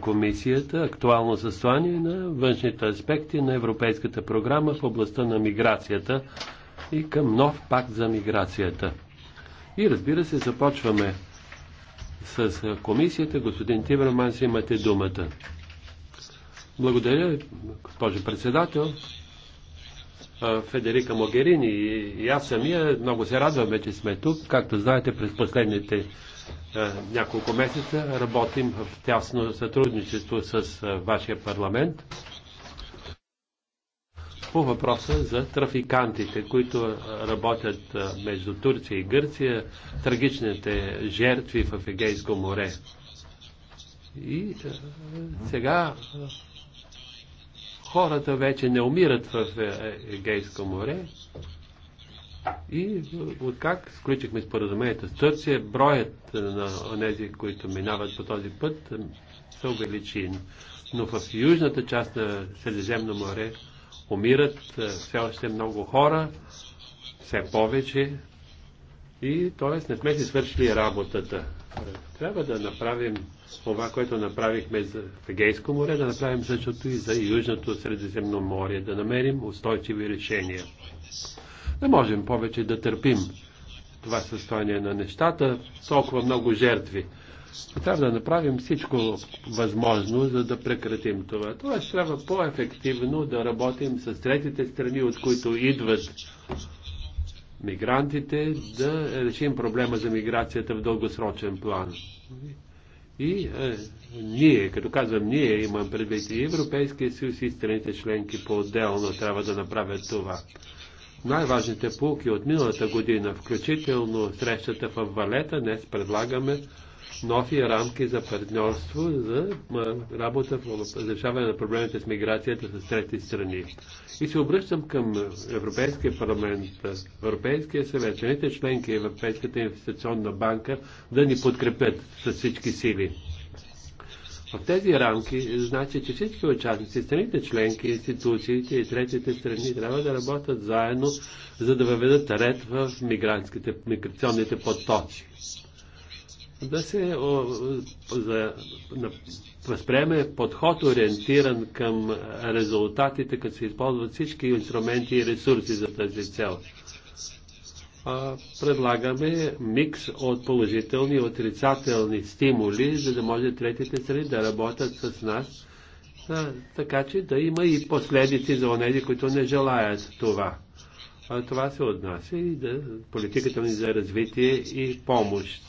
комисията актуално състояние на външните аспекти на Европейската програма в областта на миграцията и към нов пакт за миграцията. И разбира се, започваме с комисията. Господин Тиберманс, имате думата. Благодаря, госпожо председател. Федерика Могерини и аз самия много се радваме, че сме тук. Както знаете, през последните е, няколко месеца работим в тясно сътрудничество с е, вашия парламент по въпроса за трафикантите, които е, работят между Турция и Гърция, трагичните жертви в Егейско море. И сега хората вече не умират в Егейско море, и от как сключихме споразумението с Турция, броят на тези, които минават по този път, се увеличи. Но в южната част на Средиземно море умират е, все още много хора, все повече. И т.е. не сме си свършили работата. Трябва да направим това, което направихме за Егейско море, да направим същото и за Южното Средиземно море, да намерим устойчиви решения. Не можем повече да търпим това състояние на нещата, толкова много жертви. Трябва да направим всичко възможно, за да прекратим това. Това ще трябва по-ефективно да работим с третите страни, от които идват мигрантите, да решим проблема за миграцията в дългосрочен план. И е, ние, като казвам ние, имам предвид и Европейския съюз и страните членки по-отделно трябва да направят това най-важните полки от миналата година, включително срещата в Валета, днес предлагаме нови рамки за партньорство, за работа в решаване на проблемите с миграцията с трети страни. И се обръщам към Европейския парламент, Европейския съвет, страните членки, Европейската инвестиционна банка да ни подкрепят с всички сили. В тези рамки значи, че всички участници, страните членки, институциите и третите страни трябва да работят заедно, за да въведат ред в мигрантските, миграционните потоци. Да се о, за, на, възприеме подход ориентиран към резултатите, като се използват всички инструменти и ресурси за тази цел предлагаме микс от положителни и отрицателни стимули, за да може третите страни да работят с нас, така че да има и последици за онези, които не желаят това. А това се отнася и да политиката ни за развитие и помощ.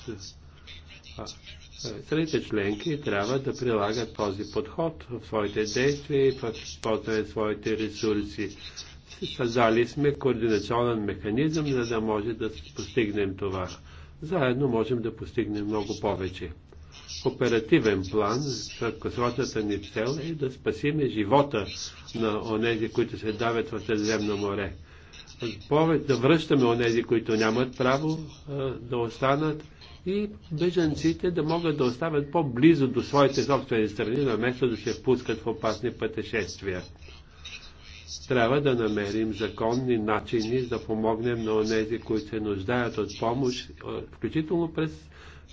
Средите членки трябва да прилагат този подход в своите действия и в своите ресурси. Създали сме координационен механизъм, за да може да постигнем това. Заедно можем да постигнем много повече. оперативен план, краткосрочната ни цел е да спасиме живота на онези, които се давят в Средиземно море. Да връщаме онези, които нямат право да останат и бежанците да могат да остават по-близо до своите собствени страни, на место да се впускат в опасни пътешествия. Трябва да намерим законни начини да помогнем на онези, които се нуждаят от помощ, включително през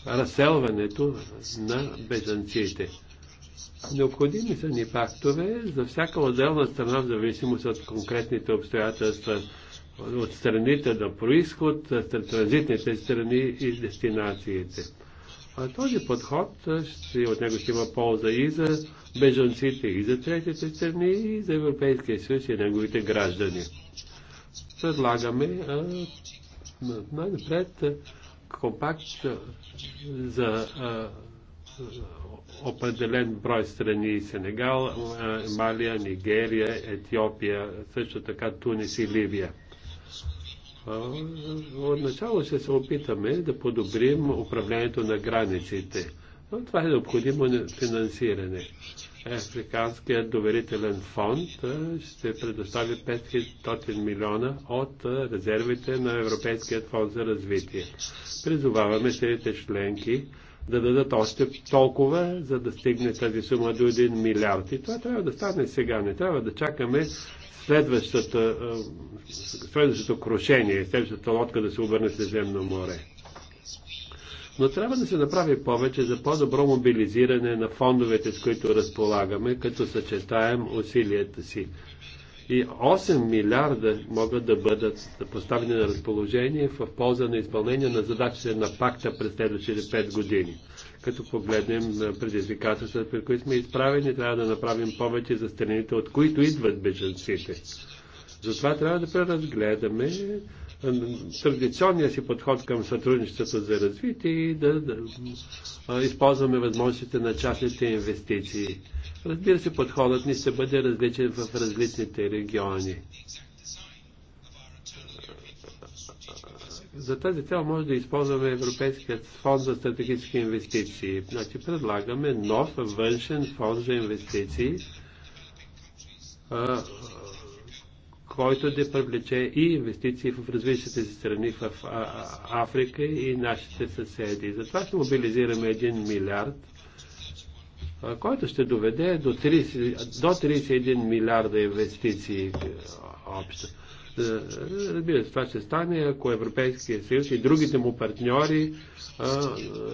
разселването на бежанците. Необходими са ни фактове за всяка отделна страна, в зависимост от конкретните обстоятелства, от страните на происход, транзитните страни и дестинациите. А този подход, от него ще има полза и за бежанците и за третите страни, и за Европейския съюз и неговите граждани. Предлагаме най-напред компакт за а, определен брой страни Сенегал, Малия, Нигерия, Етиопия, също така Тунис и Ливия. Отначало ще се опитаме да подобрим управлението на границите. Но това е необходимо финансиране. Африканският доверителен фонд ще предостави 500 милиона от резервите на Европейският фонд за развитие. Призоваваме страните членки да дадат още толкова, за да стигне тази сума до 1 милиард. И това трябва да стане сега. Не трябва да чакаме следващото крушение, следващата лодка да се обърне земно море. Но трябва да се направи повече за по-добро мобилизиране на фондовете, с които разполагаме, като съчетаем усилията си. И 8 милиарда могат да бъдат поставени на разположение в полза на изпълнение на задачите на пакта през следващите 5 години. Като погледнем на предизвикателствата, при които сме изправени, трябва да направим повече за страните, от които идват беженците. Затова трябва да преразгледаме традиционния си подход към сътрудничеството за развитие и да, да използваме възможностите на частните инвестиции. Разбира се, подходът ни ще бъде различен в различните региони. За тази цел може да използваме Европейският фонд за стратегически инвестиции. Значи предлагаме нов външен фонд за инвестиции, който да привлече и инвестиции в различните страни в Африка и нашите съседи. Затова ще мобилизираме 1 милиард, който ще доведе до, до 31 милиарда инвестиции общо. Е, разбира се, това ще стане, ако Европейския съюз и другите му партньори е,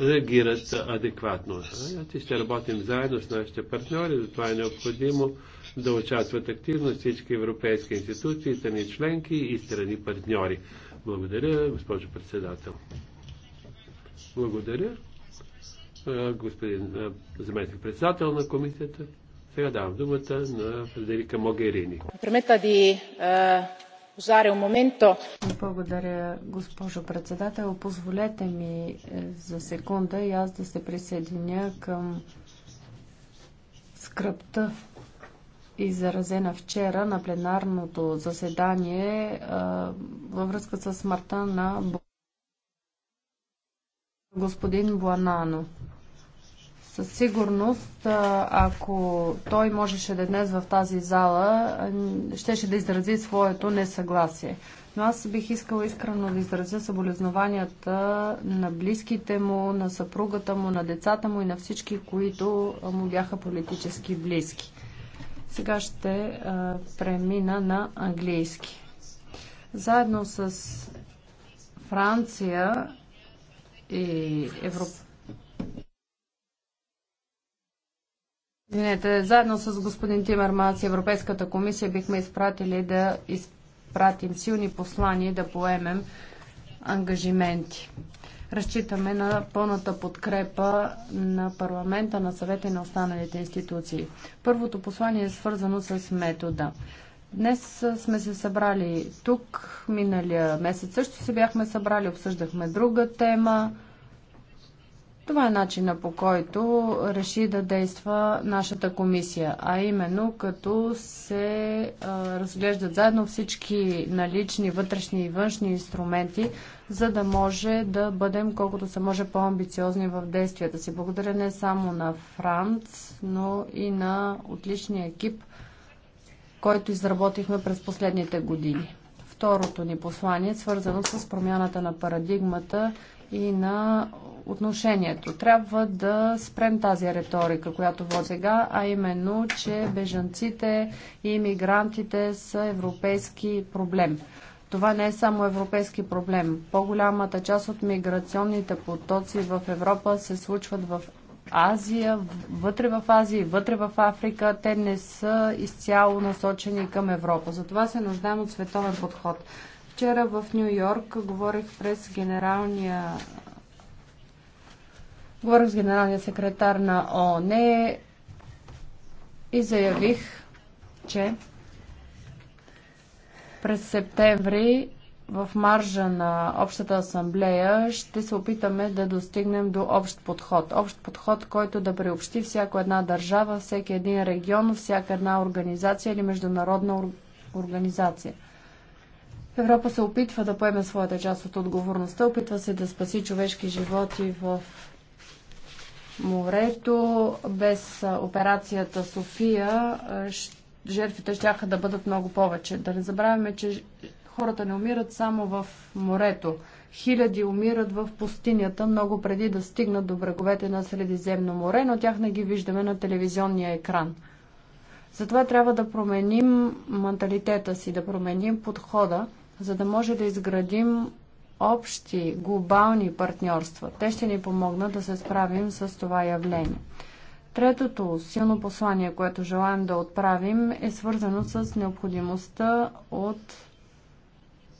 реагират адекватно. А, значи ще работим заедно с нашите партньори, затова е необходимо да участват активно всички европейски институции, страни членки и страни партньори. Благодаря, госпожо председател. Благодаря, е, господин заместник председател на комисията. Сега давам думата на Федерика Могерини. Permetta di благодаря, госпожо председател. Позволете ми е, за секунда и аз да се присъединя към скръпта изразена вчера на пленарното заседание е, във връзка с смъртта на господин Буанано. Със сигурност, ако той можеше да е днес в тази зала, щеше да изрази своето несъгласие. Но аз бих искала искрено да изразя съболезнованията на близките му, на съпругата му, на децата му и на всички, които му бяха политически близки. Сега ще премина на английски. Заедно с Франция и Европа Извинете, заедно с господин Тимерманс и Европейската комисия бихме изпратили да изпратим силни послания да поемем ангажименти. Разчитаме на пълната подкрепа на парламента, на съвета и на останалите институции. Първото послание е свързано с метода. Днес сме се събрали тук, миналия месец също се бяхме събрали, обсъждахме друга тема. Това е начина по който реши да действа нашата комисия, а именно като се а, разглеждат заедно всички налични вътрешни и външни инструменти, за да може да бъдем колкото се може по-амбициозни в действията си. Благодаря не само на Франц, но и на отличния екип, който изработихме през последните години. Второто ни послание, е свързано с промяната на парадигмата и на отношението. Трябва да спрем тази риторика, която води сега, а именно, че бежанците и иммигрантите са европейски проблем. Това не е само европейски проблем. По-голямата част от миграционните потоци в Европа се случват в Азия, вътре в Азия и вътре в Африка, те не са изцяло насочени към Европа. Затова се нуждаем от световен подход. Вчера в Нью Йорк говорих през генералния Говорих с генералния секретар на ООН и заявих, че през септември в маржа на Общата асамблея ще се опитаме да достигнем до общ подход. Общ подход, който да приобщи всяко една държава, всеки един регион, всяка една организация или международна организация. Европа се опитва да поеме своята част от отговорността, опитва се да спаси човешки животи в морето. Без операцията София жертвите ще да бъдат много повече. Да не забравяме, че хората не умират само в морето. Хиляди умират в пустинята много преди да стигнат до бреговете на Средиземно море, но тях не ги виждаме на телевизионния екран. Затова трябва да променим менталитета си, да променим подхода, за да може да изградим общи глобални партньорства. Те ще ни помогнат да се справим с това явление. Третото силно послание, което желаем да отправим, е свързано с необходимостта от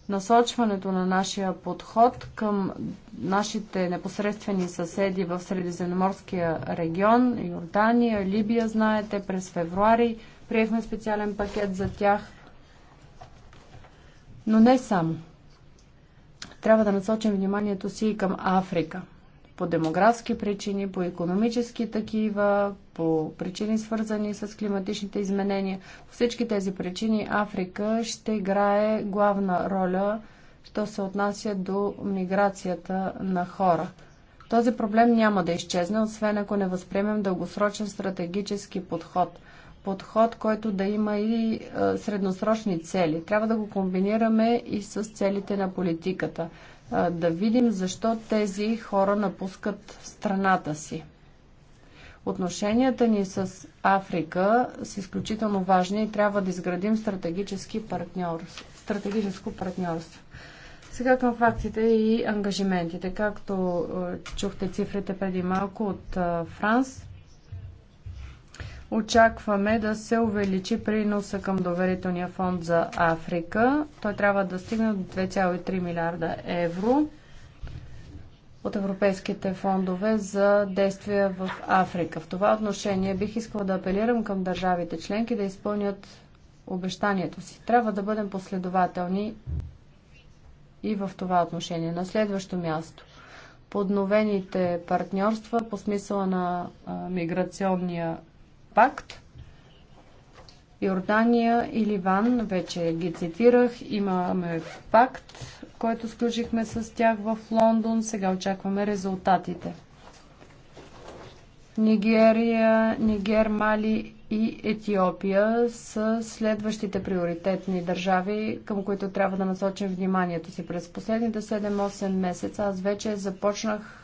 насочването на нашия подход към нашите непосредствени съседи в Средиземноморския регион, Йордания, Либия, знаете, през февруари приехме специален пакет за тях. Но не само. Трябва да насочим вниманието си и към Африка. По демографски причини, по економически такива, по причини свързани с климатичните изменения. По всички тези причини Африка ще играе главна роля, що се отнася до миграцията на хора. Този проблем няма да изчезне, освен ако не възприемем дългосрочен стратегически подход – подход, който да има и е, средносрочни цели. Трябва да го комбинираме и с целите на политиката. Е, да видим защо тези хора напускат страната си. Отношенията ни с Африка са изключително важни и трябва да изградим стратегически партньор, стратегическо партньорство. Сега към фактите и ангажиментите. Както е, чухте цифрите преди малко от Франс, Очакваме да се увеличи приноса към доверителния фонд за Африка. Той трябва да стигне до 2,3 милиарда евро от европейските фондове за действия в Африка. В това отношение бих искала да апелирам към държавите членки да изпълнят обещанието си. Трябва да бъдем последователни и в това отношение. На следващо място подновените партньорства по смисъла на миграционния пакт. Йордания и Ливан, вече ги цитирах, имаме пакт, който сключихме с тях в Лондон, сега очакваме резултатите. Нигерия, Нигер, Мали и Етиопия са следващите приоритетни държави, към които трябва да насочим вниманието си. През последните 7-8 месеца аз вече започнах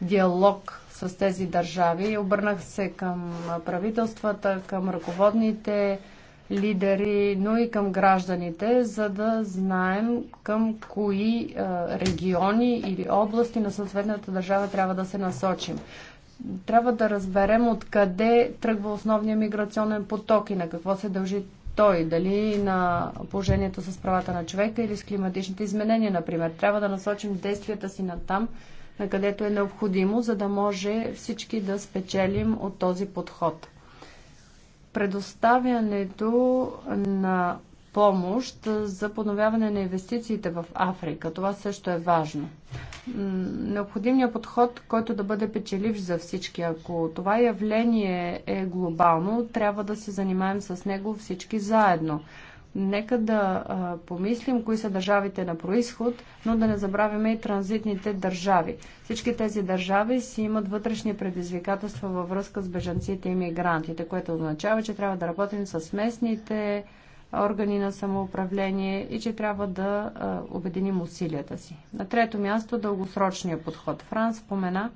диалог с тези държави. Обърнах се към правителствата, към ръководните лидери, но и към гражданите, за да знаем към кои е, региони или области на съответната държава трябва да се насочим. Трябва да разберем откъде тръгва основния миграционен поток и на какво се дължи той, дали на положението с правата на човека или с климатичните изменения, например. Трябва да насочим действията си на там, където е необходимо, за да може всички да спечелим от този подход. Предоставянето на помощ за подновяване на инвестициите в Африка. Това също е важно. Необходимният подход, който да бъде печелив за всички. Ако това явление е глобално, трябва да се занимаем с него всички заедно. Нека да а, помислим кои са държавите на происход, но да не забравяме и транзитните държави. Всички тези държави си имат вътрешни предизвикателства във връзка с бежанците и мигрантите, което означава, че трябва да работим с местните органи на самоуправление и че трябва да а, обединим усилията си. На трето място дългосрочния подход. Франс спомена,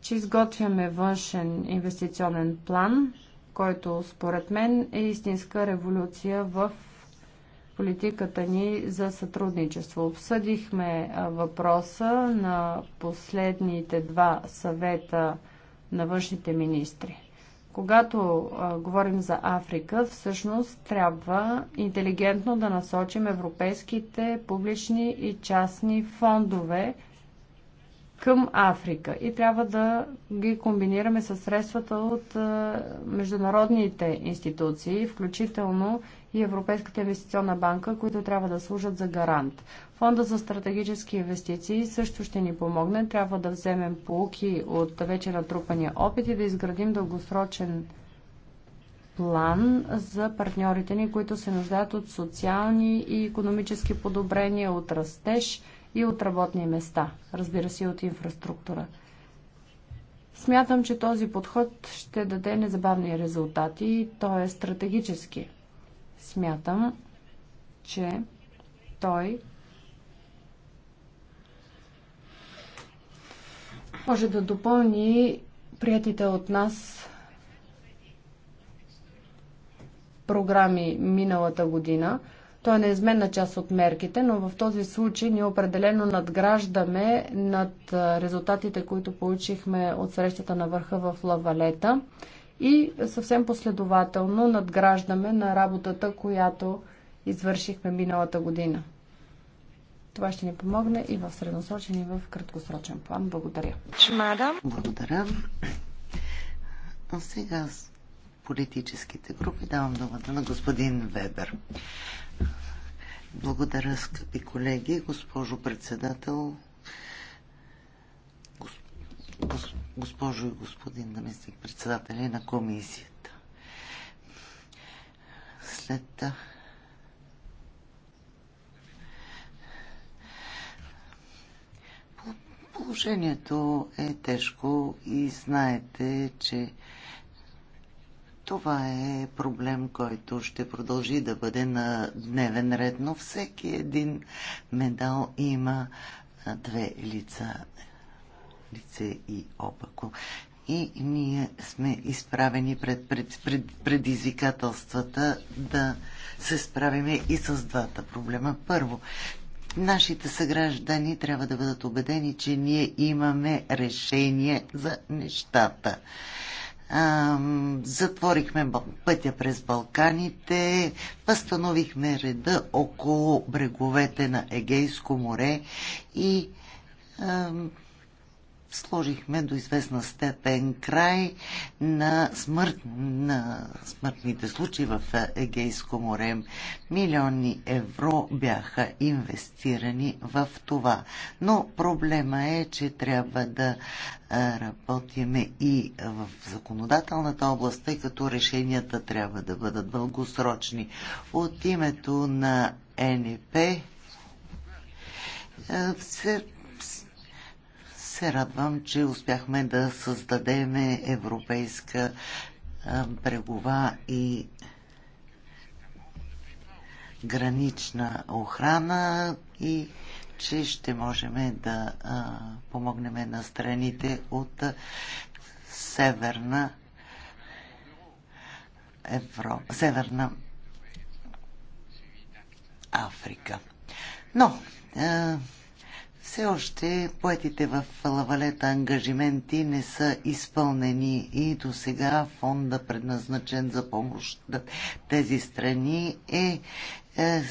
че изготвяме външен инвестиционен план който според мен е истинска революция в политиката ни за сътрудничество. Обсъдихме въпроса на последните два съвета на външните министри. Когато а, говорим за Африка, всъщност трябва интелигентно да насочим европейските публични и частни фондове към Африка и трябва да ги комбинираме с средствата от е, международните институции, включително и Европейската инвестиционна банка, които трябва да служат за гарант. Фонда за стратегически инвестиции също ще ни помогне. Трябва да вземем полуки от вече натрупания опит и да изградим дългосрочен план за партньорите ни, които се нуждаят от социални и економически подобрения, от растеж – и от работни места, разбира се и от инфраструктура. Смятам, че този подход ще даде незабавни резултати и той е стратегически. Смятам, че той може да допълни приятите от нас програми миналата година – той е неизменна част от мерките, но в този случай ние определено надграждаме над резултатите, които получихме от срещата на върха в Лавалета и съвсем последователно надграждаме на работата, която извършихме миналата година. Това ще ни помогне и в средносрочен и в краткосрочен план. Благодаря. Благодаря. А сега с политическите групи давам думата на господин Вебер. Благодаря, скъпи колеги, госпожо председател, госпожо и господин наместник председатели на комисията. След Положението е тежко и знаете, че това е проблем, който ще продължи да бъде на дневен ред, но всеки един медал има две лица, лице и опако. И ние сме изправени пред, пред, пред предизвикателствата да се справиме и с двата проблема. Първо, нашите съграждани трябва да бъдат убедени, че ние имаме решение за нещата затворихме пътя през Балканите, възстановихме реда около бреговете на Егейско море и сложихме до известна степен край на, смърт, на смъртните случаи в Егейско море. Милиони евро бяха инвестирани в това. Но проблема е, че трябва да работиме и в законодателната област, тъй като решенията трябва да бъдат дългосрочни. От името на НП се се радвам, че успяхме да създадем европейска брегова и гранична охрана и че ще можем да а, помогнем на страните от Северна Евро... Северна Африка. Но, а, все още поетите в лавалета ангажименти не са изпълнени и до сега фонда, предназначен за помощ на тези страни, е, е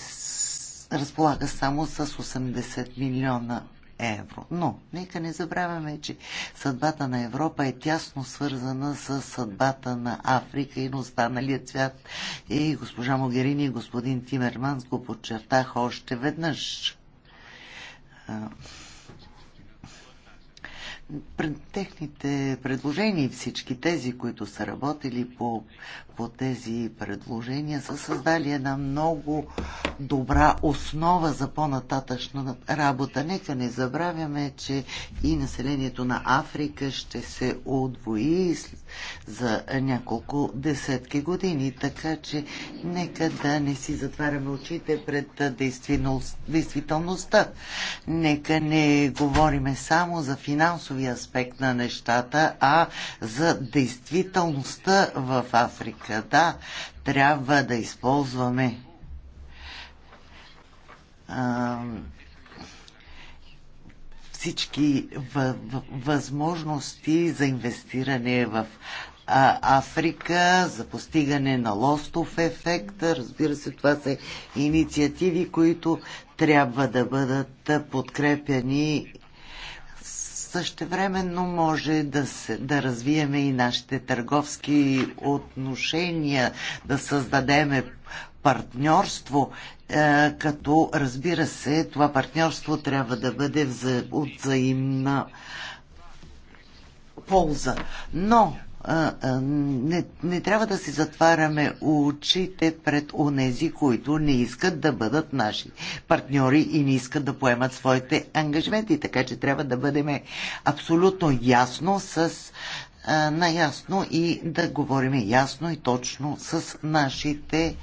разполага само с 80 милиона евро. Но нека не забравяме, че съдбата на Европа е тясно свързана с съдбата на Африка и на останалия свят. И госпожа Могерини и господин Тимерманс го подчертаха още веднъж а, техните предложения и всички тези, които са работили по, по тези предложения, са създали една много добра основа за по-нататъчна работа. Нека не забравяме, че и населението на Африка ще се удвои за няколко десетки години. Така че нека да не си затваряме очите пред действителността. Нека не говориме само за финансови финансовия аспект на нещата, а за действителността в Африка. Да, трябва да използваме а, всички възможности за инвестиране в Африка, за постигане на лостов ефект. Разбира се, това са инициативи, които трябва да бъдат подкрепяни Същевременно може да, се, да развиеме и нашите търговски отношения, да създадеме партньорство, е, като разбира се, това партньорство трябва да бъде от взаимна полза. Но а, а, не, не трябва да си затваряме очите пред онези, които не искат да бъдат наши партньори и не искат да поемат своите ангажменти. Така че трябва да бъдем абсолютно ясно с а, наясно и да говорим ясно и точно с нашите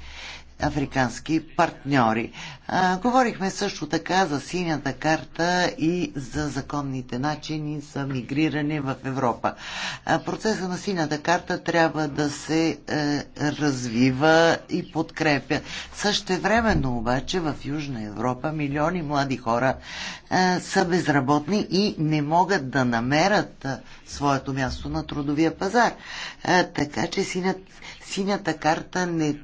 африкански партньори. А, говорихме също така за синята карта и за законните начини за мигриране в Европа. А, процеса на синята карта трябва да се е, развива и подкрепя. Същевременно обаче в Южна Европа милиони млади хора е, са безработни и не могат да намерят е, своето място на трудовия пазар. Е, така че синят, синята карта не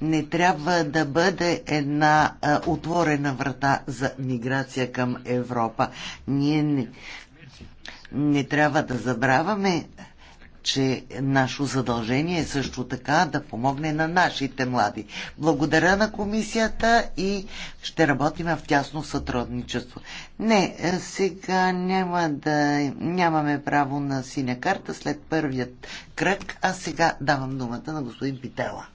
не трябва да бъде една а, отворена врата за миграция към Европа. Ние не, не трябва да забравяме, че наше задължение е също така да помогне на нашите млади. Благодаря на комисията и ще работим в тясно сътрудничество. Не, сега няма да, нямаме право на синя карта след първият кръг, а сега давам думата на господин Питела.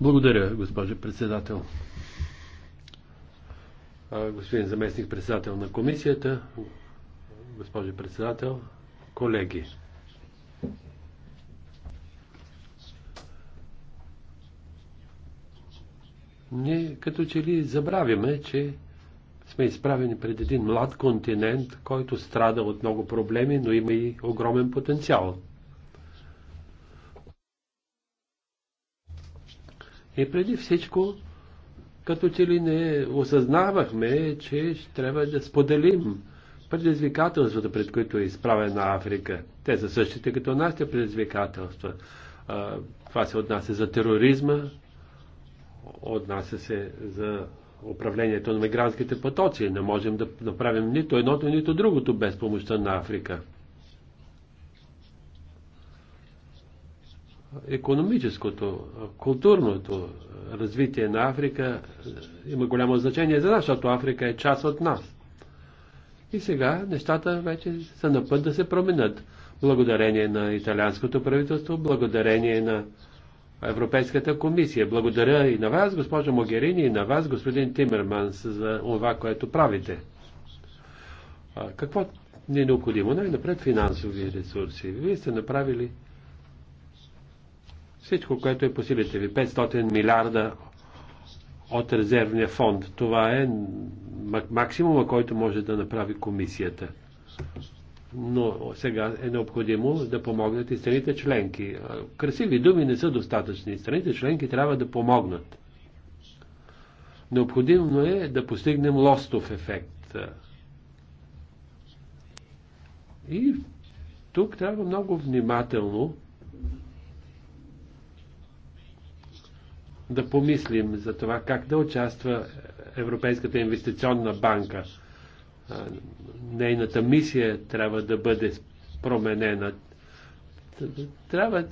Благодаря, госпожо председател. Господин заместник председател на комисията, госпожо председател, колеги. Ние като че ли забравяме, че сме изправени пред един млад континент, който страда от много проблеми, но има и огромен потенциал. И преди всичко, като че ли не осъзнавахме, че ще трябва да споделим предизвикателствата, пред които е изправена Африка. Те са същите като нашите предизвикателства. Това се отнася за тероризма, отнася се за управлението на мигрантските потоци. Не можем да направим нито едното, нито другото без помощта на Африка. економическото, културното развитие на Африка е, има голямо значение за нас, защото Африка е част от нас. И сега нещата вече са на път да се променят. Благодарение на италианското правителство, благодарение на Европейската комисия. Благодаря и на вас, госпожа Могерини, и на вас, господин Тимерманс, за това, което правите. А, какво ни е необходимо? Най-напред финансови ресурси. Вие сте направили всичко, което е по силите ви. 500 милиарда от резервния фонд. Това е максимума, който може да направи комисията. Но сега е необходимо да помогнат и страните членки. Красиви думи не са достатъчни. Страните членки трябва да помогнат. Необходимо е да постигнем лостов ефект. И тук трябва много внимателно да помислим за това как да участва Европейската инвестиционна банка. Нейната мисия трябва да бъде променена. Трябва,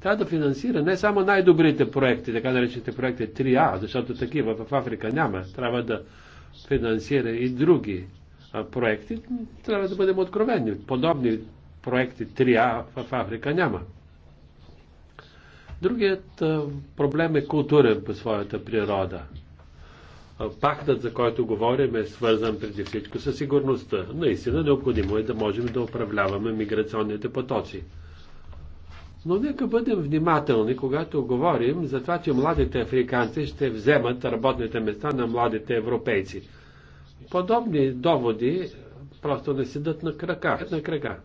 трябва да финансира не само най-добрите проекти, така наречените проекти 3А, защото такива в Африка няма. Трябва да финансира и други проекти. Трябва да бъдем откровени. Подобни проекти 3А в Африка няма. Другият проблем е културен по своята природа. Пактът, за който говорим, е свързан преди всичко със сигурността. Наистина необходимо е да можем да управляваме миграционните потоци. Но нека бъдем внимателни, когато говорим за това, че младите африканци ще вземат работните места на младите европейци. Подобни доводи просто не седат на крака. На крака.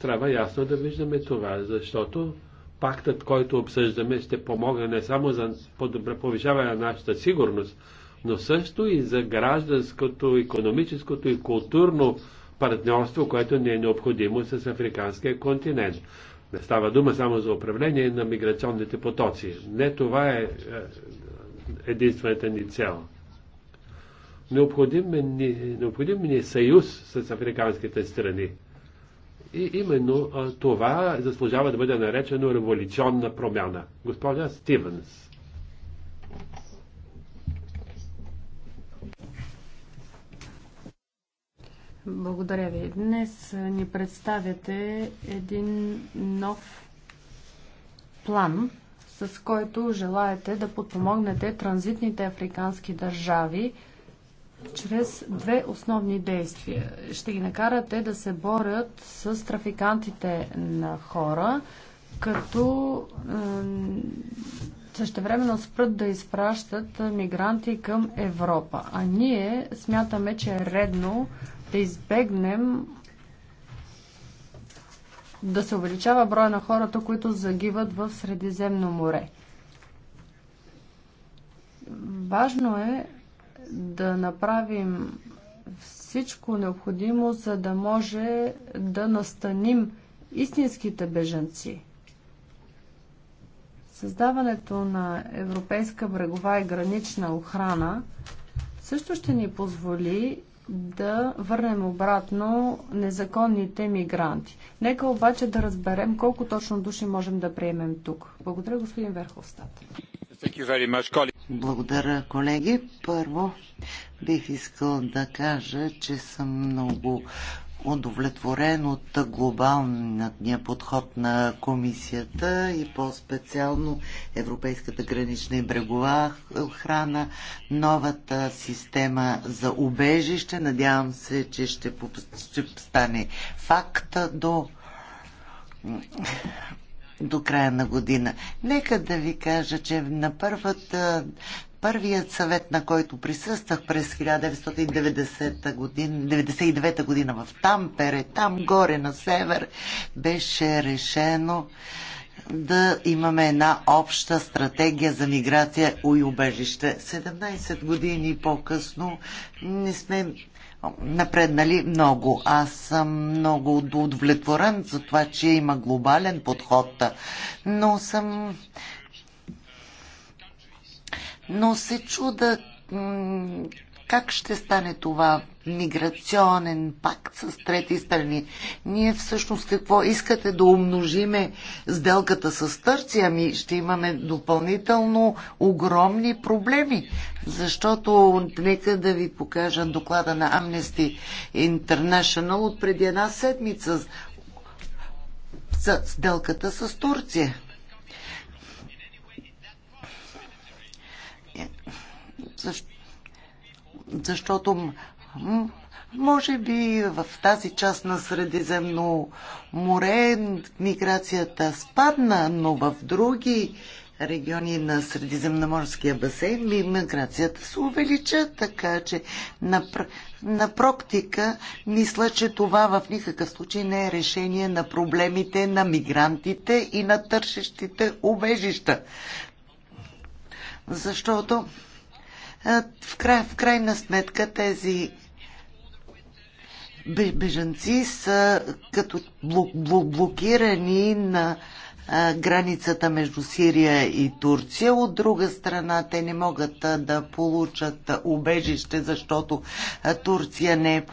Трябва ясно да виждаме това, защото пактът, който обсъждаме, ще помогне не само за повишаване на нашата сигурност, но също и за гражданското, економическото и културно партньорство, което ни е необходимо с африканския континент. Не става дума само за управление на миграционните потоци. Не това е, е единствената ни цел. Необходим е ни, необходим ни е съюз с африканските страни. И именно това заслужава да бъде наречено революционна промяна. Госпожа Стивенс. Благодаря ви. Днес ни представяте един нов план, с който желаете да подпомогнете транзитните африкански държави, чрез две основни действия. Ще ги накарате да се борят с трафикантите на хора, като същевременно спрат да изпращат мигранти към Европа. А ние смятаме, че е редно да избегнем да се увеличава броя на хората, които загиват в Средиземно море. Важно е да направим всичко необходимо, за да може да настаним истинските бежанци. Създаването на Европейска брегова и гранична охрана също ще ни позволи да върнем обратно незаконните мигранти. Нека обаче да разберем колко точно души можем да приемем тук. Благодаря, господин Верховстат. Благодаря, колеги. Първо бих искал да кажа, че съм много удовлетворен от глобалния подход на комисията и по-специално Европейската гранична и брегова охрана, новата система за убежище. Надявам се, че ще, стане факт до до края на година. Нека да ви кажа, че на първата Първият съвет, на който присъствах през 1990 година, година в Тампере, там горе на север, беше решено да имаме една обща стратегия за миграция и убежище. 17 години по-късно не сме напреднали много. Аз съм много удовлетворен за това, че има глобален подход, но съм... Но се чуда как ще стане това миграционен пакт с трети страни? Ние всъщност какво искате да умножиме сделката с Търция? Ами ще имаме допълнително огромни проблеми, защото нека да ви покажа доклада на Amnesty International от преди една седмица за сделката с Турция. Защо? защото може би в тази част на Средиземно море миграцията спадна, но в други региони на Средиземноморския басейн миграцията се увелича, така че на, на практика мисля, че това в никакъв случай не е решение на проблемите на мигрантите и на търсещите убежища. Защото в, край, в крайна сметка тези бежанци са като блокирани на границата между Сирия и Турция. От друга страна, те не могат да получат убежище, защото Турция не е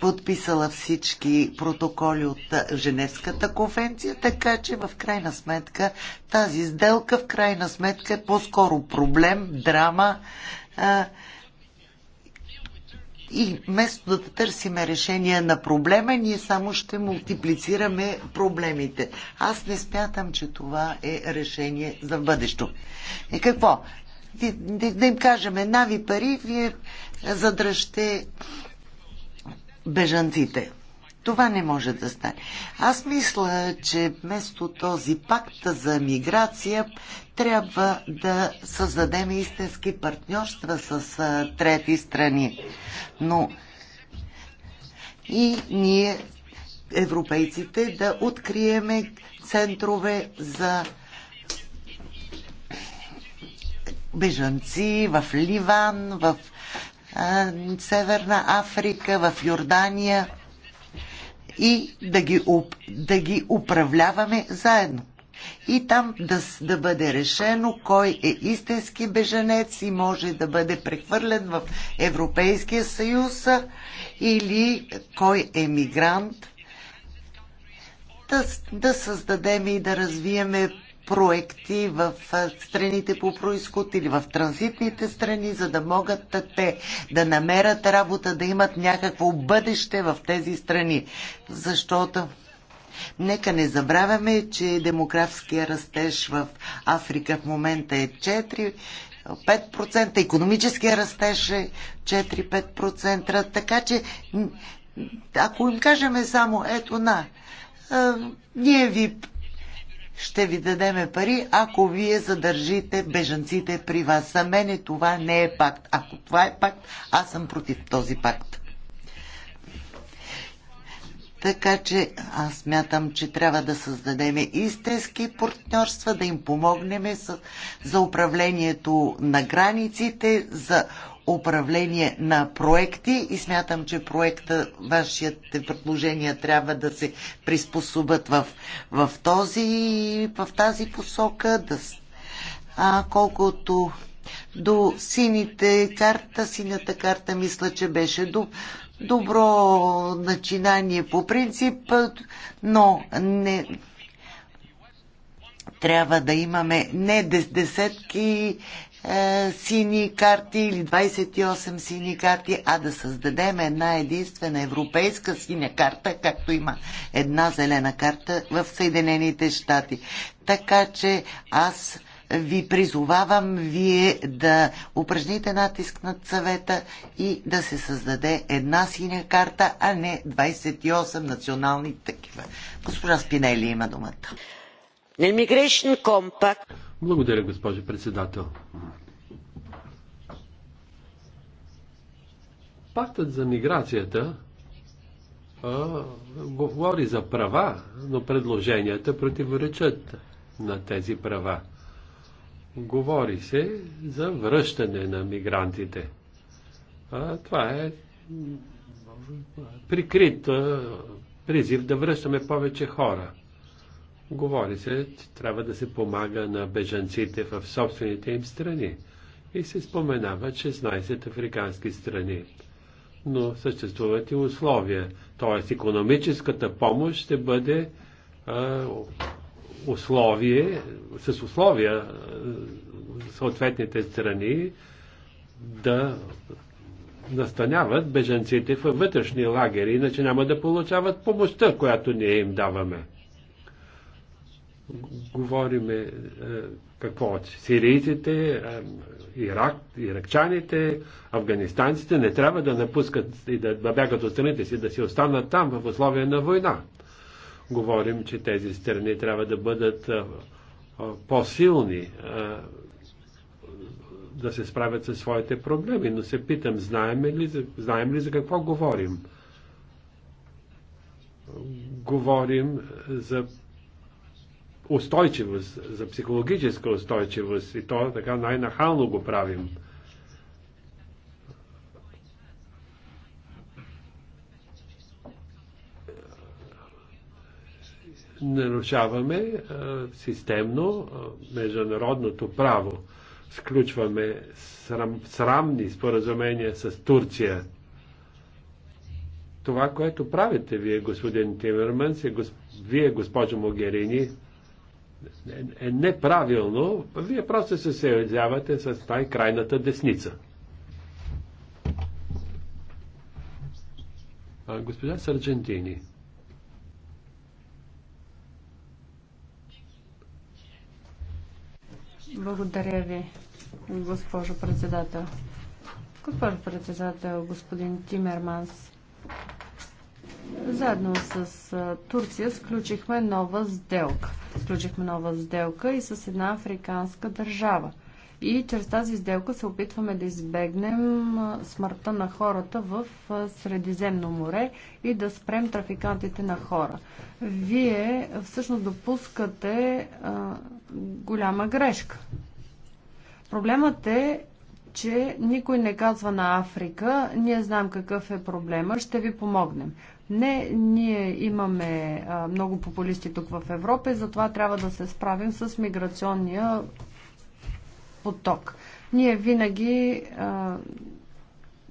подписала всички протоколи от Женевската конвенция, така че в крайна сметка тази сделка в крайна сметка е по-скоро проблем, драма а, и вместо да търсиме решение на проблема, ние само ще мултиплицираме проблемите. Аз не смятам, че това е решение за бъдещето. И е, какво? Да им кажем, нави пари, вие задръжте бежанците. Това не може да стане. Аз мисля, че вместо този пакт за миграция трябва да създадем истински партньорства с трети страни. Но и ние, европейците, да откриеме центрове за бежанци в Ливан, в Северна Африка, в Йордания – и да ги, да ги управляваме заедно. И там да, да бъде решено кой е истински беженец и може да бъде прехвърлен в Европейския съюз или кой е мигрант. Да, да създадем и да развиеме проекти в страните по происход или в транзитните страни, за да могат те да намерят работа, да имат някакво бъдеще в тези страни. Защото Нека не забравяме, че демографския растеж в Африка в момента е 4, 5%, економическия растеж е 4-5%, така че ако им кажем само ето на, ние ви ще ви дадеме пари, ако вие задържите бежанците при вас. За мене това не е пакт. Ако това е пакт, аз съм против този пакт. Така че аз мятам, че трябва да създадем истински партньорства, да им помогнем за управлението на границите, за управление на проекти и смятам, че проекта, вашите предложения трябва да се приспособят в, в, този, в тази посока, да, а, колкото до сините карта, синята карта мисля, че беше до, добро начинание по принцип, но не трябва да имаме не десетки е, сини карти или 28 сини карти, а да създадем една единствена европейска синя карта, както има една зелена карта в Съединените щати. Така че аз ви призовавам вие да упражните натиск над съвета и да се създаде една синя карта, а не 28 национални такива. Госпожа Спинели има думата. Благодаря, госпожо председател. Пактът за миграцията а, говори за права, но предложенията противоречат на тези права. Говори се за връщане на мигрантите. А, това е прикрит призив да връщаме повече хора. Говори се, че трябва да се помага на бежанците в собствените им страни. И се споменава 16 африкански страни. Но съществуват и условия. Т.е. економическата помощ ще бъде а, условие, с условия е, съответните страни да настаняват беженците във вътрешни лагери, иначе няма да получават помощта, която ние им даваме. Говориме е, какво от Сирийците, е, Ирак, иракчаните, афганистанците не трябва да напускат и да бягат от страните си, да си останат там в условия на война говорим, че тези страни трябва да бъдат по-силни, да се справят със своите проблеми. Но се питам, знаем ли, знаем ли за какво говорим? Говорим за устойчивост, за психологическа устойчивост и то така най-нахално го правим. нарушаваме системно международното право. Сключваме срам, срамни споразумения с Турция. Това, което правите вие, господин Тимерманс, и е госп... вие, госпожо Могерини, е, е неправилно. Вие просто се съюзявате с най-крайната десница. А, госпожа Сарджентини. Благодаря ви, госпожо председател. Госпожо председател, господин Тимерманс, заедно с Турция сключихме нова сделка. Сключихме нова сделка и с една африканска държава. И чрез тази сделка се опитваме да избегнем смъртта на хората в Средиземно море и да спрем трафикантите на хора. Вие всъщност допускате а, голяма грешка. Проблемът е, че никой не казва на Африка, ние знаем какъв е проблема, ще ви помогнем. Не, ние имаме а, много популисти тук в Европа и затова трябва да се справим с миграционния поток. Ние винаги, а,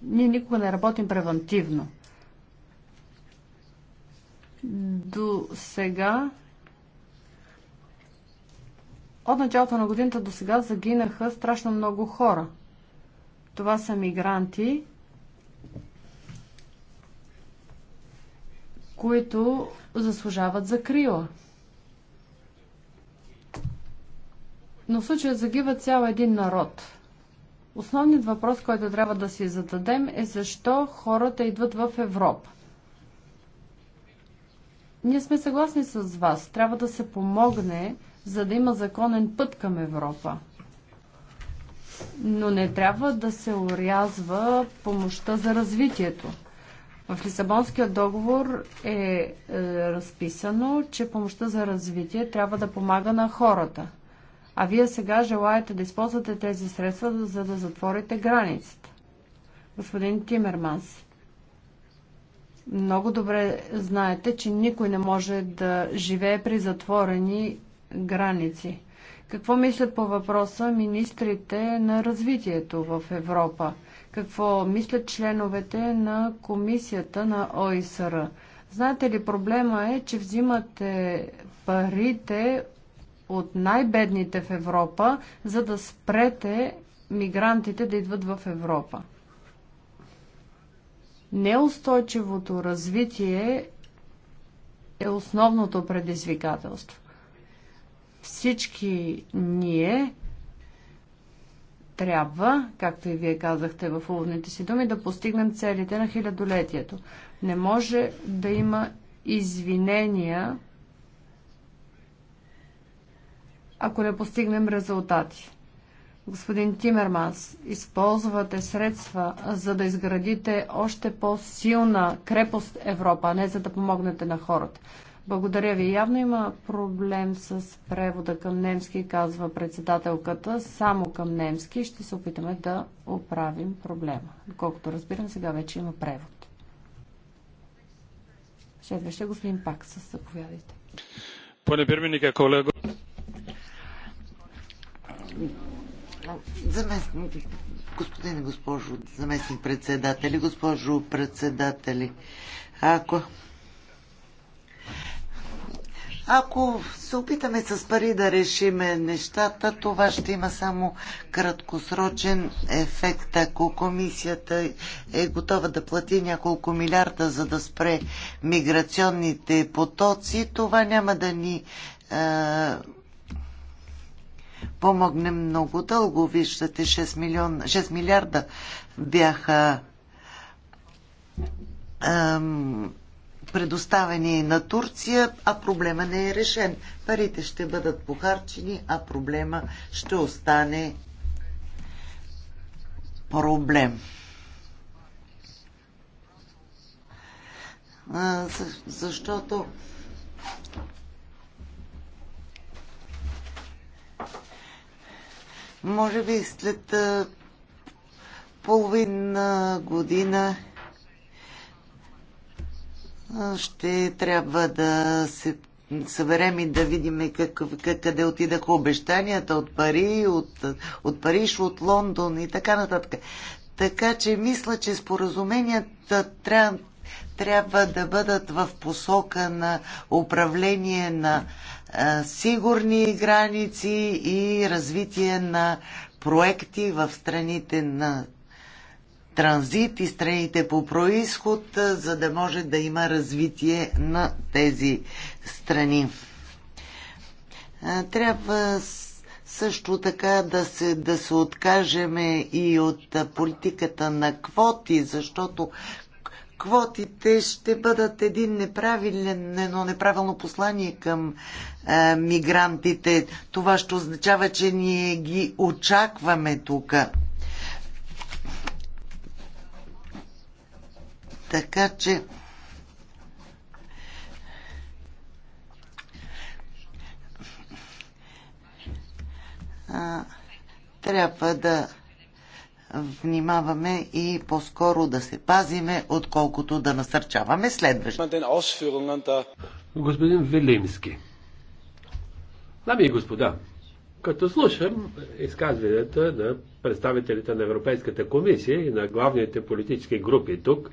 ние никога не работим превентивно. До сега, от началото на годината до сега загинаха страшно много хора. Това са мигранти, които заслужават закрила. крила. Но в случая загива цял един народ. Основният въпрос, който трябва да си зададем е защо хората идват в Европа. Ние сме съгласни с вас. Трябва да се помогне, за да има законен път към Европа. Но не трябва да се урязва помощта за развитието. В Лисабонския договор е, е разписано, че помощта за развитие трябва да помага на хората – а вие сега желаете да използвате тези средства, за да затворите границата. Господин Тимерманс, много добре знаете, че никой не може да живее при затворени граници. Какво мислят по въпроса министрите на развитието в Европа? Какво мислят членовете на комисията на ОИСР? Знаете ли, проблема е, че взимате парите от най-бедните в Европа, за да спрете мигрантите да идват в Европа. Неустойчивото развитие е основното предизвикателство. Всички ние трябва, както и вие казахте в уловните си думи, да постигнем целите на хилядолетието. Не може да има извинения ако не постигнем резултати. Господин Тимерманс, използвате средства, за да изградите още по-силна крепост Европа, а не за да помогнете на хората. Благодаря ви. Явно има проблем с превода към немски, казва председателката. Само към немски ще се опитаме да оправим проблема. Доколкото разбирам, сега вече има превод. Следващия господин Пак, със заповядайте. Поне Бирминика, колега. Заместник, господин и госпожо, заместник председатели, госпожо председатели, ако ако се опитаме с пари да решиме нещата, това ще има само краткосрочен ефект. Ако комисията е готова да плати няколко милиарда, за да спре миграционните потоци, това няма да ни е, помогне много дълго. Виждате, 6, милион, 6 милиарда бяха ем, предоставени на Турция, а проблема не е решен. Парите ще бъдат похарчени, а проблема ще остане проблем. Защото Може би след половин година ще трябва да се съберем и да видим как, как, къде отидаха обещанията от Пари, от, от Париж, от Лондон и така нататък. Така че мисля, че споразуменията трябва, трябва да бъдат в посока на управление на сигурни граници и развитие на проекти в страните на транзит и страните по происход, за да може да има развитие на тези страни. Трябва също така да се, да се откажеме и от политиката на квоти, защото квотите ще бъдат един неправилен, едно неправилно послание към а, е, мигрантите. Това ще означава, че ние ги очакваме тук. Така че. А, трябва да внимаваме и по-скоро да се пазиме, отколкото да насърчаваме следващо. Господин Вилимски, дами и господа, като слушам изказванията на представителите на Европейската комисия и на главните политически групи тук,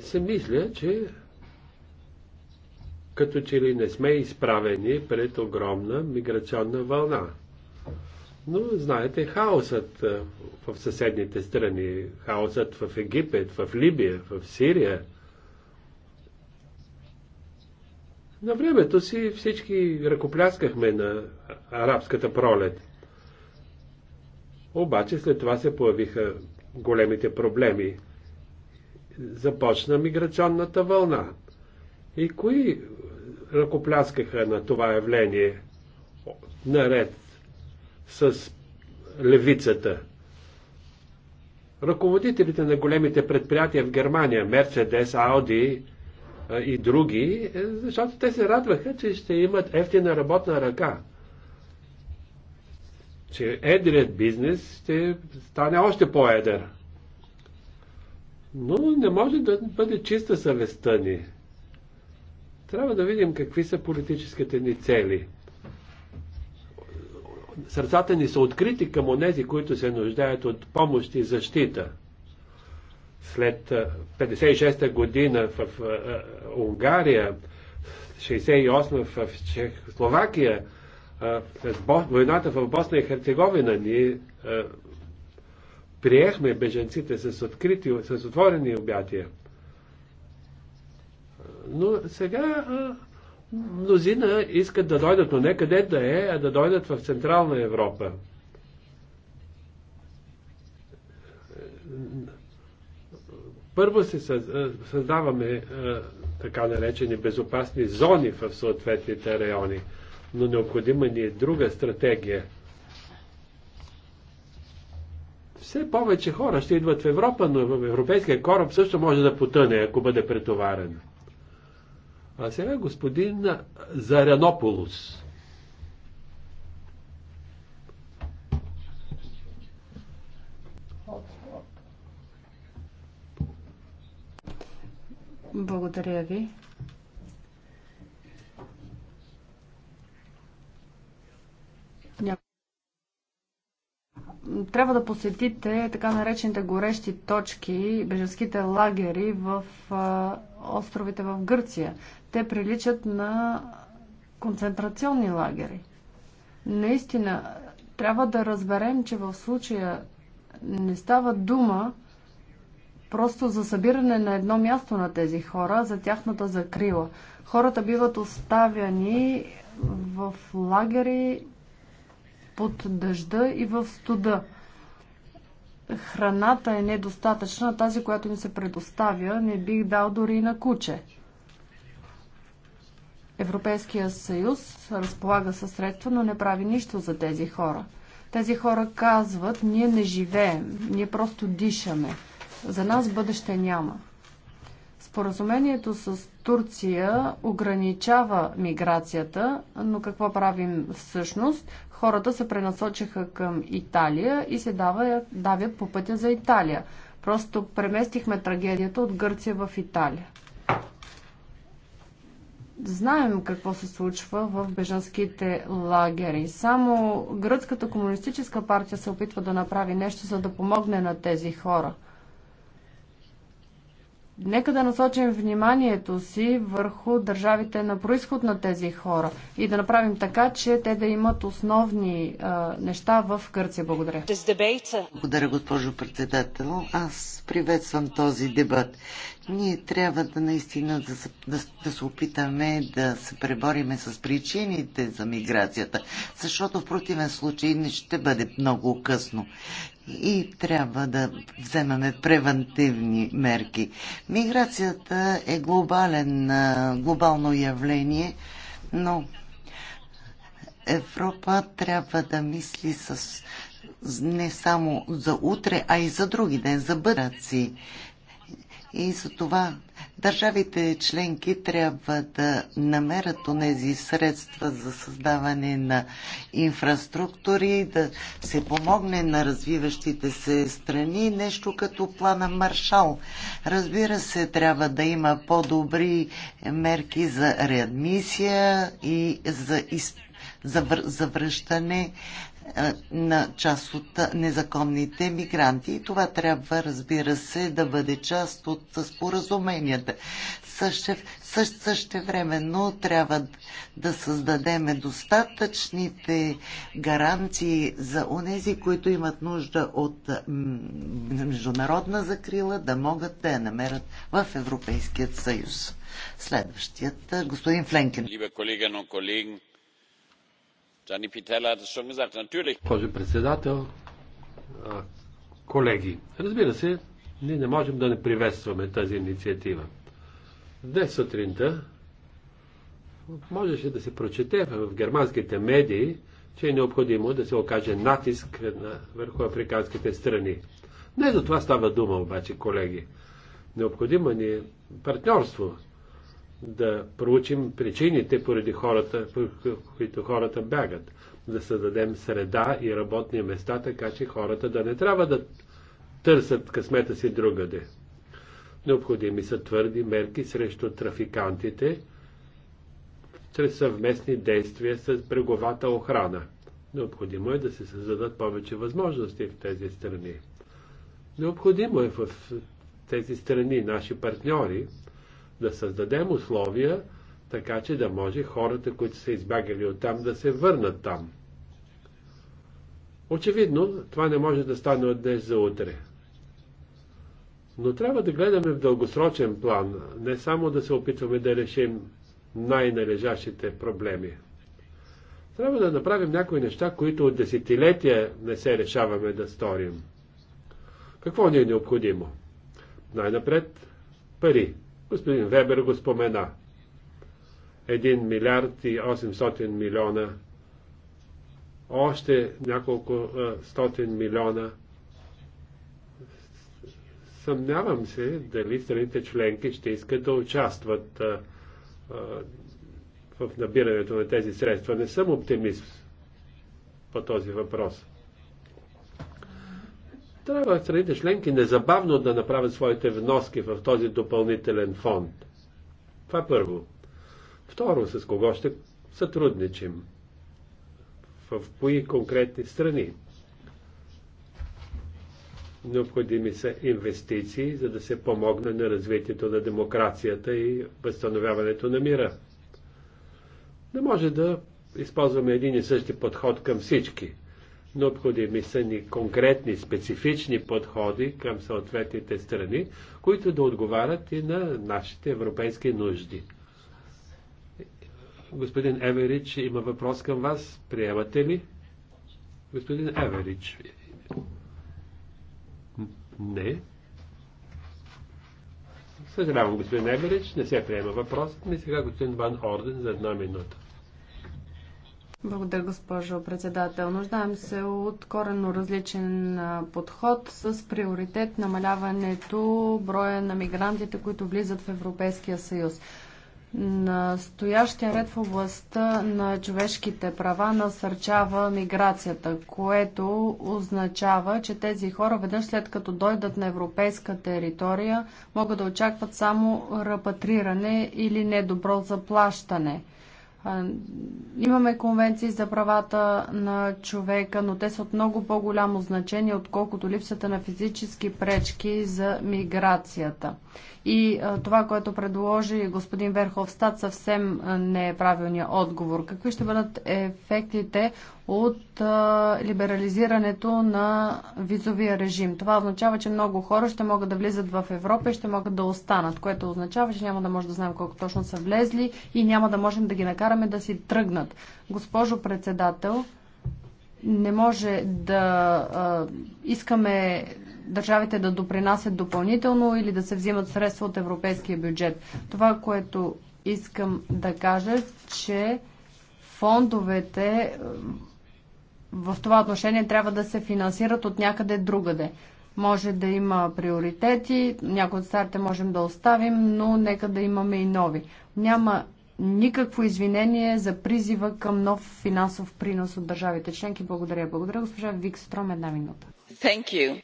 се мисля, че като че ли не сме изправени пред огромна миграционна вълна. Но знаете, хаосът е, в съседните страни, хаосът в Египет, в Либия, в Сирия. На времето си всички ръкопляскахме на арабската пролет. Обаче след това се появиха големите проблеми. Започна миграционната вълна. И кои ръкопляскаха на това е явление, наред с левицата. Ръководителите на големите предприятия в Германия, Мерцедес, Ауди и други, е, защото те се радваха, че ще имат ефтина работна ръка. Че едрият бизнес ще стане още по-едър. Но не може да бъде чиста съвестта ни. Трябва да видим какви са политическите ни цели. Сърцата ни са открити към онези, които се нуждаят от помощ и защита. След 56-та година в Унгария, 68 в Чехословакия, след войната в Босна и Херцеговина ние приехме беженците с, открити, с отворени обятия. Но сега мнозина искат да дойдат, но не къде да е, а да дойдат в Централна Европа. Първо се създаваме така наречени безопасни зони в съответните райони, но необходима ни е друга стратегия. Все повече хора ще идват в Европа, но в европейския кораб също може да потъне, ако бъде претоварен. А сега господин Заранополус. Благодаря ви трябва да посетите така наречените горещи точки, бежанските лагери в а, островите в Гърция. Те приличат на концентрационни лагери. Наистина, трябва да разберем, че в случая не става дума просто за събиране на едно място на тези хора, за тяхната закрила. Хората биват оставяни в лагери под дъжда и в студа. Храната е недостатъчна, тази, която ми се предоставя, не бих дал дори и на куче. Европейския съюз разполага със средства, но не прави нищо за тези хора. Тези хора казват, ние не живеем, ние просто дишаме. За нас бъдеще няма. Споразумението с Турция ограничава миграцията, но какво правим всъщност? Хората се пренасочиха към Италия и се давят, давят по пътя за Италия. Просто преместихме трагедията от Гърция в Италия. Знаем какво се случва в бежанските лагери. Само гръцката комунистическа партия се опитва да направи нещо, за да помогне на тези хора – Нека да насочим вниманието си върху държавите на происход на тези хора и да направим така, че те да имат основни а, неща в Гърция. Благодаря. Благодаря, госпожо председател. Аз приветствам този дебат. Ние трябва да наистина да, да, да се опитаме да се пребориме с причините за миграцията, защото в противен случай не ще бъде много късно и трябва да вземаме превентивни мерки. Миграцията е глобален, глобално явление, но Европа трябва да мисли с, не само за утре, а и за други ден, за бъдъци. И за това Държавите членки трябва да намерят тези средства за създаване на инфраструктури, да се помогне на развиващите се страни, нещо като плана Маршал. Разбира се, трябва да има по-добри мерки за реадмисия и за за завръщане на част от незаконните мигранти. И това трябва, разбира се, да бъде част от споразуменията. Също, също, същевременно трябва да създадем достатъчните гаранции за онези, които имат нужда от международна закрила, да могат да я намерят в Европейският съюз. Следващият господин Фленкин. Госпожо председател, колеги, разбира се, ние не можем да не приветстваме тази инициатива. Днес сутринта можеше да се прочете в германските медии, че е необходимо да се окаже натиск върху африканските страни. Не за това става дума обаче, колеги. Необходимо ни е партньорство да проучим причините, поради хората, които хората бягат, да създадем среда и работни места, така че хората да не трябва да търсят късмета си другаде. Необходими са твърди мерки срещу трафикантите чрез съвместни действия с бреговата охрана. Необходимо е да се създадат повече възможности в тези страни. Необходимо е в тези страни наши партньори да създадем условия, така че да може хората, които са избягали от там, да се върнат там. Очевидно, това не може да стане от днес за утре. Но трябва да гледаме в дългосрочен план, не само да се опитваме да решим най-належащите проблеми. Трябва да направим някои неща, които от десетилетия не се решаваме да сторим. Какво ни е необходимо? Най-напред пари. Господин Вебер го спомена. 1 милиард и 800 милиона. Още няколко стотин милиона. Съмнявам се дали страните членки ще искат да участват а, а, в набирането на тези средства. Не съм оптимист по този въпрос трябва страните членки незабавно да направят своите вноски в този допълнителен фонд. Това е първо. Второ, с кого ще сътрудничим? В кои конкретни страни? Необходими са инвестиции, за да се помогне на развитието на демокрацията и възстановяването на мира. Не може да използваме един и същи подход към всички – Необходими са ни конкретни, специфични подходи към съответните страни, които да отговарят и на нашите европейски нужди. Господин Еверич има въпрос към вас. Приемате ли? Господин Еверич. Не. Съжалявам, господин Еверич, не се приема въпрос ми. Сега господин Ван Орден за една минута. Благодаря, госпожо председател. Нуждаем се от коренно различен подход с приоритет намаляването броя на мигрантите, които влизат в Европейския съюз. Настоящия ред в областта на човешките права насърчава миграцията, което означава, че тези хора веднъж след като дойдат на европейска територия могат да очакват само репатриране или недобро заплащане – Имаме конвенции за правата на човека, но те са от много по-голямо значение, отколкото липсата на физически пречки за миграцията. И това, което предложи господин Верховстат, съвсем не е правилният отговор. Какви ще бъдат ефектите от либерализирането на визовия режим? Това означава, че много хора ще могат да влизат в Европа и ще могат да останат, което означава, че няма да може да знаем колко точно са влезли и няма да можем да ги накараме караме да си тръгнат. Госпожо председател, не може да а, искаме държавите да допринасят допълнително или да се взимат средства от европейския бюджет. Това, което искам да кажа, че фондовете в това отношение трябва да се финансират от някъде другаде. Може да има приоритети, някои от старите можем да оставим, но нека да имаме и нови. Няма никакво извинение за призива към нов финансов принос от държавите членки. Благодаря. Благодаря, госпожа Викстром. Една минута. Thank you.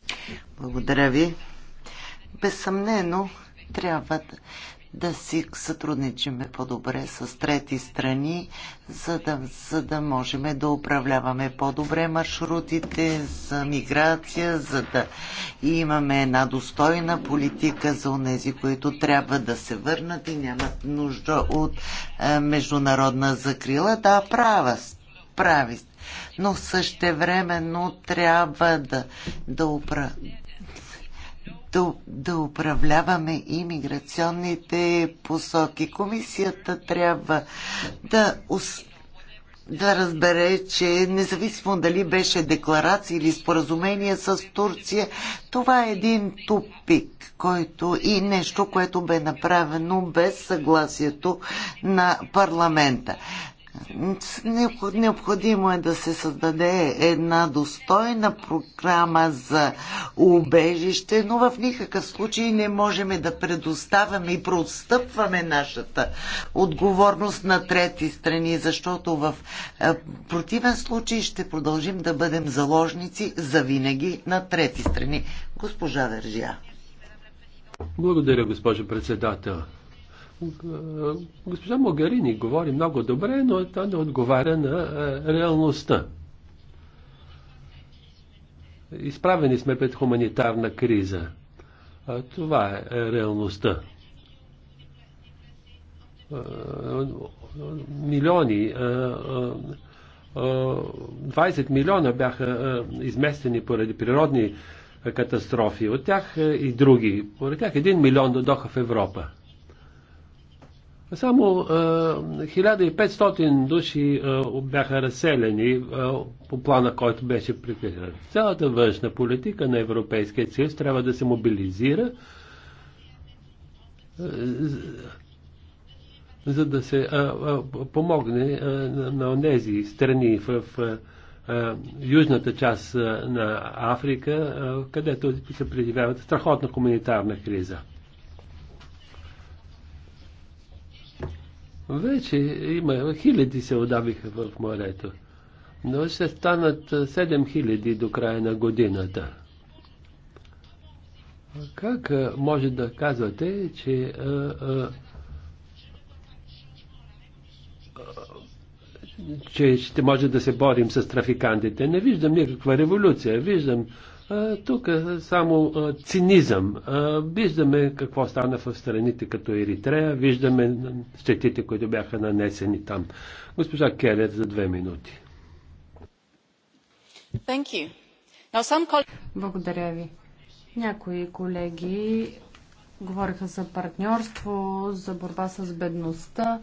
Благодаря ви. Безсъмнено трябва да си сътрудничиме по-добре с трети страни, за да, за да можем да управляваме по-добре маршрутите за миграция, за да имаме една достойна политика за онези, които трябва да се върнат и нямат нужда от е, международна закрила. Да, права, прави. Но същевременно трябва да, да, упра, да, да управляваме имиграционните посоки. Комисията трябва да, да разбере, че независимо дали беше декларация или споразумение с Турция, това е един тупик, който и нещо, което бе направено без съгласието на парламента. Необходимо е да се създаде една достойна програма за убежище, но в никакъв случай не можем да предоставяме и проотстъпваме нашата отговорност на трети страни, защото в е, противен случай ще продължим да бъдем заложници за винаги на трети страни. Госпожа Вержия. Благодаря, госпожо председател. Госпожа Могарини говори много добре, но това не отговаря на е, реалността. Изправени сме пред хуманитарна криза. Това е, е реалността. Милиони, 20 милиона бяха изместени поради природни катастрофи. От тях е, и други. Поради тях 1 милион додоха в Европа. Само 1500 е, души е, бяха разселени е, по плана, който беше предвиден. Цялата външна политика на Европейския съюз трябва да се мобилизира, за да се помогне на тези страни в южната част на Африка, където се преживяват страхотна хуманитарна криза. Вече има, хиляди се отдавиха в морето, но ще станат 7 хиляди до края на годината. Как може да казвате, че а, а, че ще може да се борим с трафикантите. Не виждам никаква революция. Виждам тук само цинизъм. Виждаме какво стана в страните като Еритрея, виждаме щетите, които бяха нанесени там. Госпожа Келет за две минути. Благодаря ви. Някои колеги говориха за партньорство, за борба с бедността.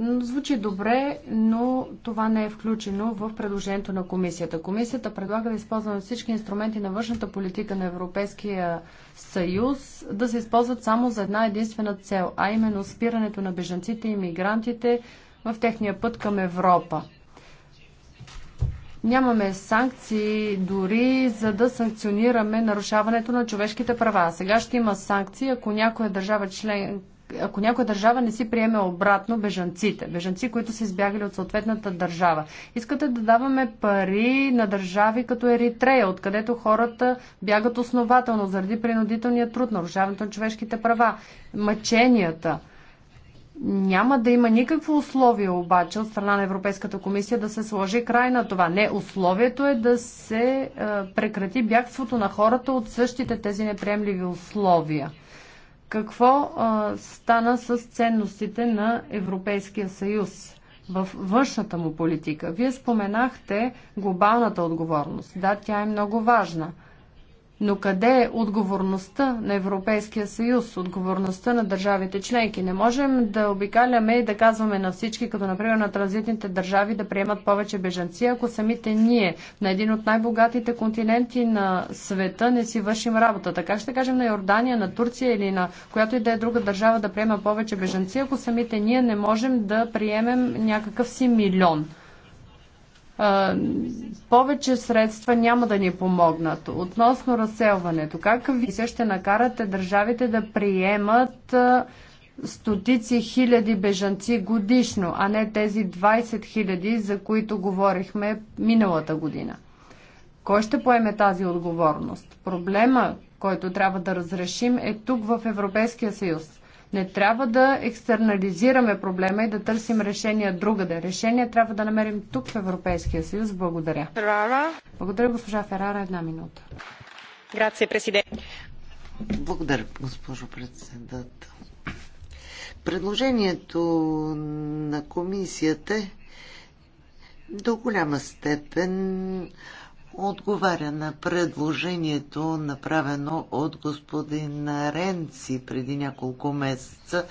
Звучи добре, но това не е включено в предложението на комисията. Комисията предлага да използваме всички инструменти на външната политика на Европейския съюз да се използват само за една единствена цел, а именно спирането на бежанците и мигрантите в техния път към Европа. Нямаме санкции дори за да санкционираме нарушаването на човешките права. Сега ще има санкции, ако някоя държава член ако някоя държава не си приеме обратно бежанците, бежанци, които са избягали от съответната държава. Искате да даваме пари на държави като Еритрея, откъдето хората бягат основателно заради принудителния труд, нарушаването на човешките права, мъченията. Няма да има никакво условие обаче от страна на Европейската комисия да се сложи край на това. Не, условието е да се е, прекрати бягството на хората от същите тези неприемливи условия. Какво а, стана с ценностите на Европейския съюз? в външната му политика. Вие споменахте глобалната отговорност. Да, тя е много важна – но къде е отговорността на Европейския съюз, отговорността на държавите членки? Не можем да обикаляме и да казваме на всички, като например на транзитните държави, да приемат повече бежанци, ако самите ние на един от най-богатите континенти на света не си вършим работата. Как ще кажем на Йордания, на Турция или на която и да е друга държава да приема повече бежанци, ако самите ние не можем да приемем някакъв си милион? повече средства няма да ни помогнат. Относно разселването, как ви се ще накарате държавите да приемат стотици хиляди бежанци годишно, а не тези 20 хиляди, за които говорихме миналата година? Кой ще поеме тази отговорност? Проблема, който трябва да разрешим, е тук в Европейския съюз. Не трябва да екстернализираме проблема и да търсим решения другаде. Решение трябва да намерим тук в Европейския съюз. Благодаря. Ферара. Благодаря, госпожа Ферара. Една минута. Грация, президент. Благодаря, госпожо председател. Предложението на комисията е до голяма степен отговаря на предложението, направено от господин Ренци преди няколко месеца.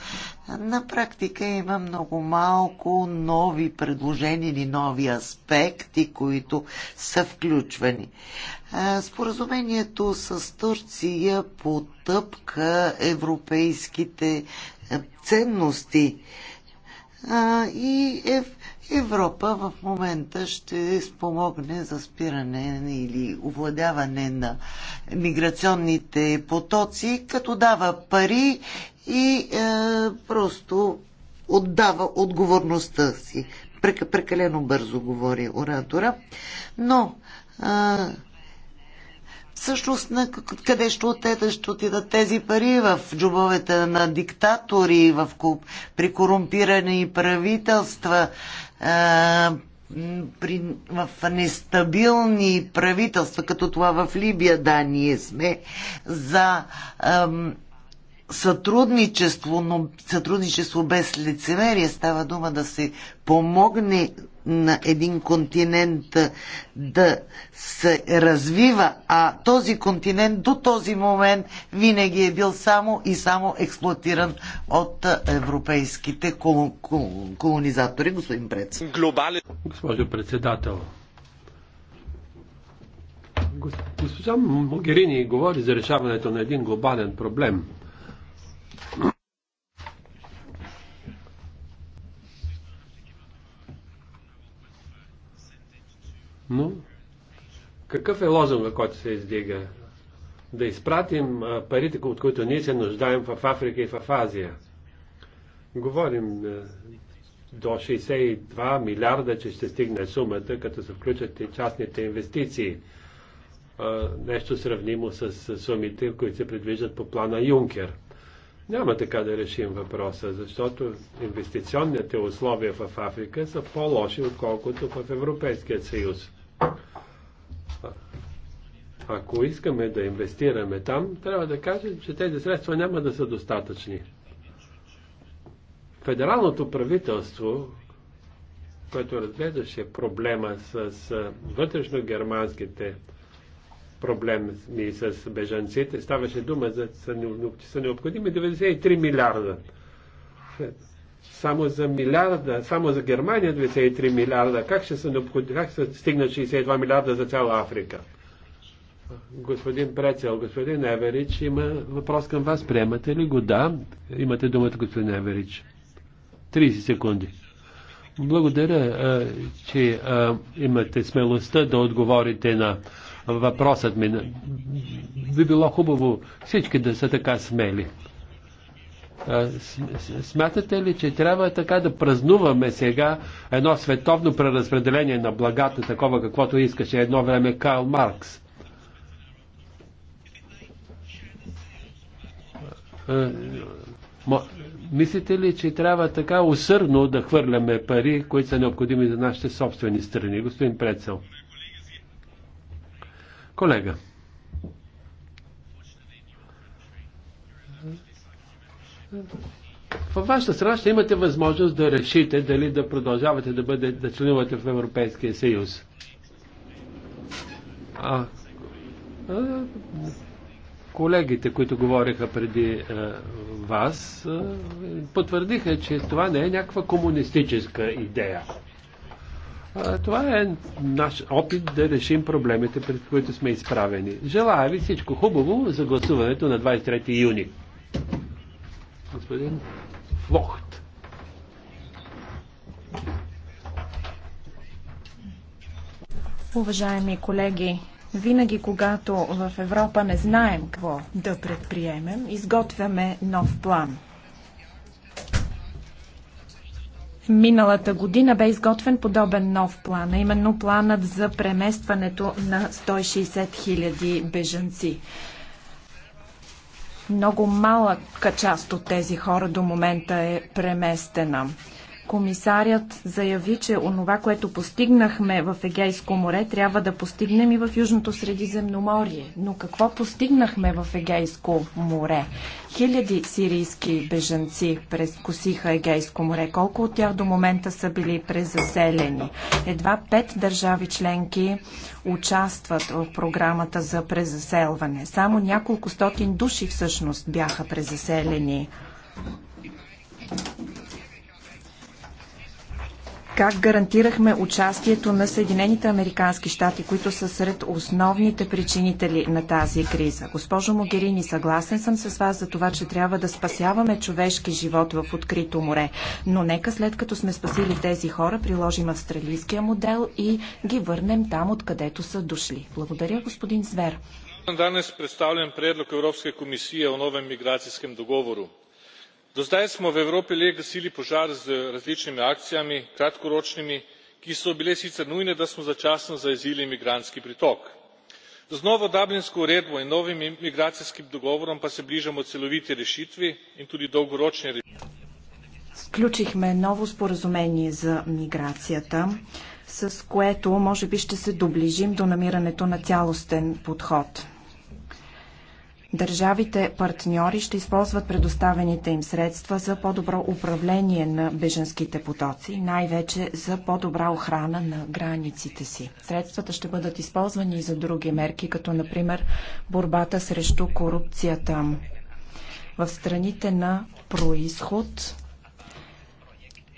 На практика има много малко нови предложения или нови аспекти, които са включвани. Споразумението с Турция потъпка европейските ценности и е Европа в момента ще спомогне за спиране или овладяване на миграционните потоци, като дава пари и е, просто отдава отговорността си. Прекалено бързо говори оратора. Но е, всъщност на къде ще отидат, ще отидат тези пари в джобовете на диктатори, в, при корумпирани правителства, а, при, в нестабилни правителства, като това в Либия, да, ние сме за ам, сътрудничество, но сътрудничество без лицемерие става дума да се помогне на един континент да се развива, а този континент до този момент винаги е бил само и само експлуатиран от европейските кол- кол- колонизатори, господин Прец. Госпожо председател, госпожа Могерини говори за решаването на един глобален проблем – Но какъв е лозунга, който се издига? Да изпратим парите, от които ние се нуждаем в Африка и в Азия. Говорим до 62 милиарда, че ще стигне сумата, като се включат и частните инвестиции. Нещо сравнимо с сумите, които се предвиждат по плана Юнкер. Няма така да решим въпроса, защото инвестиционните условия в Африка са по-лоши, отколкото в Европейския съюз. Ако искаме да инвестираме там, трябва да кажем, че тези средства няма да са достатъчни. Федералното правителство, което разгледаше проблема с вътрешно-германските проблеми с бежанците, ставаше дума за, че са необходими 93 милиарда. Само за милиарда, само за Германия 23 милиарда. Как ще се необходи, как ще стигнат 62 милиарда за цяла Африка? Господин Прецел, господин Еверич, има въпрос към вас. Приемате ли го? Да. Имате думата, господин Еверич. 30 секунди. Благодаря, че имате смелостта да отговорите на въпросът ми. Би било хубаво всички да са така смели. Смятате ли, че трябва така да празнуваме сега едно световно преразпределение на благата, такова каквото искаше едно време Карл Маркс? Мислите ли, че трябва така усърдно да хвърляме пари, които са необходими за нашите собствени страни? Господин Прецел. Колега. във вашата страна ще имате възможност да решите дали да продължавате да, бъде, да членувате в Европейския съюз. А, а, колегите, които говориха преди а, е, вас, а, е, потвърдиха, че това не е някаква комунистическа идея. А, това е наш опит да решим проблемите, пред които сме изправени. Желая ви всичко хубаво за гласуването на 23 юни господин Флохт. Уважаеми колеги, винаги когато в Европа не знаем какво да предприемем, изготвяме нов план. Миналата година бе изготвен подобен нов план, а именно планът за преместването на 160 000 бежанци. Много малка част от тези хора до момента е преместена. Комисарят заяви, че онова, което постигнахме в Егейско море, трябва да постигнем и в Южното Средиземноморие. Но какво постигнахме в Егейско море? Хиляди сирийски бежанци прескосиха Егейско море. Колко от тях до момента са били презаселени? Едва пет държави членки участват в програмата за презаселване. Само няколко стотин души всъщност бяха презаселени как гарантирахме участието на Съединените Американски щати, които са сред основните причинители на тази криза. Госпожо Могерини, съгласен съм с вас за това, че трябва да спасяваме човешки живот в открито море, но нека след като сме спасили тези хора, приложим австралийския модел и ги върнем там, откъдето са дошли. Благодаря, господин Звер do zdaj smo v evropi le gasili požar z različnimi akcijami kratkoročnimi ki so bile sicer nujne da smo začasno zajezili migrantski pritok. z novo dublinsko uredbo in novim migracijskim dogovorom pa se bližamo celoviti rešitvi in tudi dolgoročni rešitvi. Сключихме ново споразумение за миграцията, с което може би ще се доближим до намирането на цялостен подход. Държавите партньори ще използват предоставените им средства за по-добро управление на беженските потоци, най-вече за по-добра охрана на границите си. Средствата ще бъдат използвани и за други мерки, като например борбата срещу корупцията. В страните на происход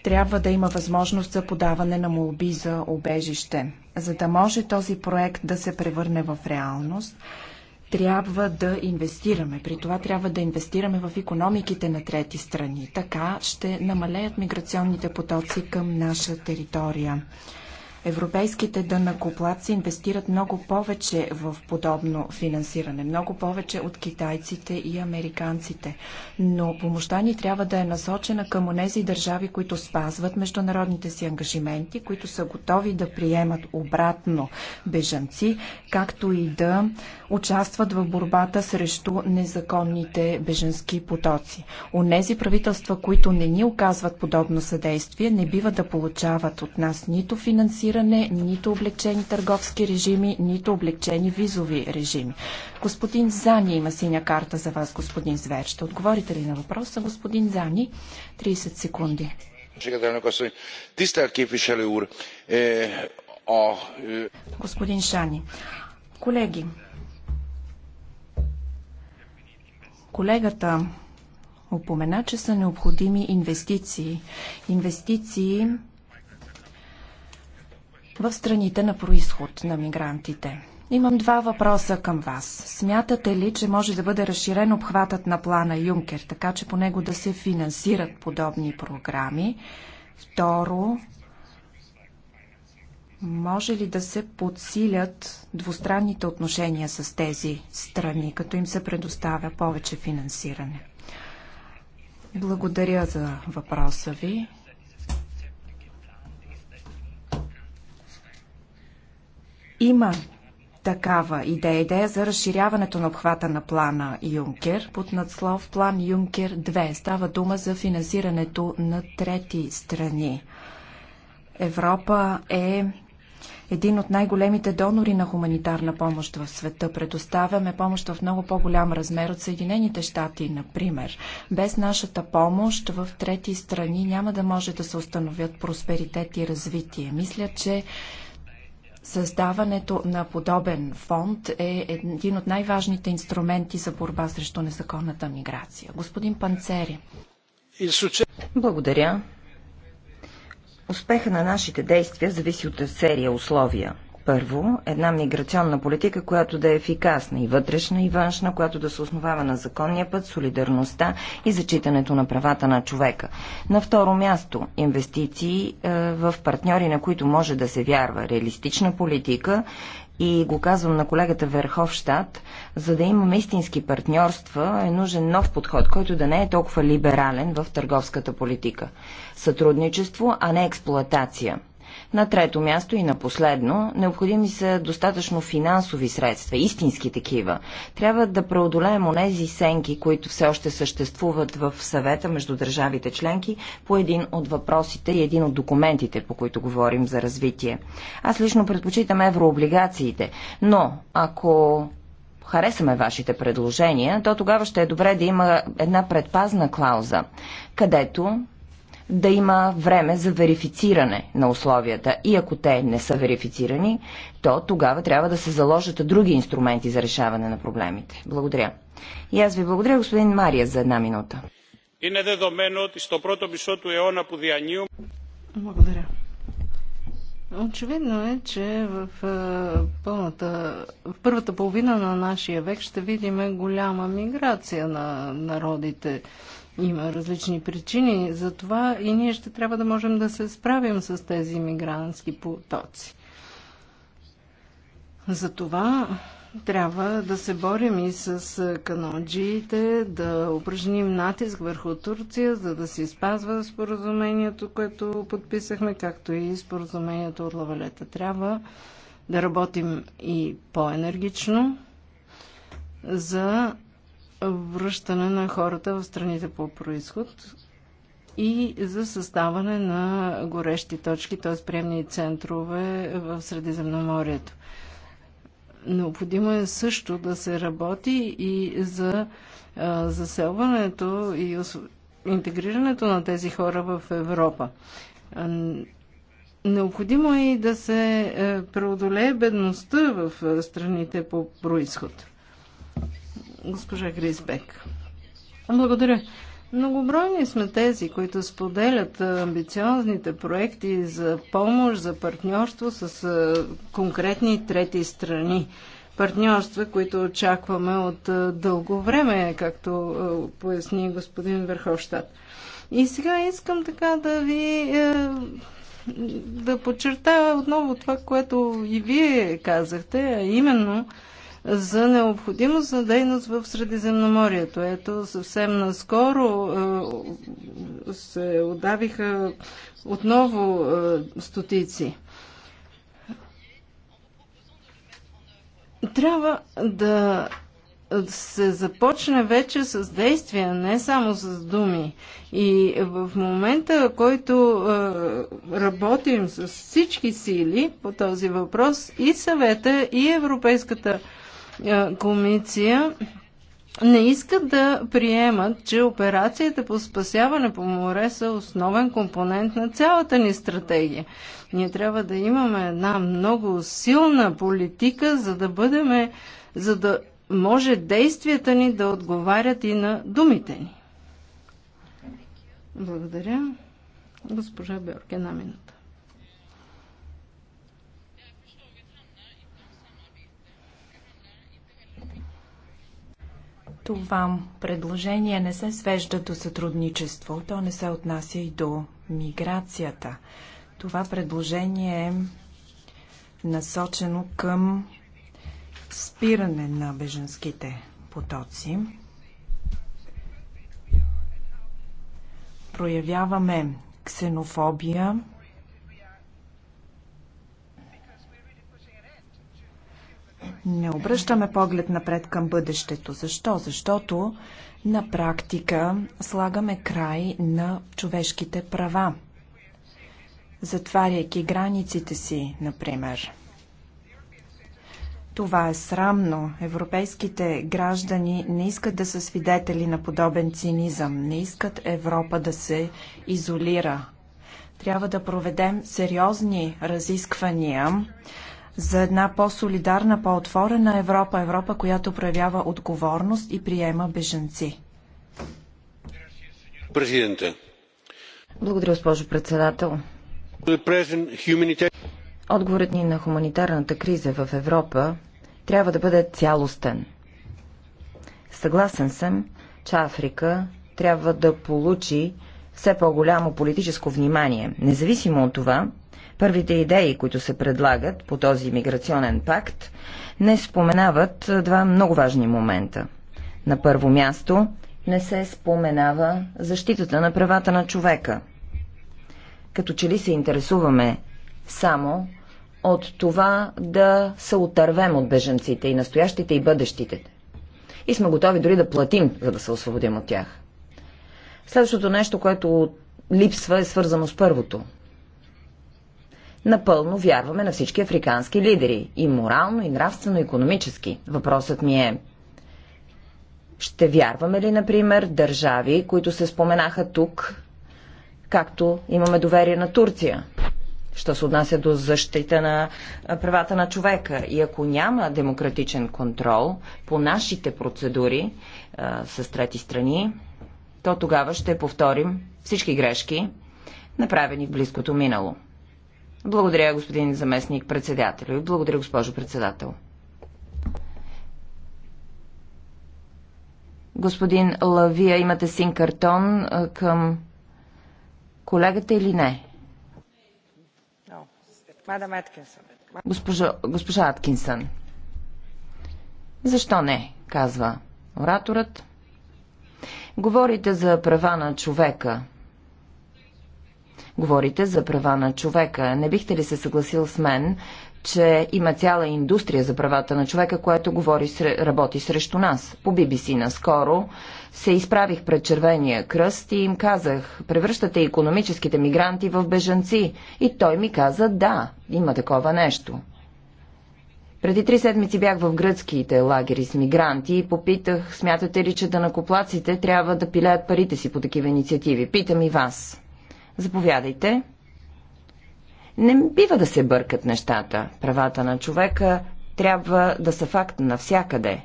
трябва да има възможност за подаване на молби за обежище. За да може този проект да се превърне в реалност, трябва да инвестираме. При това трябва да инвестираме в економиките на трети страни. Така ще намалеят миграционните потоци към наша територия. Европейските дънакоплаци инвестират много повече в подобно финансиране, много повече от китайците и американците. Но помощта ни трябва да е насочена към онези държави, които спазват международните си ангажименти, които са готови да приемат обратно бежанци, както и да участват в борбата срещу незаконните бежански потоци. Онези правителства, които не ни оказват подобно съдействие, не бива да получават от нас нито финансиране, финансиране, нито облегчени търговски режими, нито облегчени визови режими. Господин Зани има синя карта за вас, господин Звер. Ще отговорите ли на въпроса, господин Зани? 30 секунди. Е, е, господин Шани, колеги, колегата упомена, че са необходими инвестиции. Инвестиции в страните на происход на мигрантите. Имам два въпроса към вас. Смятате ли, че може да бъде разширен обхватът на плана Юнкер, така че по него да се финансират подобни програми? Второ, може ли да се подсилят двустранните отношения с тези страни, като им се предоставя повече финансиране? Благодаря за въпроса ви. Има такава идея, идея за разширяването на обхвата на плана Юнкер под надслов план Юнкер 2. Става дума за финансирането на трети страни. Европа е един от най-големите донори на хуманитарна помощ в света. Предоставяме помощ в много по-голям размер от Съединените щати, например. Без нашата помощ в трети страни няма да може да се установят просперитет и развитие. Мисля, че Създаването на подобен фонд е един от най-важните инструменти за борба срещу незаконната миграция. Господин Панцери. Благодаря. Успеха на нашите действия зависи от серия условия. Първо, една миграционна политика, която да е ефикасна и вътрешна, и външна, която да се основава на законния път, солидарността и зачитането на правата на човека. На второ място, инвестиции е, в партньори, на които може да се вярва. Реалистична политика и го казвам на колегата Верховщад, за да имаме истински партньорства е нужен нов подход, който да не е толкова либерален в търговската политика. Сътрудничество, а не експлоатация. На трето място и на последно, необходими са достатъчно финансови средства, истински такива. Трябва да преодолеем онези сенки, които все още съществуват в съвета между държавите членки по един от въпросите и един от документите, по които говорим за развитие. Аз лично предпочитам еврооблигациите, но ако харесаме вашите предложения, то тогава ще е добре да има една предпазна клауза, където да има време за верифициране на условията. И ако те не са верифицирани, то тогава трябва да се заложат други инструменти за решаване на проблемите. Благодаря. И аз ви благодаря, господин Мария, за една минута. Благодаря. Очевидно е, че в, пълната, в първата половина на нашия век ще видим голяма миграция на народите има различни причини за това и ние ще трябва да можем да се справим с тези мигрантски потоци. Затова трябва да се борим и с каноджиите, да упражним натиск върху Турция, за да се спазва споразумението, което подписахме, както и споразумението от Лавалета. Трябва да работим и по-енергично за връщане на хората в страните по происход и за съставане на горещи точки, т.е. приемни центрове в Средиземноморието. Необходимо е също да се работи и за заселването и интегрирането на тези хора в Европа. Необходимо е и да се е, преодолее бедността в страните по происход госпожа Гризбек. Благодаря. Многобройни сме тези, които споделят амбициозните проекти за помощ, за партньорство с конкретни трети страни. Партньорства, които очакваме от дълго време, както поясни господин Верховщад. И сега искам така да ви е, да подчертая отново това, което и вие казахте, а именно – за необходимост на дейност в Средиземноморието. Ето, съвсем наскоро е, се отдавиха отново е, стотици. Трябва да се започне вече с действия, не само с думи. И в момента, в който е, работим с всички сили по този въпрос, и съвета, и Европейската е, комисия не искат да приемат, че операциите по спасяване по море са основен компонент на цялата ни стратегия. Ние трябва да имаме една много силна политика, за да бъдеме, за да може действията ни да отговарят и на думите ни. Благодаря. Госпожа Бьорк, една минута. Това предложение не се свежда до сътрудничество, то не се отнася и до миграцията. Това предложение е насочено към спиране на беженските потоци. Проявяваме ксенофобия, Не обръщаме поглед напред към бъдещето. Защо? Защото на практика слагаме край на човешките права, затваряйки границите си, например. Това е срамно. Европейските граждани не искат да са свидетели на подобен цинизъм, не искат Европа да се изолира. Трябва да проведем сериозни разисквания за една по-солидарна, по-отворена Европа, Европа, която проявява отговорност и приема бежанци. Президента. Благодаря, госпожо председател. Отговорът ни на хуманитарната криза в Европа трябва да бъде цялостен. Съгласен съм, че Африка трябва да получи все по-голямо политическо внимание, независимо от това, Първите идеи, които се предлагат по този миграционен пакт, не споменават два много важни момента. На първо място не се споменава защитата на правата на човека. Като че ли се интересуваме само от това да се отървем от беженците и настоящите и бъдещите. И сме готови дори да платим, за да се освободим от тях. Следващото нещо, което липсва, е свързано с първото. Напълно вярваме на всички африкански лидери. И морално, и нравствено, и економически. Въпросът ми е, ще вярваме ли, например, държави, които се споменаха тук, както имаме доверие на Турция? що се отнася до защита на правата на човека. И ако няма демократичен контрол по нашите процедури а, с трети страни, то тогава ще повторим всички грешки, направени в близкото минало. Благодаря, господин заместник председател. И благодаря, госпожо председател. Господин Лавия, имате син картон към колегата или не? Госпожа, госпожа Аткинсън. Защо не? казва ораторът. Говорите за права на човека, Говорите за права на човека. Не бихте ли се съгласил с мен, че има цяла индустрия за правата на човека, която говори, работи срещу нас. По BBC наскоро се изправих пред Червения кръст и им казах, превръщате економическите мигранти в бежанци. И той ми каза, да, има такова нещо. Преди три седмици бях в гръцките лагери с мигранти и попитах, смятате ли, че данакоплаците трябва да пилеят парите си по такива инициативи? Питам и вас. Заповядайте. Не бива да се бъркат нещата. Правата на човека трябва да са факт навсякъде.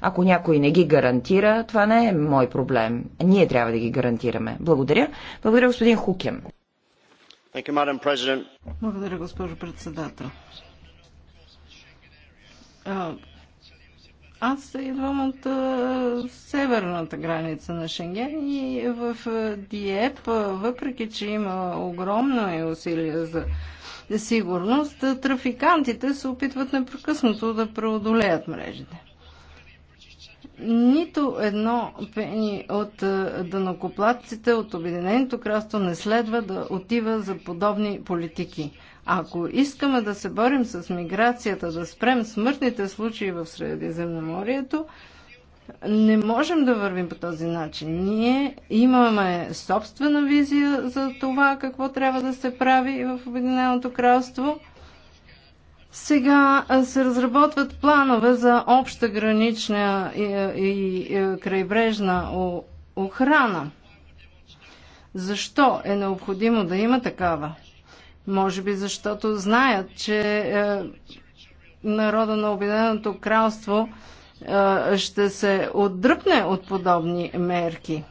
Ако някой не ги гарантира, това не е мой проблем. Ние трябва да ги гарантираме. Благодаря. Благодаря, господин Хукем. Благодаря, госпожо председател. Аз идвам от северната граница на Шенген и в Диеп, въпреки че има огромно усилие за сигурност, трафикантите се опитват непрекъснато да преодолеят мрежите. Нито едно пени от дънокоплатците от Обединеното кралство не следва да отива за подобни политики. Ако искаме да се борим с миграцията, да спрем смъртните случаи в Средиземноморието, не можем да вървим по този начин. Ние имаме собствена визия за това какво трябва да се прави в Обединеното кралство. Сега се разработват планове за обща гранична и, и, и крайбрежна охрана. Защо е необходимо да има такава? Може би защото знаят, че е, народа на Обединеното кралство е, ще се отдръпне от подобни мерки.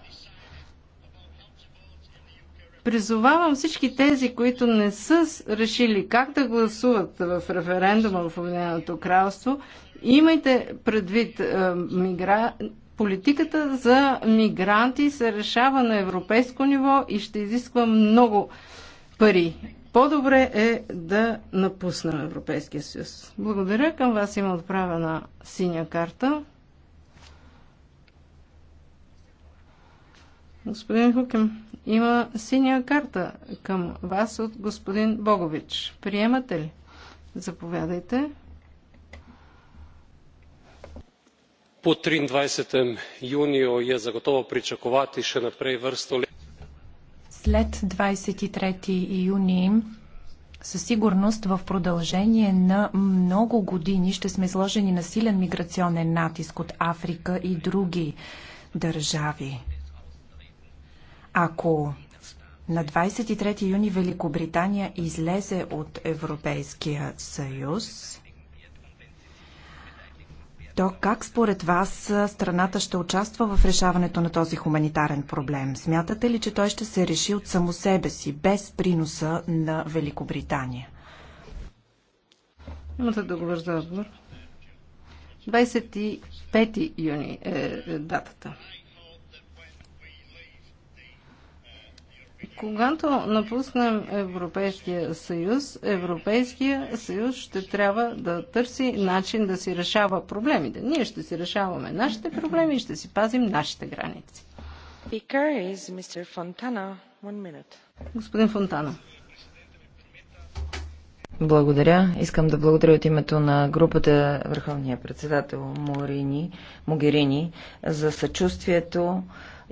Призовавам всички тези, които не са решили как да гласуват в референдума в Обединеното кралство, имайте предвид е, мигра... политиката за мигранти се решава на европейско ниво и ще изисква много пари по-добре е да напуснем Европейския съюз. Благодаря. Към вас има отправена синя карта. Господин Хукем, има синя карта към вас от господин Богович. Приемате ли? Заповядайте. По 23. junijo е заготово причакувати ще напрей vrsto ли. След 23 юни със сигурност в продължение на много години ще сме изложени на силен миграционен натиск от Африка и други държави. Ако на 23 юни Великобритания излезе от Европейския съюз, то как според вас страната ще участва в решаването на този хуманитарен проблем? Смятате ли, че той ще се реши от само себе си, без приноса на Великобритания? Имате договор за отговор. 25 юни е, е датата. Когато напуснем Европейския съюз, Европейския съюз ще трябва да търси начин да си решава проблемите. Ние ще си решаваме нашите проблеми и ще си пазим нашите граници. Господин Фонтана. Благодаря. Искам да благодаря от името на групата Върховния председател Морини, Могерини за съчувствието,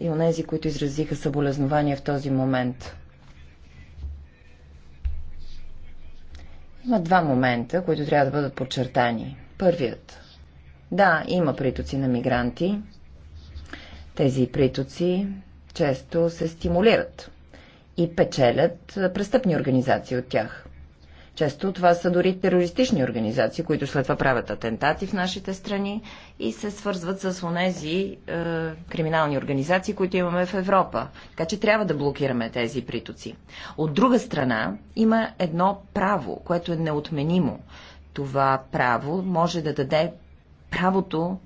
и онези, които изразиха съболезнования в този момент. Има два момента, които трябва да бъдат подчертани. Първият. Да, има притоци на мигранти. Тези притоци често се стимулират и печелят престъпни организации от тях. Често това са дори терористични организации, които след това правят атентати в нашите страни и се свързват с онези е, криминални организации, които имаме в Европа. Така че трябва да блокираме тези притоци. От друга страна, има едно право, което е неотменимо. Това право може да даде правото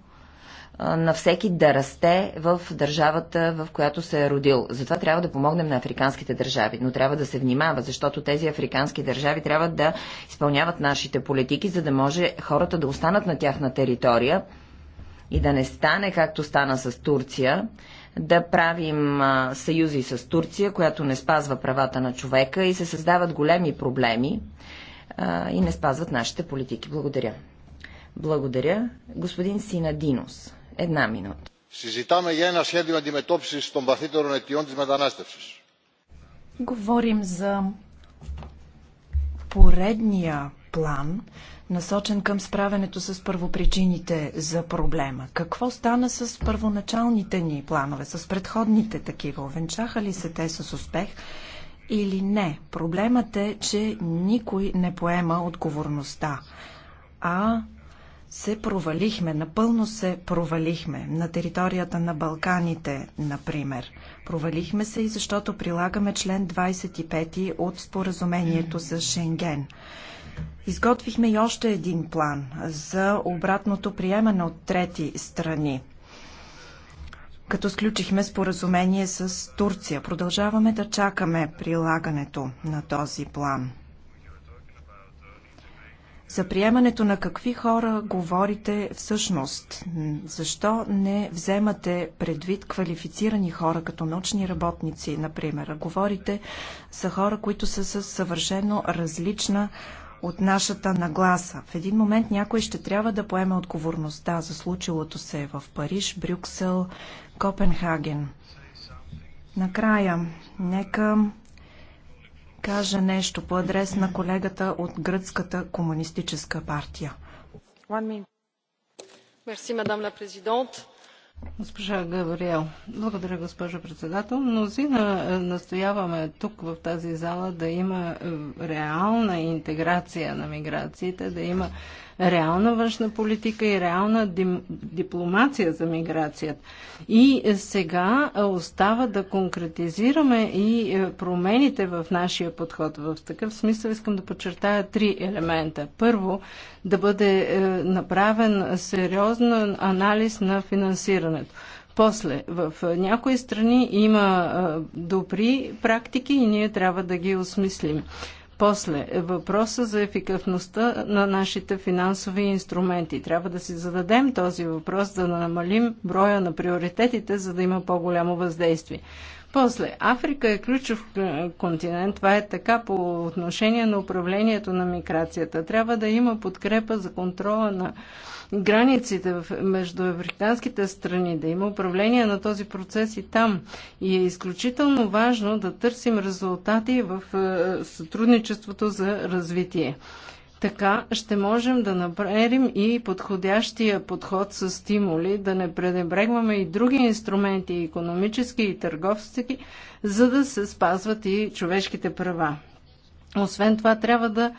на всеки да расте в държавата, в която се е родил. Затова трябва да помогнем на африканските държави, но трябва да се внимава, защото тези африкански държави трябва да изпълняват нашите политики, за да може хората да останат на тяхна територия и да не стане, както стана с Турция, да правим съюзи с Турция, която не спазва правата на човека и се създават големи проблеми и не спазват нашите политики. Благодаря. Благодаря. Господин Синадинос. Една минута. Συζητάμε για ένα σχέδιο αντιμετώπιση των βαθύτερων αιτιών τη μετανάστευση. Говорим за поредния план, насочен към справенето с първопричините за проблема. Какво стана с първоначалните ни планове, с предходните такива? Овенчаха ли се те с успех или не? Проблемът е, че никой не поема отговорността, а се провалихме, напълно се провалихме на територията на Балканите, например. Провалихме се и защото прилагаме член 25 от споразумението с Шенген. Изготвихме и още един план за обратното приемане от трети страни като сключихме споразумение с Турция. Продължаваме да чакаме прилагането на този план. За приемането на какви хора говорите всъщност? Защо не вземате предвид квалифицирани хора, като научни работници, например? Говорите за хора, които са със съвършено различна от нашата нагласа. В един момент някой ще трябва да поеме отговорността за случилото се в Париж, Брюксел, Копенхаген. Накрая, нека кажа нещо по адрес на колегата от Гръцката комунистическа партия. Госпожа Габриел, благодаря госпожо председател. Мнозина настояваме тук в тази зала да има е, реална интеграция на миграциите, да има реална външна политика и реална дипломация за миграцията. И сега остава да конкретизираме и е, промените в нашия подход. В такъв смисъл искам да подчертая три елемента. Първо, да бъде е, направен сериозен анализ на финансирането. После, в е, някои страни има добри практики и ние трябва да ги осмислим. После е въпроса за ефикавността на нашите финансови инструменти. Трябва да си зададем този въпрос, да намалим броя на приоритетите, за да има по-голямо въздействие. После, Африка е ключов е, континент. Това е така по отношение на управлението на миграцията. Трябва да има подкрепа за контрола на границите между африканските страни, да има управление на този процес и там. И е изключително важно да търсим резултати в е, сътрудничеството за развитие. Така ще можем да направим и подходящия подход с стимули, да не пренебрегваме и други инструменти, економически и търговски, за да се спазват и човешките права. Освен това, трябва да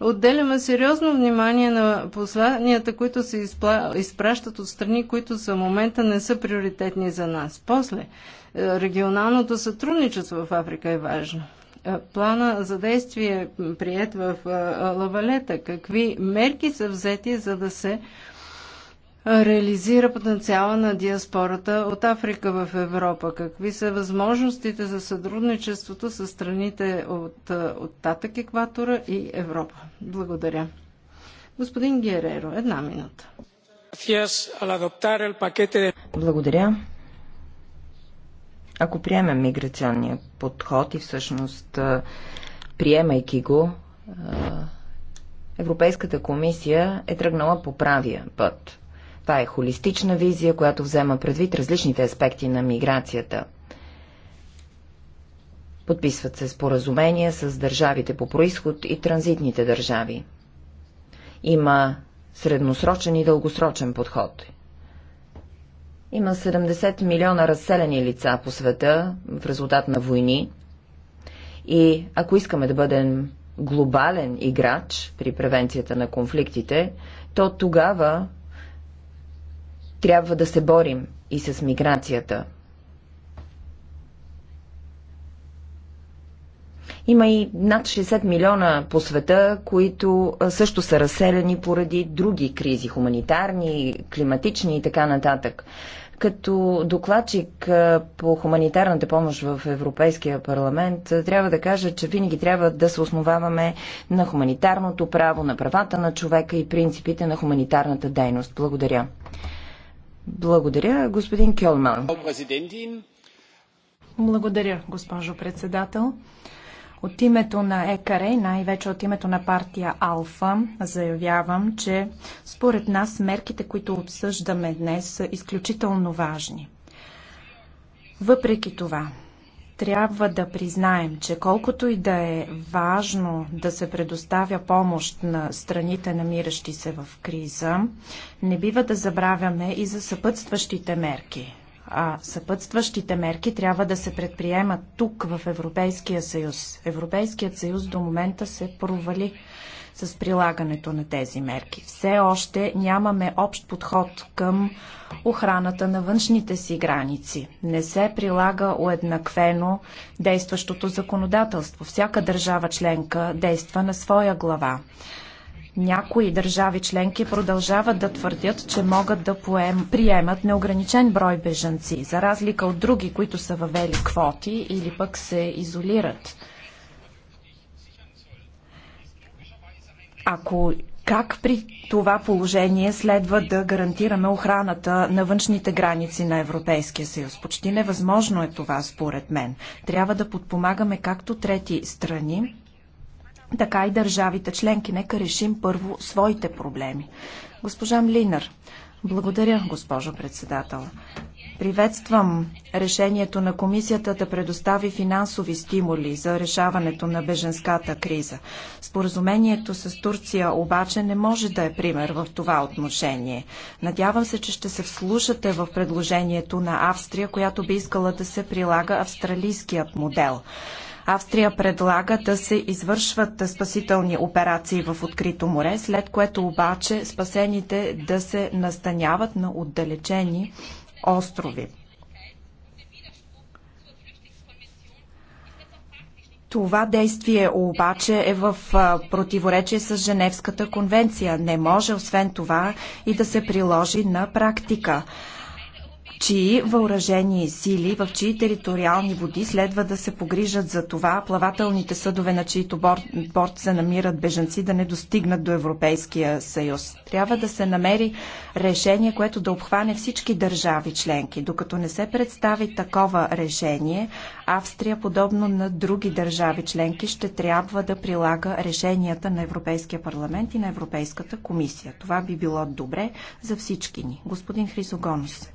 отделяме сериозно внимание на посланията, които се изпла... изпращат от страни, които за момента не са приоритетни за нас. После, е, регионалното сътрудничество в Африка е важно. Е, плана за действие прият в е, Лавалета, какви мерки са взети, за да се реализира потенциала на диаспората от Африка в Европа? Какви са възможностите за сътрудничеството с страните от, е, от Татък екватора и Европа? Благодаря. Господин Гереро, една минута. Благодаря. Ако приемем миграционния подход и всъщност е, приемайки го, е, Европейската комисия е тръгнала по правия път. Това е холистична визия, която взема предвид различните аспекти на миграцията. Подписват се споразумения с държавите по происход и транзитните държави. Има средносрочен и дългосрочен подход. Има 70 милиона разселени лица по света в резултат на войни. И ако искаме да бъдем глобален играч при превенцията на конфликтите, то тогава трябва да се борим и с миграцията. Има и над 60 милиона по света, които също са разселени поради други кризи хуманитарни, климатични и така нататък. Като докладчик по хуманитарната помощ в Европейския парламент, трябва да кажа, че винаги трябва да се основаваме на хуманитарното право, на правата на човека и принципите на хуманитарната дейност. Благодаря. Благодаря, господин Кьолман. Благодаря, госпожо председател. От името на ЕКАРЕ, най-вече от името на партия Алфа, заявявам, че според нас мерките, които обсъждаме днес, са изключително важни. Въпреки това, трябва да признаем, че колкото и да е важно да се предоставя помощ на страните, намиращи се в криза, не бива да забравяме и за съпътстващите мерки. А съпътстващите мерки трябва да се предприемат тук, в Европейския съюз. Европейският съюз до момента се провали с прилагането на тези мерки. Все още нямаме общ подход към охраната на външните си граници. Не се прилага уеднаквено действащото законодателство. Всяка държава членка действа на своя глава. Някои държави членки продължават да твърдят, че могат да поем, приемат неограничен брой бежанци, за разлика от други, които са въвели квоти или пък се изолират. Ако как при това положение следва да гарантираме охраната на външните граници на Европейския съюз? Почти невъзможно е това, според мен. Трябва да подпомагаме както трети страни, така и държавите членки. Нека решим първо своите проблеми. Госпожа Млинар, благодаря, госпожо председател. Приветствам решението на комисията да предостави финансови стимули за решаването на беженската криза. Споразумението с Турция обаче не може да е пример в това отношение. Надявам се, че ще се вслушате в предложението на Австрия, която би искала да се прилага австралийският модел. Австрия предлага да се извършват спасителни операции в открито море, след което обаче спасените да се настаняват на отдалечени острови. Това действие обаче е в противоречие с Женевската конвенция. Не може освен това и да се приложи на практика чии въоръжени сили, в чии териториални води следва да се погрижат за това плавателните съдове, на чието борт, борт се намират бежанци, да не достигнат до Европейския съюз. Трябва да се намери решение, което да обхване всички държави членки. Докато не се представи такова решение, Австрия, подобно на други държави членки, ще трябва да прилага решенията на Европейския парламент и на Европейската комисия. Това би било добре за всички ни. Господин Хризогонос.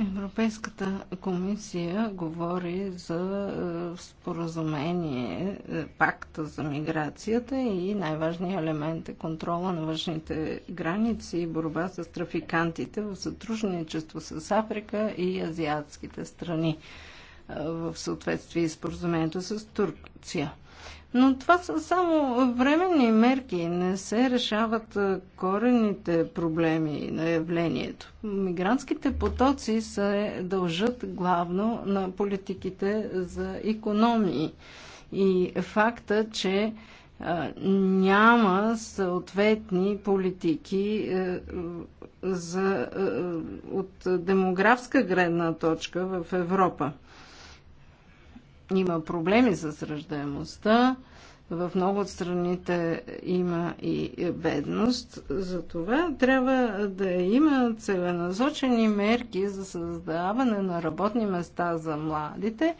Европейската комисия говори за е, споразумение, е, пакта за миграцията и най-важният елемент е контрола на външните граници и борба с трафикантите в сътрудничество с Африка и азиатските страни е, в съответствие с споразумението с Турция. Но това са само временни мерки, не се решават корените проблеми на явлението. Мигрантските потоци се дължат главно на политиките за економии и факта, че няма съответни политики е, за, е, от демографска гледна точка в Европа има проблеми с раждаемостта. В много от страните има и бедност. Затова трябва да има целенасочени мерки за създаване на работни места за младите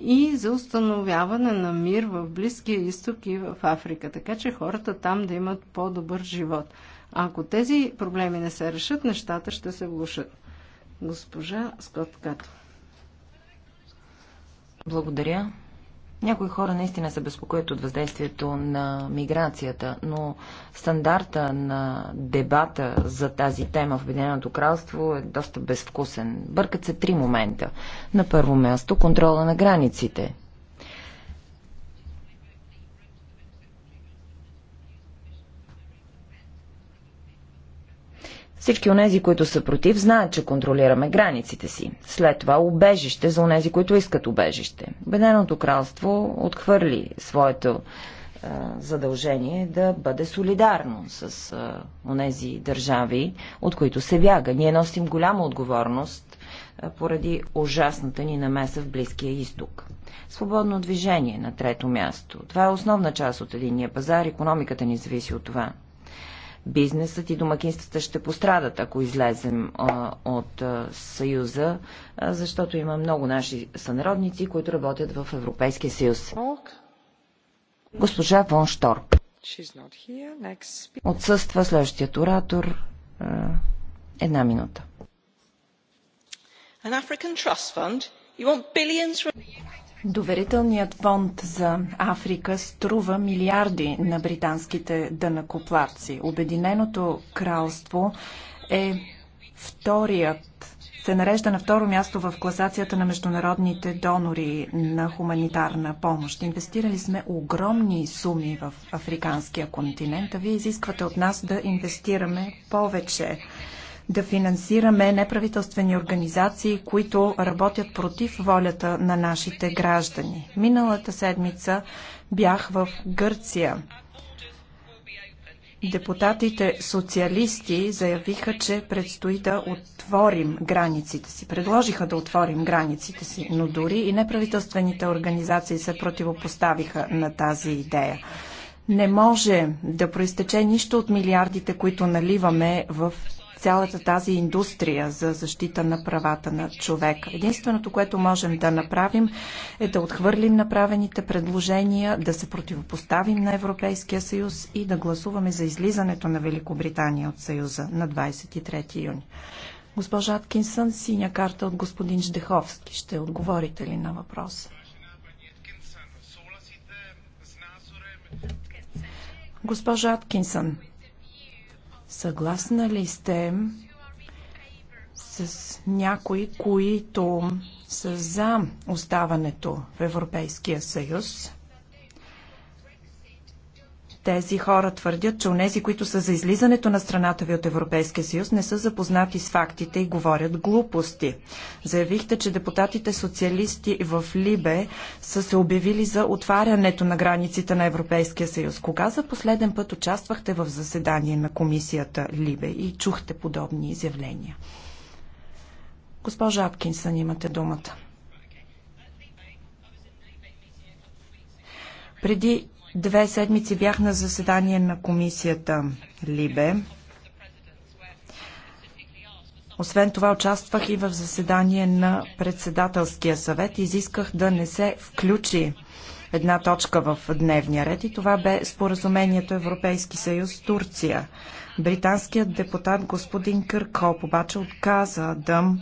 и за установяване на мир в Близкия изток и в Африка, така че хората там да имат по-добър живот. Ако тези проблеми не се решат, нещата ще се влушат. Госпожа Скот Като. Благодаря. Някои хора наистина се безпокоят от въздействието на миграцията, но стандарта на дебата за тази тема в Обединеното кралство е доста безвкусен. Бъркат се три момента. На първо място контрола на границите. Всички онези, които са против, знаят, че контролираме границите си. След това убежище за онези, които искат убежище. Беденото кралство отхвърли своето е, задължение да бъде солидарно с е, онези държави, от които се бяга. Ние носим голяма отговорност е, поради ужасната ни намеса в Близкия изток. Свободно движение на трето място. Това е основна част от единния пазар. Економиката ни зависи от това бизнесът и домакинствата ще пострадат, ако излезем а, от а, Съюза, а, защото има много наши сънародници, които работят в Европейския съюз. Госпожа Вон Шторп. Отсъства следващият оратор. една минута. Доверителният фонд за Африка струва милиарди на британските дънакоплаци. Обединеното кралство е вторият се нарежда на второ място в класацията на международните донори на хуманитарна помощ. Инвестирали сме огромни суми в африканския континент, а вие изисквате от нас да инвестираме повече да финансираме неправителствени организации, които работят против волята на нашите граждани. Миналата седмица бях в Гърция. Депутатите социалисти заявиха, че предстои да отворим границите си. Предложиха да отворим границите си, но дори и неправителствените организации се противопоставиха на тази идея. Не може да проистече нищо от милиардите, които наливаме в цялата тази индустрия за защита на правата на човека. Единственото, което можем да направим е да отхвърлим направените предложения, да се противопоставим на Европейския съюз и да гласуваме за излизането на Великобритания от съюза на 23 юни. Госпожа Аткинсън, синя карта от господин Ждеховски. Ще отговорите ли на въпроса? Госпожа Аткинсън, Съгласна ли сте с някои, които са за оставането в Европейския съюз? Тези хора твърдят, че онези, които са за излизането на страната ви от Европейския съюз, не са запознати с фактите и говорят глупости. Заявихте, че депутатите социалисти в Либе са се обявили за отварянето на границите на Европейския съюз. Кога за последен път участвахте в заседание на комисията Либе и чухте подобни изявления? Госпожа Апкинсън, имате думата. Преди Две седмици бях на заседание на комисията Либе. Освен това участвах и в заседание на председателския съвет. Изисках да не се включи една точка в дневния ред и това бе споразумението Европейски съюз Турция. Британският депутат господин Къркоп обаче отказа да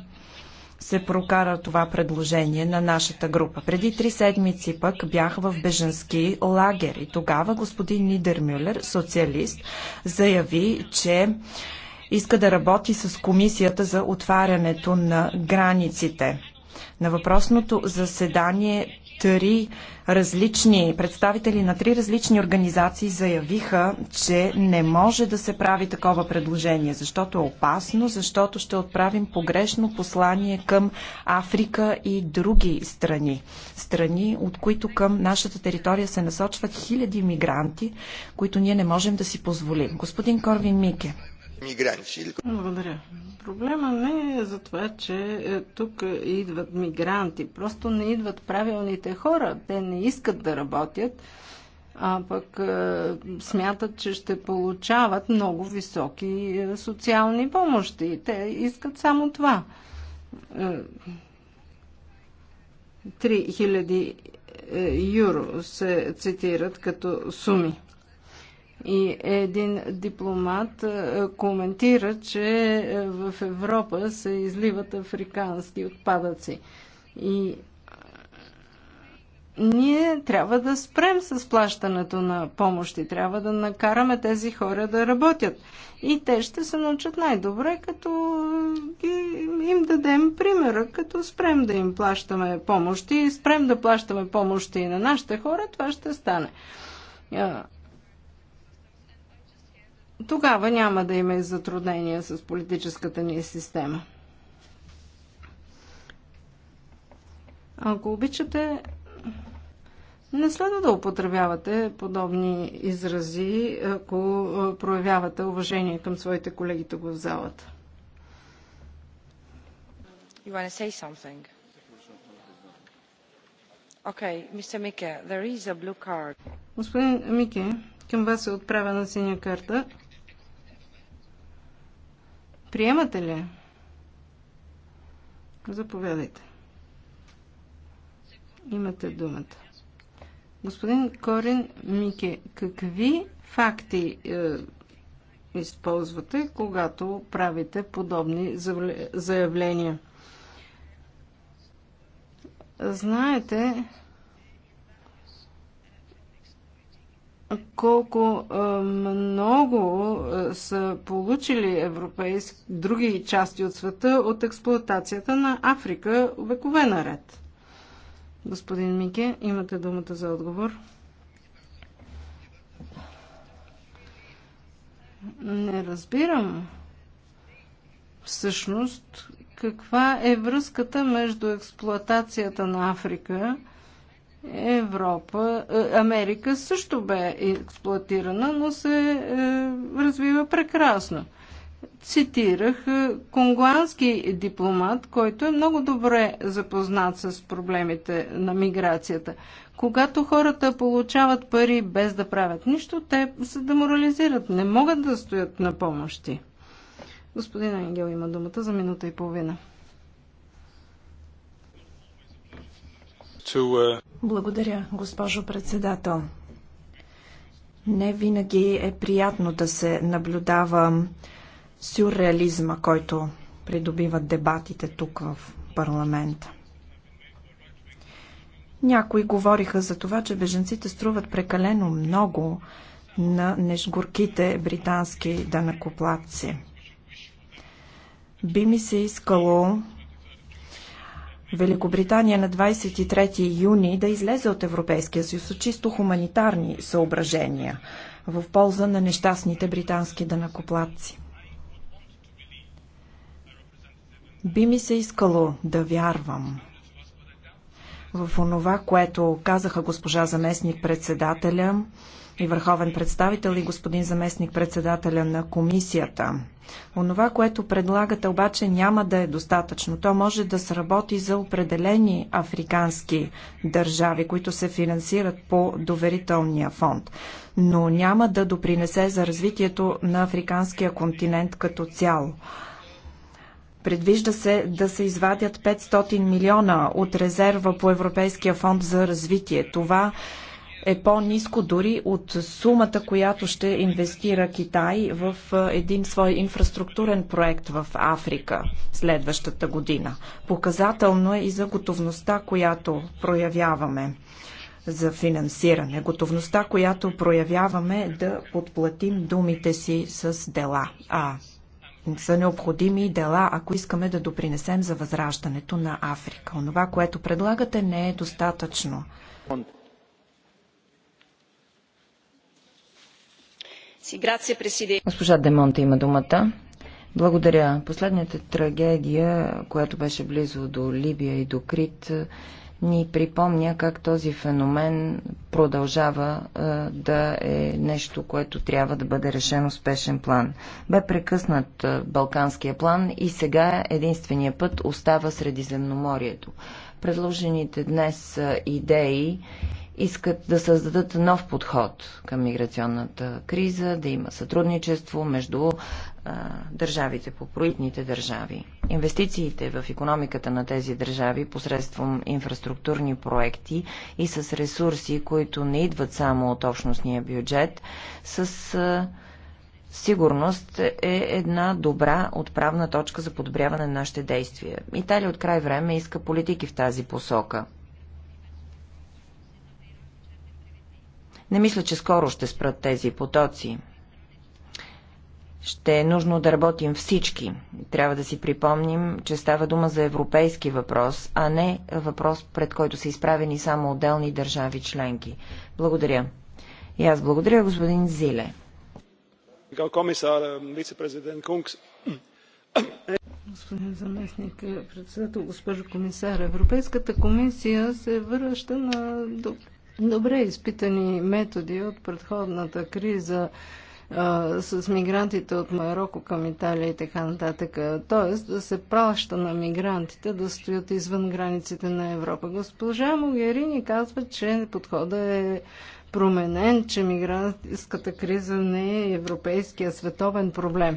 се прокара това предложение на нашата група. Преди три седмици пък бях в беженски лагер и тогава господин Нидермюлер, социалист, заяви, че иска да работи с комисията за отварянето на границите. На въпросното заседание три различни представители на три различни организации заявиха, че не може да се прави такова предложение, защото е опасно, защото ще отправим погрешно послание към Африка и други страни. Страни, от които към нашата територия се насочват хиляди мигранти, които ние не можем да си позволим. Господин Корвин Мике, мигранти. Благодаря. Проблема не е за това, че е, тук идват мигранти. Просто не идват правилните хора. Те не искат да работят, а пък е, смятат, че ще получават много високи е, социални помощи. Те искат само това. 3000 юро се цитират като суми. И един дипломат е, коментира, че е, в Европа се изливат африкански отпадъци. И е, ние трябва да спрем с плащането на помощи, трябва да накараме тези хора да работят. И те ще се научат най-добре, като ги, им дадем примера, като спрем да им плащаме помощи и спрем да плащаме помощи и на нашите хора, това ще стане тогава няма да има и затруднения с политическата ни система. Ако обичате, не следва да употребявате подобни изрази, ако проявявате уважение към своите колеги тук в залата. You want to say something? Okay, Mr. Mike, there is a blue card. Господин Мике, към вас е отправена синя карта. Приемате ли? Заповядайте. Имате думата. Господин Корин Мике, какви факти е, използвате, когато правите подобни заявления? Знаете, колко много са получили европейски други части от света от експлуатацията на Африка векове наред. Господин Мике, имате думата за отговор. Не разбирам всъщност каква е връзката между експлуатацията на Африка и Европа, е, Америка също бе експлуатирана, но се е, развива прекрасно. Цитирах е, конгуански дипломат, който е много добре запознат с проблемите на миграцията. Когато хората получават пари без да правят нищо, те се деморализират, не могат да стоят на помощи. Господин Ангел има думата за минута и половина. To, uh благодаря, госпожо председател. Не винаги е приятно да се наблюдава сюрреализма, който придобиват дебатите тук в парламента. Някои говориха за това, че беженците струват прекалено много на нежгорките британски данакоплатци. Би ми се искало Великобритания на 23 юни да излезе от Европейския съюз от чисто хуманитарни съображения в полза на нещастните британски данакоплатци. Би ми се искало да вярвам в онова, което казаха госпожа заместник председателя, и върховен представител и господин заместник председателя на комисията. Онова, което предлагате обаче няма да е достатъчно. То може да сработи за определени африкански държави, които се финансират по доверителния фонд, но няма да допринесе за развитието на африканския континент като цяло. Предвижда се да се извадят 500 милиона от резерва по Европейския фонд за развитие. Това е по-низко дори от сумата, която ще инвестира Китай в един свой инфраструктурен проект в Африка следващата година. Показателно е и за готовността, която проявяваме за финансиране. Готовността, която проявяваме да подплатим думите си с дела. А са необходими дела, ако искаме да допринесем за възраждането на Африка. Онова, което предлагате, не е достатъчно. Госпожа Демонта има думата. Благодаря. Последната трагедия, която беше близо до Либия и до Крит, ни припомня как този феномен продължава а, е, да е нещо, което трябва да бъде решено спешен план. Бе прекъснат а, е, Балканския план и сега единствения път остава Средиземноморието. Предложените днес а, е, идеи искат да създадат нов подход към миграционната криза, да има сътрудничество между а, държавите по проитните държави. Инвестициите в економиката на тези държави посредством инфраструктурни проекти и с ресурси, които не идват само от общностния бюджет, с а, сигурност е една добра отправна точка за подобряване на нашите действия. Италия от край време иска политики в тази посока – Не мисля, че скоро ще спрат тези потоци. Ще е нужно да работим всички. Трябва да си припомним, че става дума за европейски въпрос, а не въпрос, пред който са изправени само отделни държави членки. Благодаря. И аз благодаря, господин Зиле. Комисар, вице-президент Кункс, Господин заместник е, председател, госпожо комисар, Европейската комисия се връща на добре изпитани методи от предходната криза а, с мигрантите от Марокко към Италия и така нататък. Тоест да се праща на мигрантите да стоят извън границите на Европа. Госпожа Могерини казва, че подходът е променен, че мигрантската криза не е европейския световен проблем.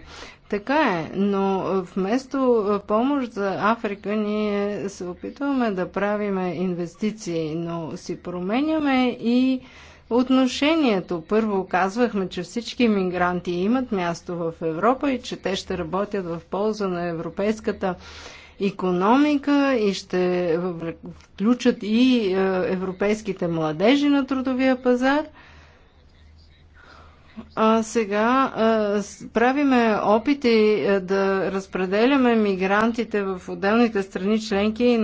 Така е, но вместо помощ за Африка ние се опитваме да правим инвестиции, но си променяме и отношението. Първо казвахме, че всички мигранти имат място в Европа и че те ще работят в полза на европейската економика и ще включат и е, европейските младежи на трудовия пазар – а сега а, правиме опити е, да разпределяме мигрантите в отделните страни членки и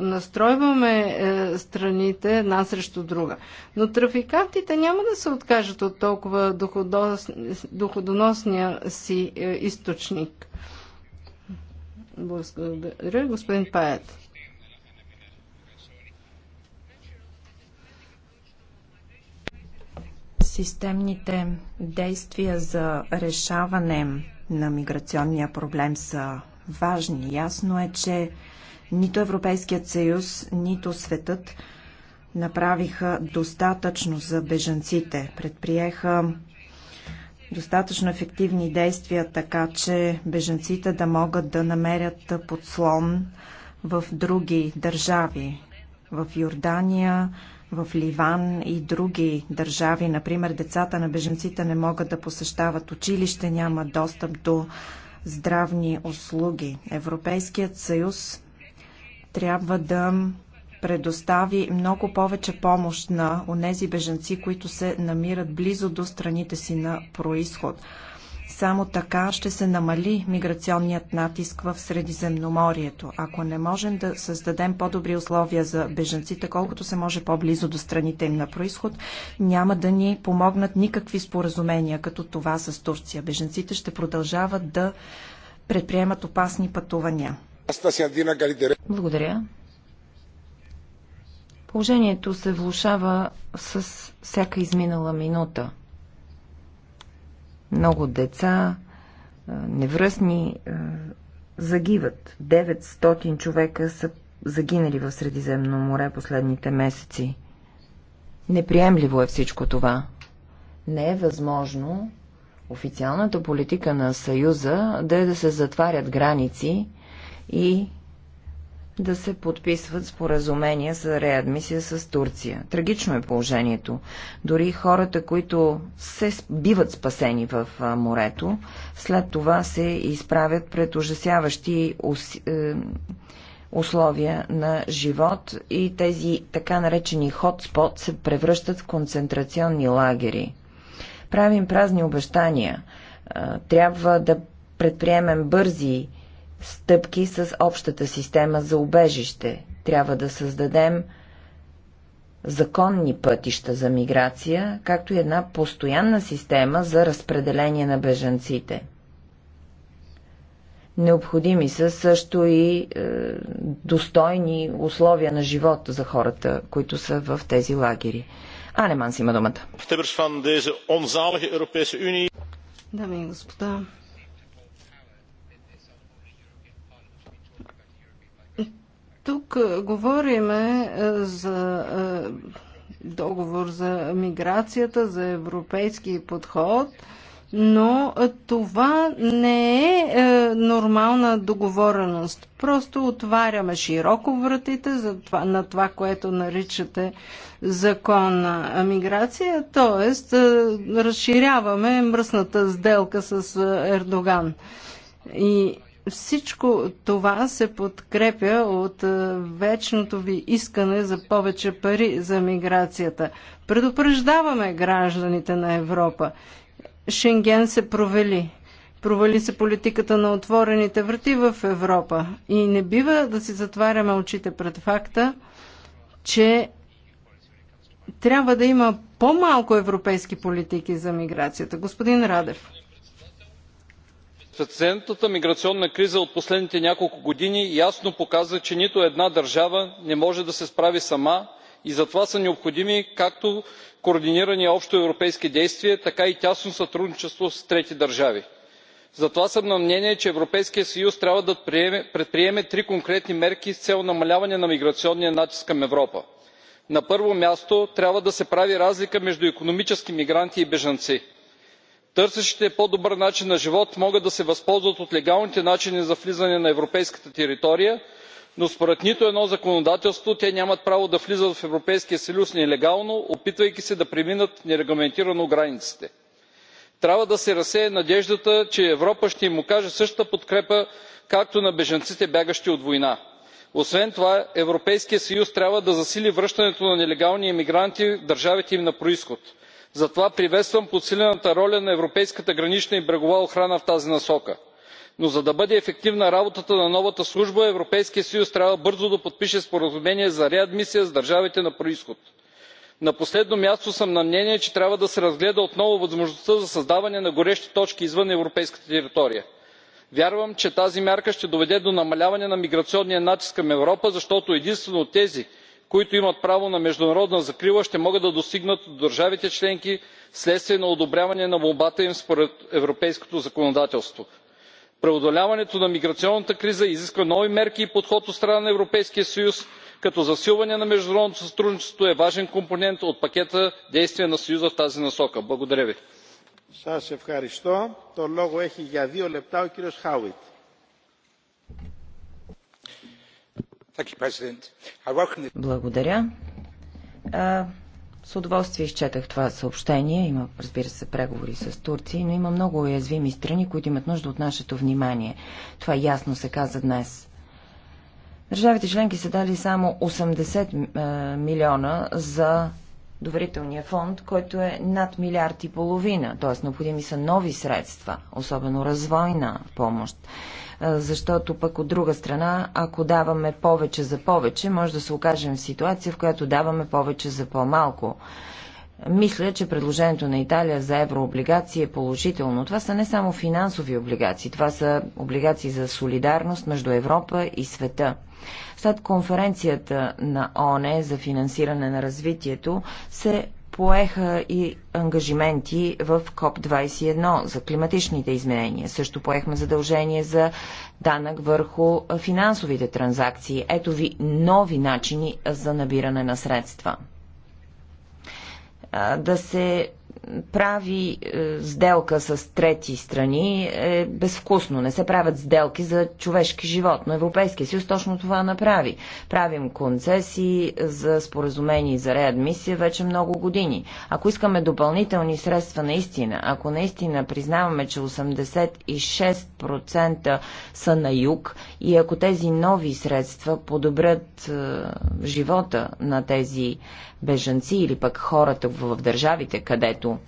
настройваме е, страните една срещу друга. Но трафикантите няма да се откажат от толкова доходос, доходоносния си е, източник. Благодаря, господин Паят. Системните действия за решаване на миграционния проблем са важни. Ясно е, че нито Европейският съюз, нито светът направиха достатъчно за бежанците. Предприеха достатъчно ефективни действия, така че бежанците да могат да намерят подслон в други държави. В Йордания, в Ливан и други държави. Например, децата на беженците не могат да посещават училище, няма достъп до здравни услуги. Европейският съюз трябва да предостави много повече помощ на онези беженци, които се намират близо до страните си на происход. Само така ще се намали миграционният натиск в Средиземноморието. Ако не можем да създадем по-добри условия за беженците, колкото се може по-близо до страните им на происход, няма да ни помогнат никакви споразумения, като това с Турция. Беженците ще продължават да предприемат опасни пътувания. Благодаря. Положението се влушава с всяка изминала минута. Много деца, невръстни, загиват. 900 човека са загинали в Средиземно море последните месеци. Неприемливо е всичко това. Не е възможно официалната политика на Съюза да е да се затварят граници и да се подписват споразумения за реадмисия с Турция. Трагично е положението. Дори хората, които се биват спасени в морето, след това се изправят пред ужасяващи е, условия на живот и тези така наречени хотспот се превръщат в концентрационни лагери. Правим празни обещания. Трябва да предприемем бързи стъпки с общата система за убежище. Трябва да създадем законни пътища за миграция, както и една постоянна система за разпределение на бежанците. Необходими са също и е, достойни условия на живот за хората, които са в тези лагери. Анеман си има думата. Дами и господа, Тук говориме за договор за миграцията, за европейски подход, но това не е нормална договореност. Просто отваряме широко вратите за това, на това, което наричате закон на миграция, т.е. разширяваме мръсната сделка с Ердоган. И всичко това се подкрепя от е, вечното ви искане за повече пари за миграцията. Предупреждаваме гражданите на Европа. Шенген се провели. Провали се политиката на отворените врати в Европа. И не бива да си затваряме очите пред факта, че трябва да има по-малко европейски политики за миграцията. Господин Радев прецедентната миграционна криза от последните няколко години ясно показа че нито една държава не може да се справи сама и затова са необходими както координирани общоевропейски действия така и тясно сътрудничество с трети държави. затова съм на мнение че европейският съюз трябва да предприеме три конкретни мерки с цел намаляване на миграционния натиск към европа. на първо място трябва да се прави разлика между икономически мигранти и бежанци търсещите по добър начин на живот могат да се възползват от легалните начини за влизане на европейската територия но според нито едно законодателство те нямат право да влизат в европейския съюз нелегално опитвайки се да преминат нерегламентирано границите. трябва да се разсее надеждата че европа ще им окаже същата подкрепа както на бежанците бягащи от война. освен това европейският съюз трябва да засили връщането на нелегални емигранти в държавите им на произход затова приветствам подсилената роля на европейската гранична и брегова охрана в тази насока. но за да бъде ефективна работата на новата служба европейският съюз трябва бързо да подпише споразумение за реадмисия с държавите на произход. на последно място съм на мнение че трябва да се разгледа отново възможността за създаване на горещи точки извън европейската територия. вярвам че тази мярка ще доведе до намаляване на миграционния натиск към европа защото единствено тези които имат право на международна закрила ще могат да достигнат до държавите членки вследствие на одобряване на молбата им според европейското законодателство. преодоляването на миграционната криза изисква нови мерки и подход от страна на европейския съюз като засилване на международното сътрудничество е важен компонент от пакета действия на съюза в тази насока. благодаря ви. Благодаря. С удоволствие изчетах това съобщение. Има, разбира се, преговори с Турция, но има много уязвими страни, които имат нужда от нашето внимание. Това ясно се каза днес. Държавите членки са дали само 80 милиона за доверителния фонд, който е над милиард и половина. Т.е. необходими са нови средства, особено развойна помощ защото пък от друга страна, ако даваме повече за повече, може да се окажем в ситуация, в която даваме повече за по-малко. Мисля, че предложението на Италия за еврооблигации е положително. Това са не само финансови облигации, това са облигации за солидарност между Европа и света. След конференцията на ОНЕ за финансиране на развитието се поеха и ангажименти в КОП-21 за климатичните изменения. Също поехме задължение за данък върху финансовите транзакции. Ето ви нови начини за набиране на средства. Да се прави е, сделка с трети страни е безвкусно. Не се правят сделки за човешки живот, но Европейския съюз точно това направи. Правим концесии за споразумение за реадмисия вече много години. Ако искаме допълнителни средства наистина, ако наистина признаваме, че 86% са на юг и ако тези нови средства подобрят е, живота на тези бежанци или пък хората в държавите, където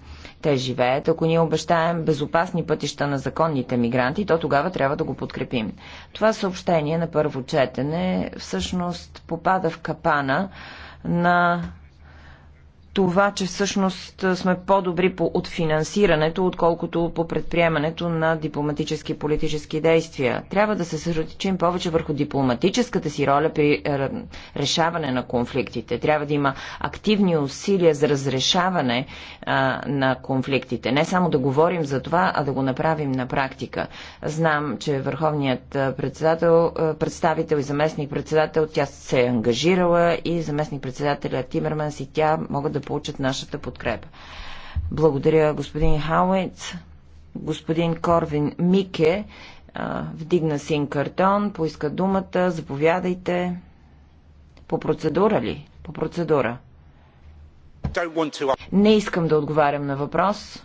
те живеят, ако ние обещаем безопасни пътища на законните мигранти, то тогава трябва да го подкрепим. Това съобщение на първо четене всъщност попада в капана на това, че всъщност сме по-добри по, от финансирането, отколкото по предприемането на дипломатически и политически действия. Трябва да се съсредоточим повече върху дипломатическата си роля при е, решаване на конфликтите. Трябва да има активни усилия за разрешаване а, на конфликтите. Не само да говорим за това, а да го направим на практика. Знам, че върховният председател, представител и заместник председател, тя се е ангажирала и заместник председателя Тимерман си тя могат да получат нашата подкрепа. Благодаря господин Хауец. Господин Корвин Мике вдигна син картон, поиска думата, заповядайте. По процедура ли? По процедура. Не искам да отговарям на въпрос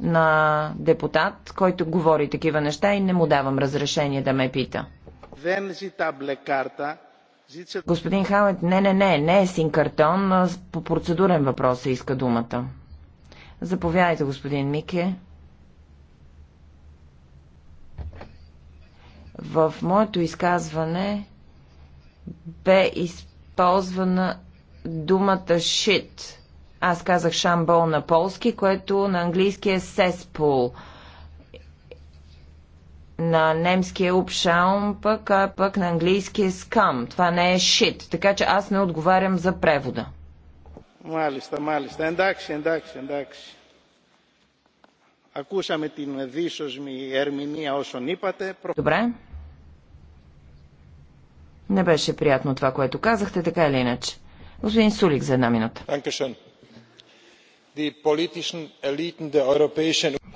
на депутат, който говори такива неща и не му давам разрешение да ме пита. Δεν ζητά μπλε Господин Хамед, не, не, не, не е син картон. По процедурен въпрос се иска думата. Заповядайте, господин Мике. В моето изказване бе използвана думата shit. Аз казах шамбол на полски, което на английски е сеспул. Uh, на немския обшаум, пък, а пък на английски е скам. Това не е шит. Така че аз не отговарям за превода. Мάλιστα, мάλιστα. Εντάξει, εντάξει, ти на την ми ерминия, όσων είπατε. Добре. Не беше приятно това, което казахте, така или иначе. Господин Сулик за една минута. Dankeschön.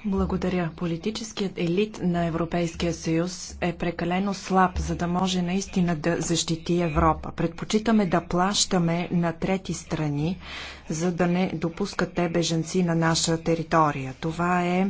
Благодаря. Политическият елит на Европейския съюз е прекалено слаб, за да може наистина да защити Европа. Предпочитаме да плащаме на трети страни, за да не допускат те беженци на наша територия. Това е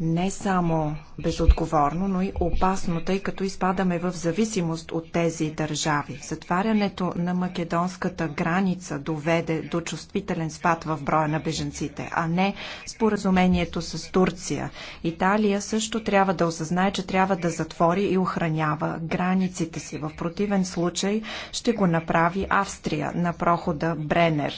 не само безотговорно, но и опасно, тъй като изпадаме в зависимост от тези държави. Затварянето на македонската граница доведе до чувствителен спад в броя на беженците, а не споразумението с Турция. Италия също трябва да осъзнае, че трябва да затвори и охранява границите си. В противен случай ще го направи Австрия на прохода Бренер.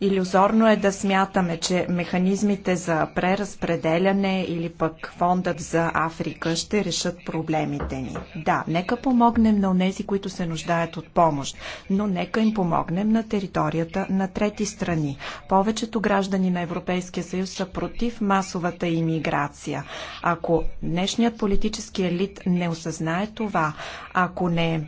Иллюзорно е да смятаме, че механизмите за преразпределяне или пък фондът за Африка ще решат проблемите ни. Да, нека помогнем на онези, които се нуждаят от помощ, но нека им помогнем на територията на трети страни. Повечето граждани на Европейския съюз са против масовата имиграция. Ако днешният политически елит не осъзнае това, ако не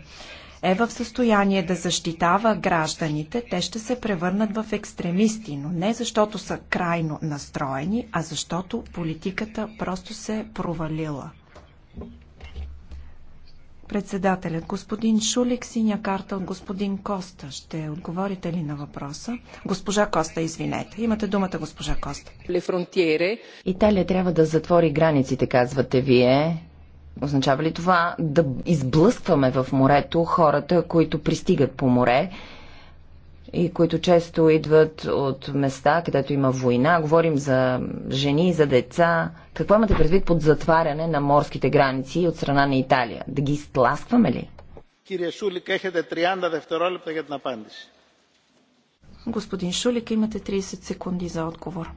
е в състояние да защитава гражданите, те ще се превърнат в екстремисти, но не защото са крайно настроени, а защото политиката просто се е провалила. Председателят господин Шулик, синя карта от господин Коста. Ще отговорите ли на въпроса? Госпожа Коста, извинете. Имате думата, госпожа Коста. Италия трябва да затвори границите, казвате вие Означава ли това да изблъскваме в морето хората, които пристигат по море и които често идват от места, където има война? Говорим за жени, за деца. Какво имате предвид под затваряне на морските граници от страна на Италия? Да ги изтласкваме ли? Кирия Шулик, Трианда, де второ για την пандиш? Господин Шулик, имате 30 секунди за отговор.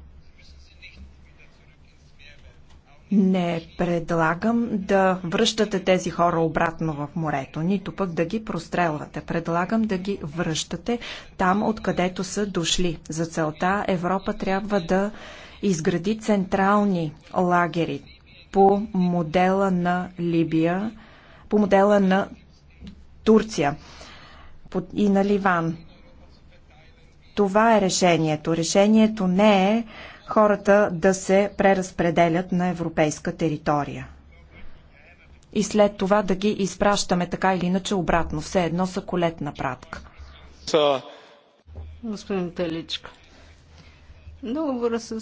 Не предлагам да връщате тези хора обратно в морето, нито пък да ги прострелвате. Предлагам да ги връщате там, откъдето са дошли. За целта Европа трябва да изгради централни лагери по модела на Либия, по модела на Турция и на Ливан. Това е решението. Решението не е хората да се преразпределят на европейска територия. И след това да ги изпращаме така или иначе обратно. Все едно са колетна пратка. Господин Теличка. Договора с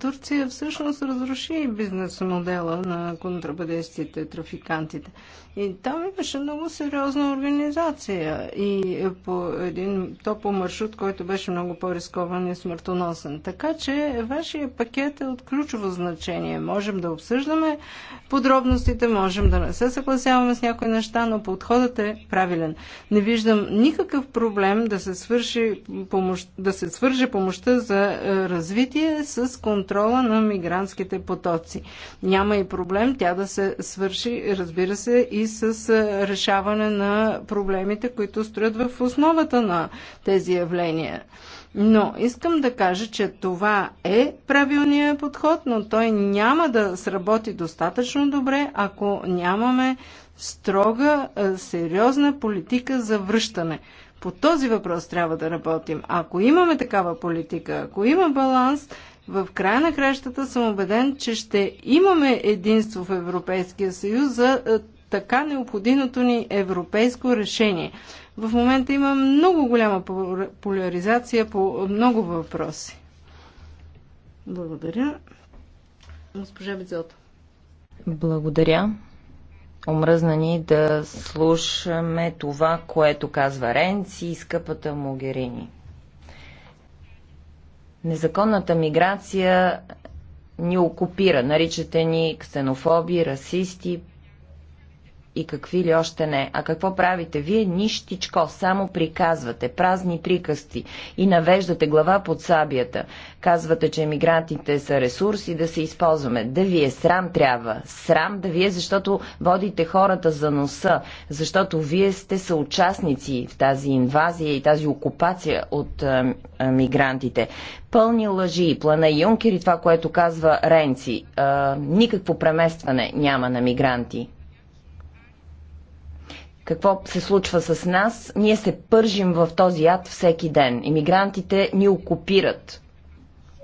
Турция всъщност разруши бизнес модела на контрабандистите, трафикантите. И там имаше много сериозна организация и по един, топо маршрут, който беше много по-рискован и е смъртоносен. Така че вашия пакет е от ключово значение. Можем да обсъждаме подробностите, можем да не се съгласяваме с някои неща, но подходът е правилен. Не виждам никакъв проблем да се свърши, помощ, да се свърже помощта за е, развитие с контрола на мигрантските потоци. Няма и проблем тя да се свърши, разбира се, и с решаване на проблемите, които строят в основата на тези явления. Но искам да кажа, че това е правилният подход, но той няма да сработи достатъчно добре, ако нямаме строга, сериозна политика за връщане. По този въпрос трябва да работим. Ако имаме такава политика, ако има баланс, в края на кращата съм убеден, че ще имаме единство в Европейския съюз за така необходимото ни европейско решение. В момента има много голяма поляризация по много въпроси. Благодаря. Госпожа Бизото. Благодаря. Омръзна ни да слушаме това, което казва Ренци и скъпата Могерини. Незаконната миграция ни окупира. Наричате ни ксенофоби, расисти, и какви ли още не. А какво правите? Вие нищичко, само приказвате, празни прикасти и навеждате глава под сабията. Казвате, че емигрантите са ресурси да се използваме. Да ви е срам трябва. Срам да ви е, защото водите хората за носа, защото вие сте съучастници в тази инвазия и тази окупация от а, а, мигрантите. Пълни лъжи, плана Юнкер и това, което казва Ренци. А, никакво преместване няма на мигранти какво се случва с нас. Ние се пържим в този ад всеки ден. Имигрантите ни окупират.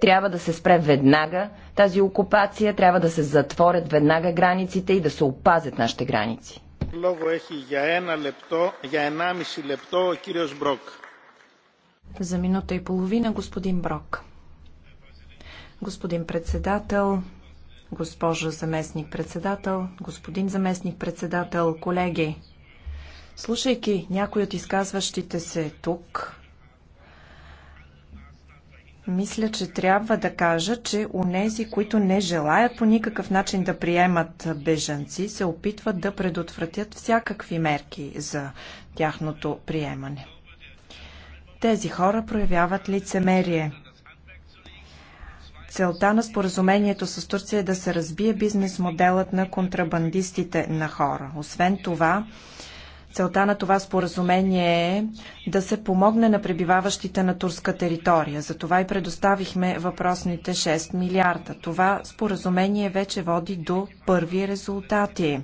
Трябва да се спре веднага тази окупация, трябва да се затворят веднага границите и да се опазят нашите граници. Лого ехи για една лепто, για една миси лепто, κύριος Брок. За минута и половина господин Брок. Господин председател, госпожо заместник председател, господин заместник председател, колеги, Слушайки някои от изказващите се тук, мисля, че трябва да кажа, че унези, които не желаят по никакъв начин да приемат бежанци, се опитват да предотвратят всякакви мерки за тяхното приемане. Тези хора проявяват лицемерие. Целта на споразумението с Турция е да се разбие бизнес моделът на контрабандистите на хора. Освен това, Целта на това споразумение е да се помогне на пребиваващите на турска територия. Затова и предоставихме въпросните 6 милиарда. Това споразумение вече води до първи резултати.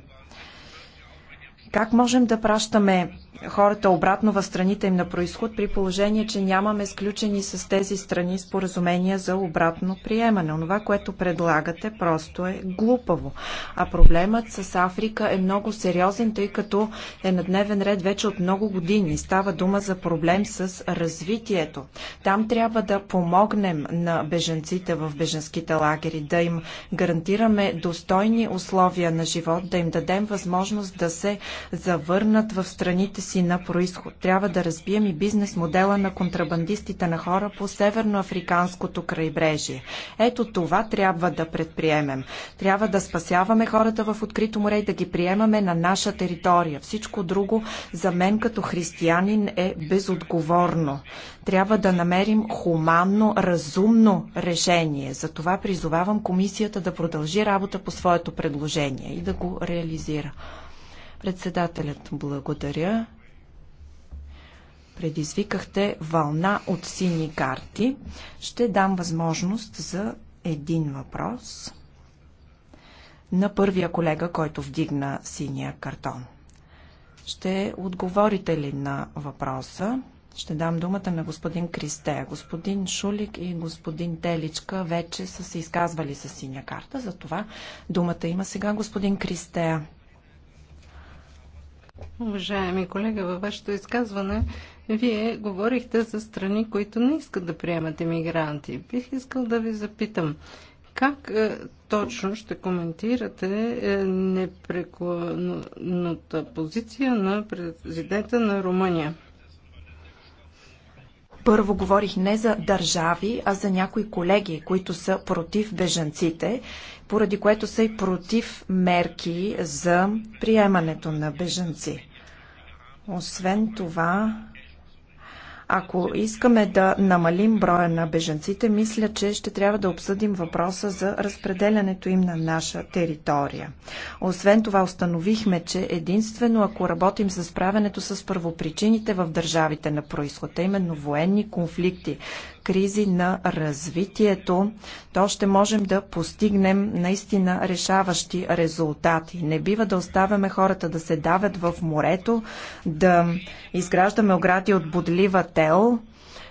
Как можем да пращаме хората обратно в страните им на происход, при положение, че нямаме сключени с тези страни споразумения за обратно приемане. Онова, което предлагате, просто е глупаво. А проблемът с Африка е много сериозен, тъй като е на дневен ред вече от много години. Става дума за проблем с развитието. Там трябва да помогнем на беженците в беженските лагери, да им гарантираме достойни условия на живот, да им дадем възможност да се завърнат в страните си на происход. Трябва да разбием и бизнес модела на контрабандистите на хора по северноафриканското крайбрежие. Ето това трябва да предприемем. Трябва да спасяваме хората в открито море и да ги приемаме на наша територия. Всичко друго за мен като християнин е безотговорно. Трябва да намерим хуманно, разумно решение. Затова призовавам комисията да продължи работа по своето предложение и да го реализира. Председателят благодаря. Предизвикахте вълна от сини карти. Ще дам възможност за един въпрос на първия колега, който вдигна синия картон. Ще отговорите ли на въпроса? Ще дам думата на господин Кристе. Господин Шулик и господин Теличка вече са се изказвали с синя карта, затова думата има сега господин Кристея. Уважаеми колега, във вашето изказване вие говорихте за страни, които не искат да приемат иммигранти. Бих искал да ви запитам, как е, точно ще коментирате е, непреклонната позиция на президента на Румъния? Първо говорих не за държави, а за някои колеги, които са против бежанците, поради което са и против мерки за приемането на бежанци. Освен това, ако искаме да намалим броя на бежанците, мисля, че ще трябва да обсъдим въпроса за разпределянето им на наша територия. Освен това, установихме, че единствено ако работим за справянето с първопричините в държавите на происход, именно военни конфликти, кризи на развитието, то ще можем да постигнем наистина решаващи резултати. Не бива да оставяме хората да се давят в морето, да изграждаме огради от бодлива тел,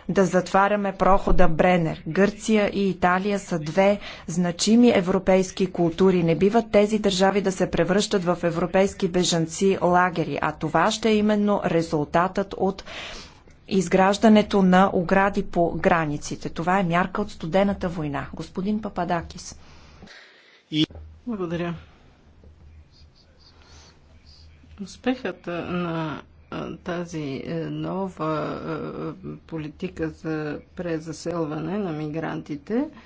да затваряме прохода Бренер. Гърция и Италия са две значими европейски култури. Не биват тези държави да се превръщат в европейски бежанци лагери, а това ще е именно резултатът от изграждането на огради по границите. Това е мярка от студената война. Господин Пападакис. И... Благодаря. Успехът на тази е, нова политика за презаселване на мигрантите –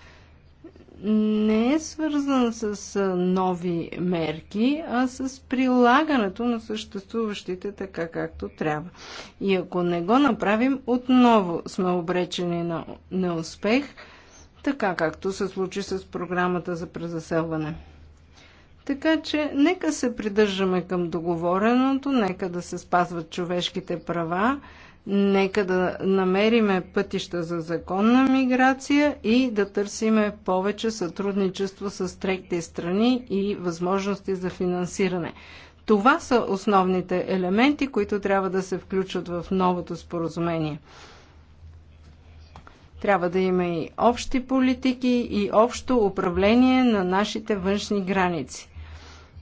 не е свързан с нови мерки, а с прилагането на съществуващите така както трябва. И ако не го направим, отново сме обречени на неуспех, така както се случи с програмата за презаселване. Така че нека се придържаме към договореното, нека да се спазват човешките права, Нека да намериме пътища за законна миграция и да търсиме повече сътрудничество с трети страни и възможности за финансиране. Това са основните елементи, които трябва да се включат в новото споразумение. Трябва да има и общи политики и общо управление на нашите външни граници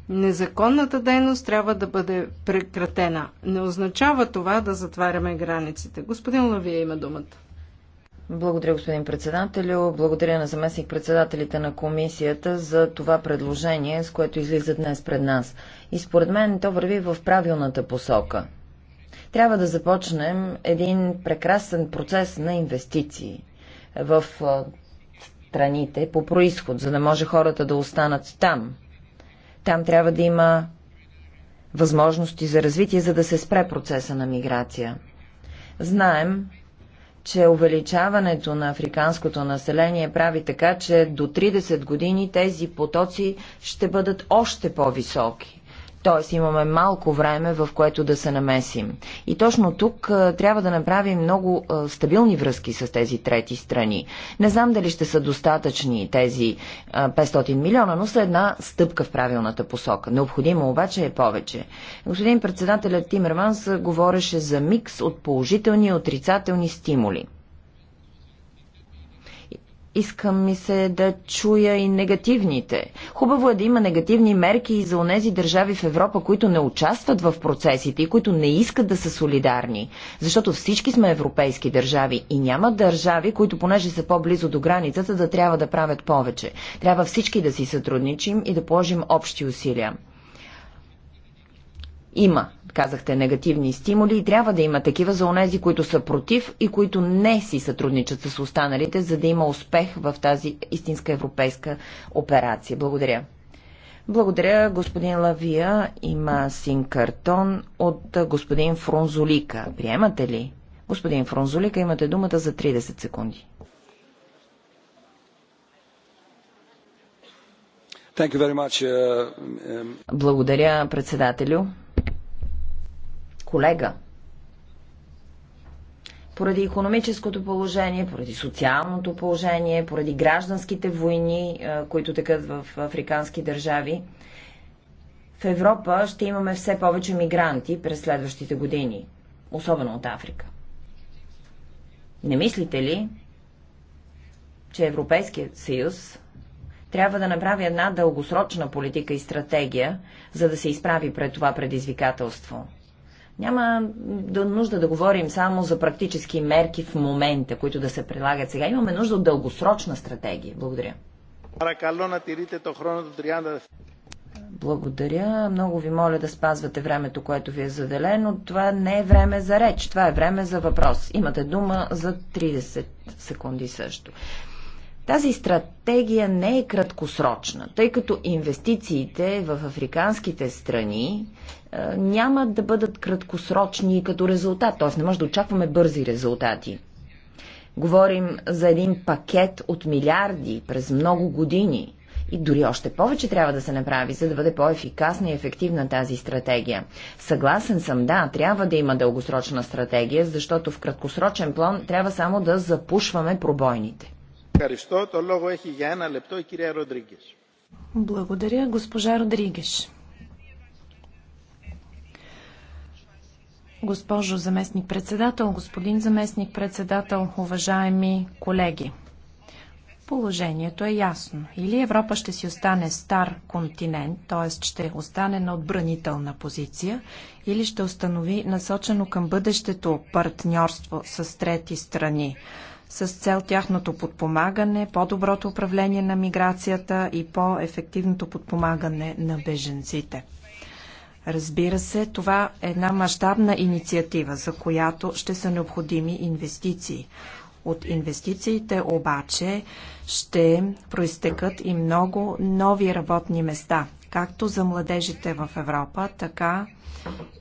незаконната дейност трябва да бъде прекратена. Не означава това да затваряме границите. Господин Лавия има думата. Благодаря, господин председателю. Благодаря на заместник председателите на комисията за това предложение, с което излиза днес пред нас. И според мен то върви в правилната посока. Трябва да започнем един прекрасен процес на инвестиции в страните по происход, за да може хората да останат там – там трябва да има възможности за развитие, за да се спре процеса на миграция. Знаем, че увеличаването на африканското население прави така, че до 30 години тези потоци ще бъдат още по-високи. Т.е. имаме малко време, в което да се намесим. И точно тук трябва да направим много стабилни връзки с тези трети страни. Не знам дали ще са достатъчни тези 500 милиона, но са една стъпка в правилната посока. Необходимо обаче е повече. Господин председателят Тимерманс говореше за микс от положителни и отрицателни стимули. Искам ми се да чуя и негативните. Хубаво е да има негативни мерки и за онези държави в Европа, които не участват в процесите и които не искат да са солидарни. Защото всички сме европейски държави и няма държави, които понеже са по-близо до границата, да трябва да правят повече. Трябва всички да си сътрудничим и да положим общи усилия. Има, казахте, негативни стимули и трябва да има такива за онези, които са против и които не си сътрудничат с останалите, за да има успех в тази истинска европейска операция. Благодаря. Благодаря, господин Лавия. Има син картон от господин Фрунзолика. Приемате ли? Господин Фрунзолика, имате думата за 30 секунди. Uh, um, Благодаря, председателю колега. Поради економическото положение, поради социалното положение, поради гражданските войни, е, които текат в африкански държави, в Европа ще имаме все повече мигранти през следващите години, особено от Африка. Не мислите ли, че Европейският съюз трябва да направи една дългосрочна политика и стратегия, за да се изправи пред това предизвикателство? Няма да нужда да говорим само за практически мерки в момента, които да се прилагат сега. Имаме нужда от дългосрочна стратегия. Благодаря. Благодаря. Много ви моля да спазвате времето, което ви е заделено. Това не е време за реч, това е време за въпрос. Имате дума за 30 секунди също. Тази стратегия не е краткосрочна, тъй като инвестициите в африканските страни е, няма да бъдат краткосрочни като резултат, т.е. не може да очакваме бързи резултати. Говорим за един пакет от милиарди през много години и дори още повече трябва да се направи, за да бъде по-ефикасна и ефективна тази стратегия. Съгласен съм, да, трябва да има дългосрочна стратегия, защото в краткосрочен план трябва само да запушваме пробойните. Благодаря, госпожа Родригеш. Госпожо заместник председател, господин заместник председател, уважаеми колеги. Положението е ясно. Или Европа ще си остане стар континент, т.е. ще остане на отбранителна позиция, или ще установи насочено към бъдещето партньорство с трети страни с цел тяхното подпомагане, по-доброто управление на миграцията и по-ефективното подпомагане на беженците. Разбира се, това е една мащабна инициатива, за която ще са необходими инвестиции. От инвестициите обаче ще проистекат и много нови работни места, както за младежите в Европа, така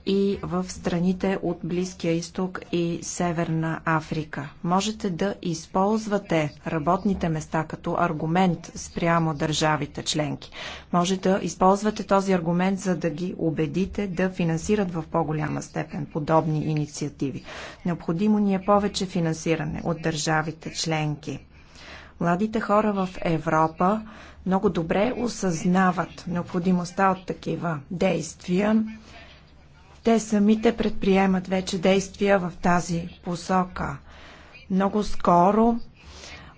и в страните от Близкия изток и Северна Африка. Можете да използвате работните места като аргумент спрямо държавите членки. Може да използвате този аргумент, за да ги убедите да финансират в по-голяма степен подобни инициативи. Необходимо ни е повече финансиране от държавите членки. Младите хора в Европа много добре осъзнават необходимостта от такива действия те самите предприемат вече действия в тази посока. Много скоро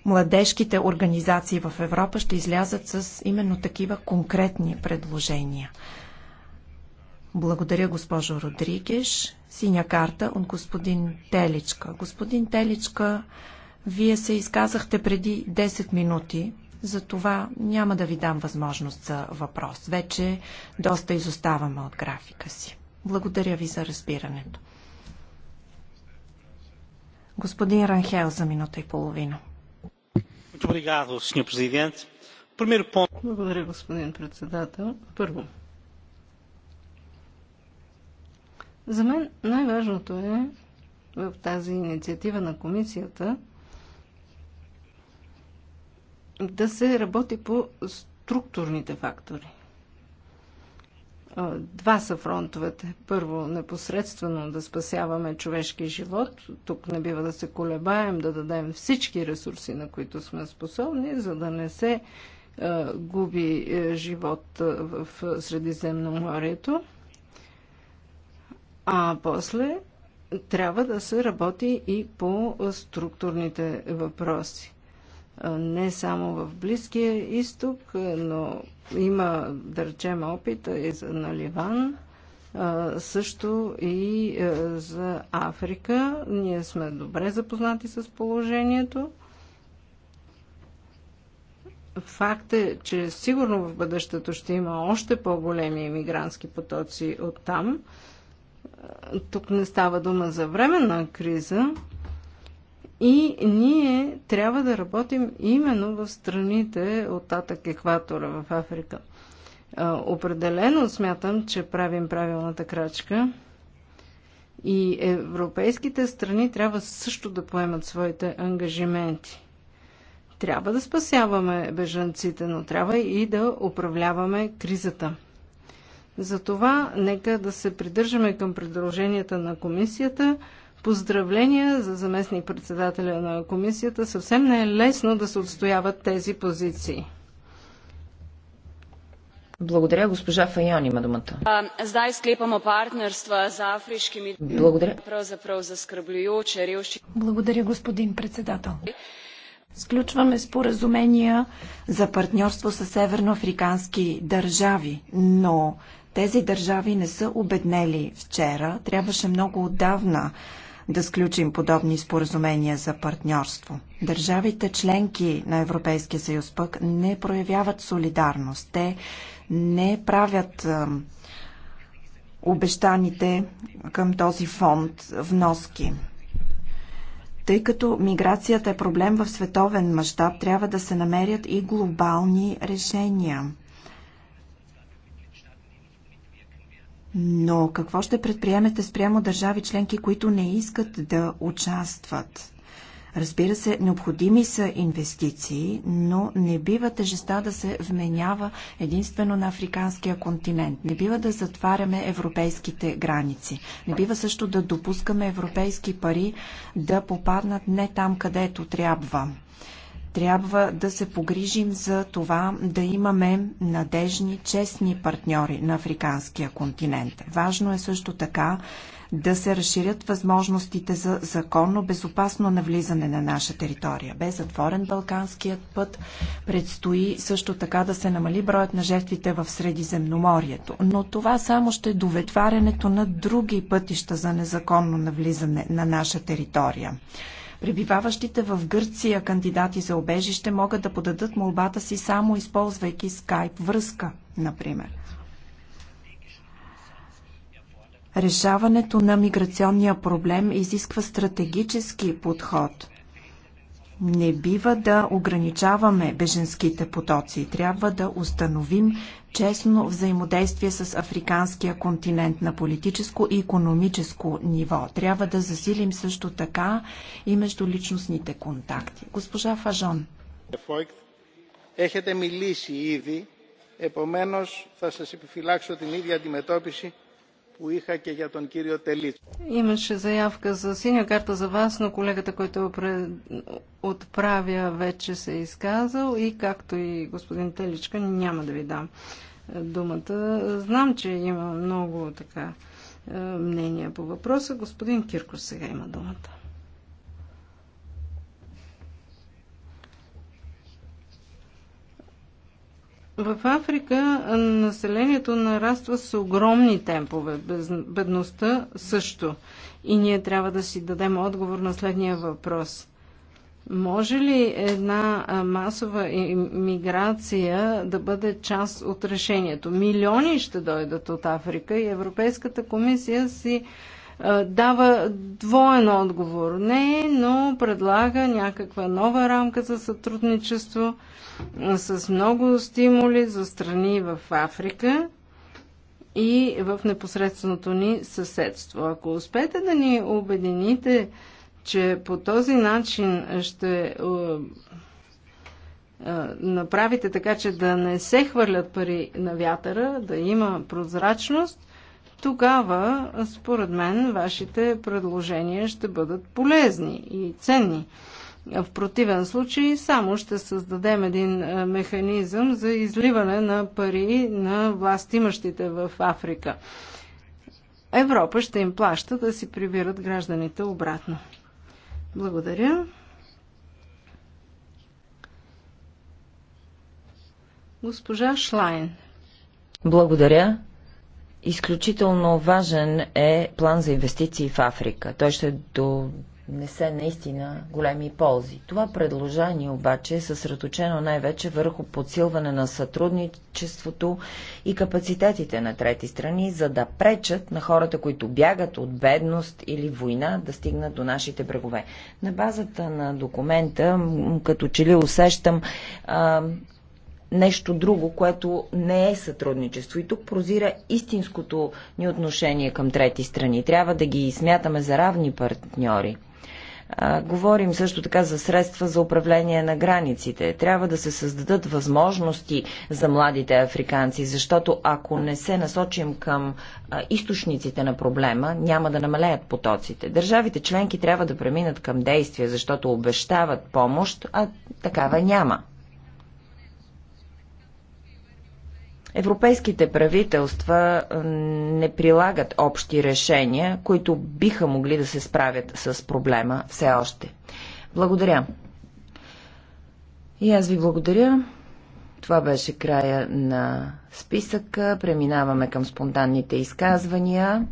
младежките организации в Европа ще излязат с именно такива конкретни предложения. Благодаря, госпожо Родригеш. Синя карта от господин Теличка. Господин Теличка, вие се изказахте преди 10 минути, за това няма да ви дам възможност за въпрос. Вече доста изоставаме от графика си. Благодаря ви за разбирането. Господин Ранхел за минута и половина. Благодаря, господин председател. Първо, за мен най-важното е в тази инициатива на комисията да се работи по структурните фактори. Два са фронтовете. Първо, непосредствено да спасяваме човешки живот. Тук не бива да се колебаем, да дадем всички ресурси, на които сме способни, за да не се губи е, живот в Средиземноморието. А после трябва да се работи и по структурните въпроси не само в Близкия изток, но има, да речем, опит и на Ливан, също и за Африка. Ние сме добре запознати с положението. Факт е, че сигурно в бъдещето ще има още по-големи емигрантски потоци от там. Тук не става дума за временна криза, и ние трябва да работим именно в страните от татък екватора в Африка. Определено смятам, че правим правилната крачка и европейските страни трябва също да поемат своите ангажименти. Трябва да спасяваме бежанците, но трябва и да управляваме кризата. Затова нека да се придържаме към предложенията на комисията – Поздравления за заместник председателя на комисията. Съвсем не е лесно да се отстояват тези позиции. Благодаря. Госпожа Файон има думата. Благодаря. Благодаря, господин председател. Сключваме споразумения за партньорство с северноафрикански държави, но тези държави не са обеднели вчера. Трябваше много отдавна да сключим подобни споразумения за партньорство. Държавите членки на Европейския съюз пък не проявяват солидарност. Те не правят обещаните към този фонд вноски. Тъй като миграцията е проблем в световен мащаб, трябва да се намерят и глобални решения. Но какво ще предприемете спрямо държави членки, които не искат да участват? Разбира се, необходими са инвестиции, но не бива тежеста да се вменява единствено на африканския континент. Не бива да затваряме европейските граници. Не бива също да допускаме европейски пари да попаднат не там, където трябва. Трябва да се погрижим за това да имаме надежни, честни партньори на африканския континент. Важно е също така да се разширят възможностите за законно, безопасно навлизане на наша територия. Без затворен Балканският път предстои също така да се намали броят на жертвите в Средиземноморието. Но това само ще е доветварянето на други пътища за незаконно навлизане на наша територия. Пребиваващите в Гърция кандидати за обежище могат да подадат молбата си само използвайки скайп връзка, например. Решаването на миграционния проблем изисква стратегически подход. Не бива да ограничаваме беженските потоци. Трябва да установим честно взаимодействие с африканския континент на политическо и економическо ниво. Трябва да засилим също така и между личностните контакти. Госпожа Фажон. Έχετε μιλήσει ήδη, επομένως θα σας επιφυλάξω την ίδια αντιμετώπιση που είχα και για τον κύριο Имаше заявка за синя карта за вас, но колегата, който отправя, вече се е изказал и както и господин Теличка, няма да ви дам е, думата. Знам, че има много така е, мнения по въпроса. Господин Киркос, сега има думата. В Африка населението нараства с огромни темпове, бедността също. И ние трябва да си дадем отговор на следния въпрос. Може ли една масова миграция да бъде част от решението? Милиони ще дойдат от Африка и Европейската комисия си е, дава двоен отговор. Не, но предлага някаква нова рамка за сътрудничество е, с много стимули за страни в Африка и в непосредственото ни съседство. Ако успеете да ни обедините, че по този начин ще е, направите така, че да не се хвърлят пари на вятъра, да има прозрачност, тогава, според мен, вашите предложения ще бъдат полезни и ценни. В противен случай само ще създадем един е, механизъм за изливане на пари на властимащите в Африка. Европа ще им плаща да си прибират гражданите обратно. Благодаря. Госпожа Шлайн. Благодаря. Изключително важен е план за инвестиции в Африка. Той ще донесе наистина големи ползи. Това предложение обаче е съсредоточено най-вече върху подсилване на сътрудничеството и капацитетите на трети страни, за да пречат на хората, които бягат от бедност или война, да стигнат до нашите брегове. На базата на документа, като че ли усещам нещо друго, което не е сътрудничество. И тук прозира истинското ни отношение към трети страни. Трябва да ги смятаме за равни партньори. А, говорим също така за средства за управление на границите. Трябва да се създадат възможности за младите африканци, защото ако не се насочим към а, източниците на проблема, няма да намалеят потоците. Държавите членки трябва да преминат към действия, защото обещават помощ, а такава няма. Европейските правителства не прилагат общи решения, които биха могли да се справят с проблема все още. Благодаря. И аз ви благодаря. Това беше края на списъка. Преминаваме към спонтанните изказвания.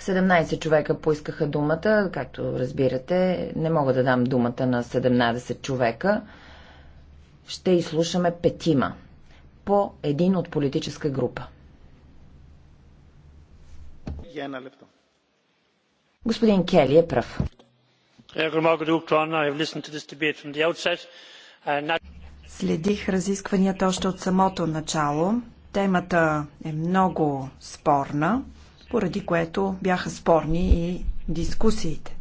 17 човека поискаха думата. Както разбирате, не мога да дам думата на 17 човека ще изслушаме петима по един от политическа група. Господин Кели е прав. Следих разискванията още от самото начало. Темата е много спорна, поради което бяха спорни и дискусиите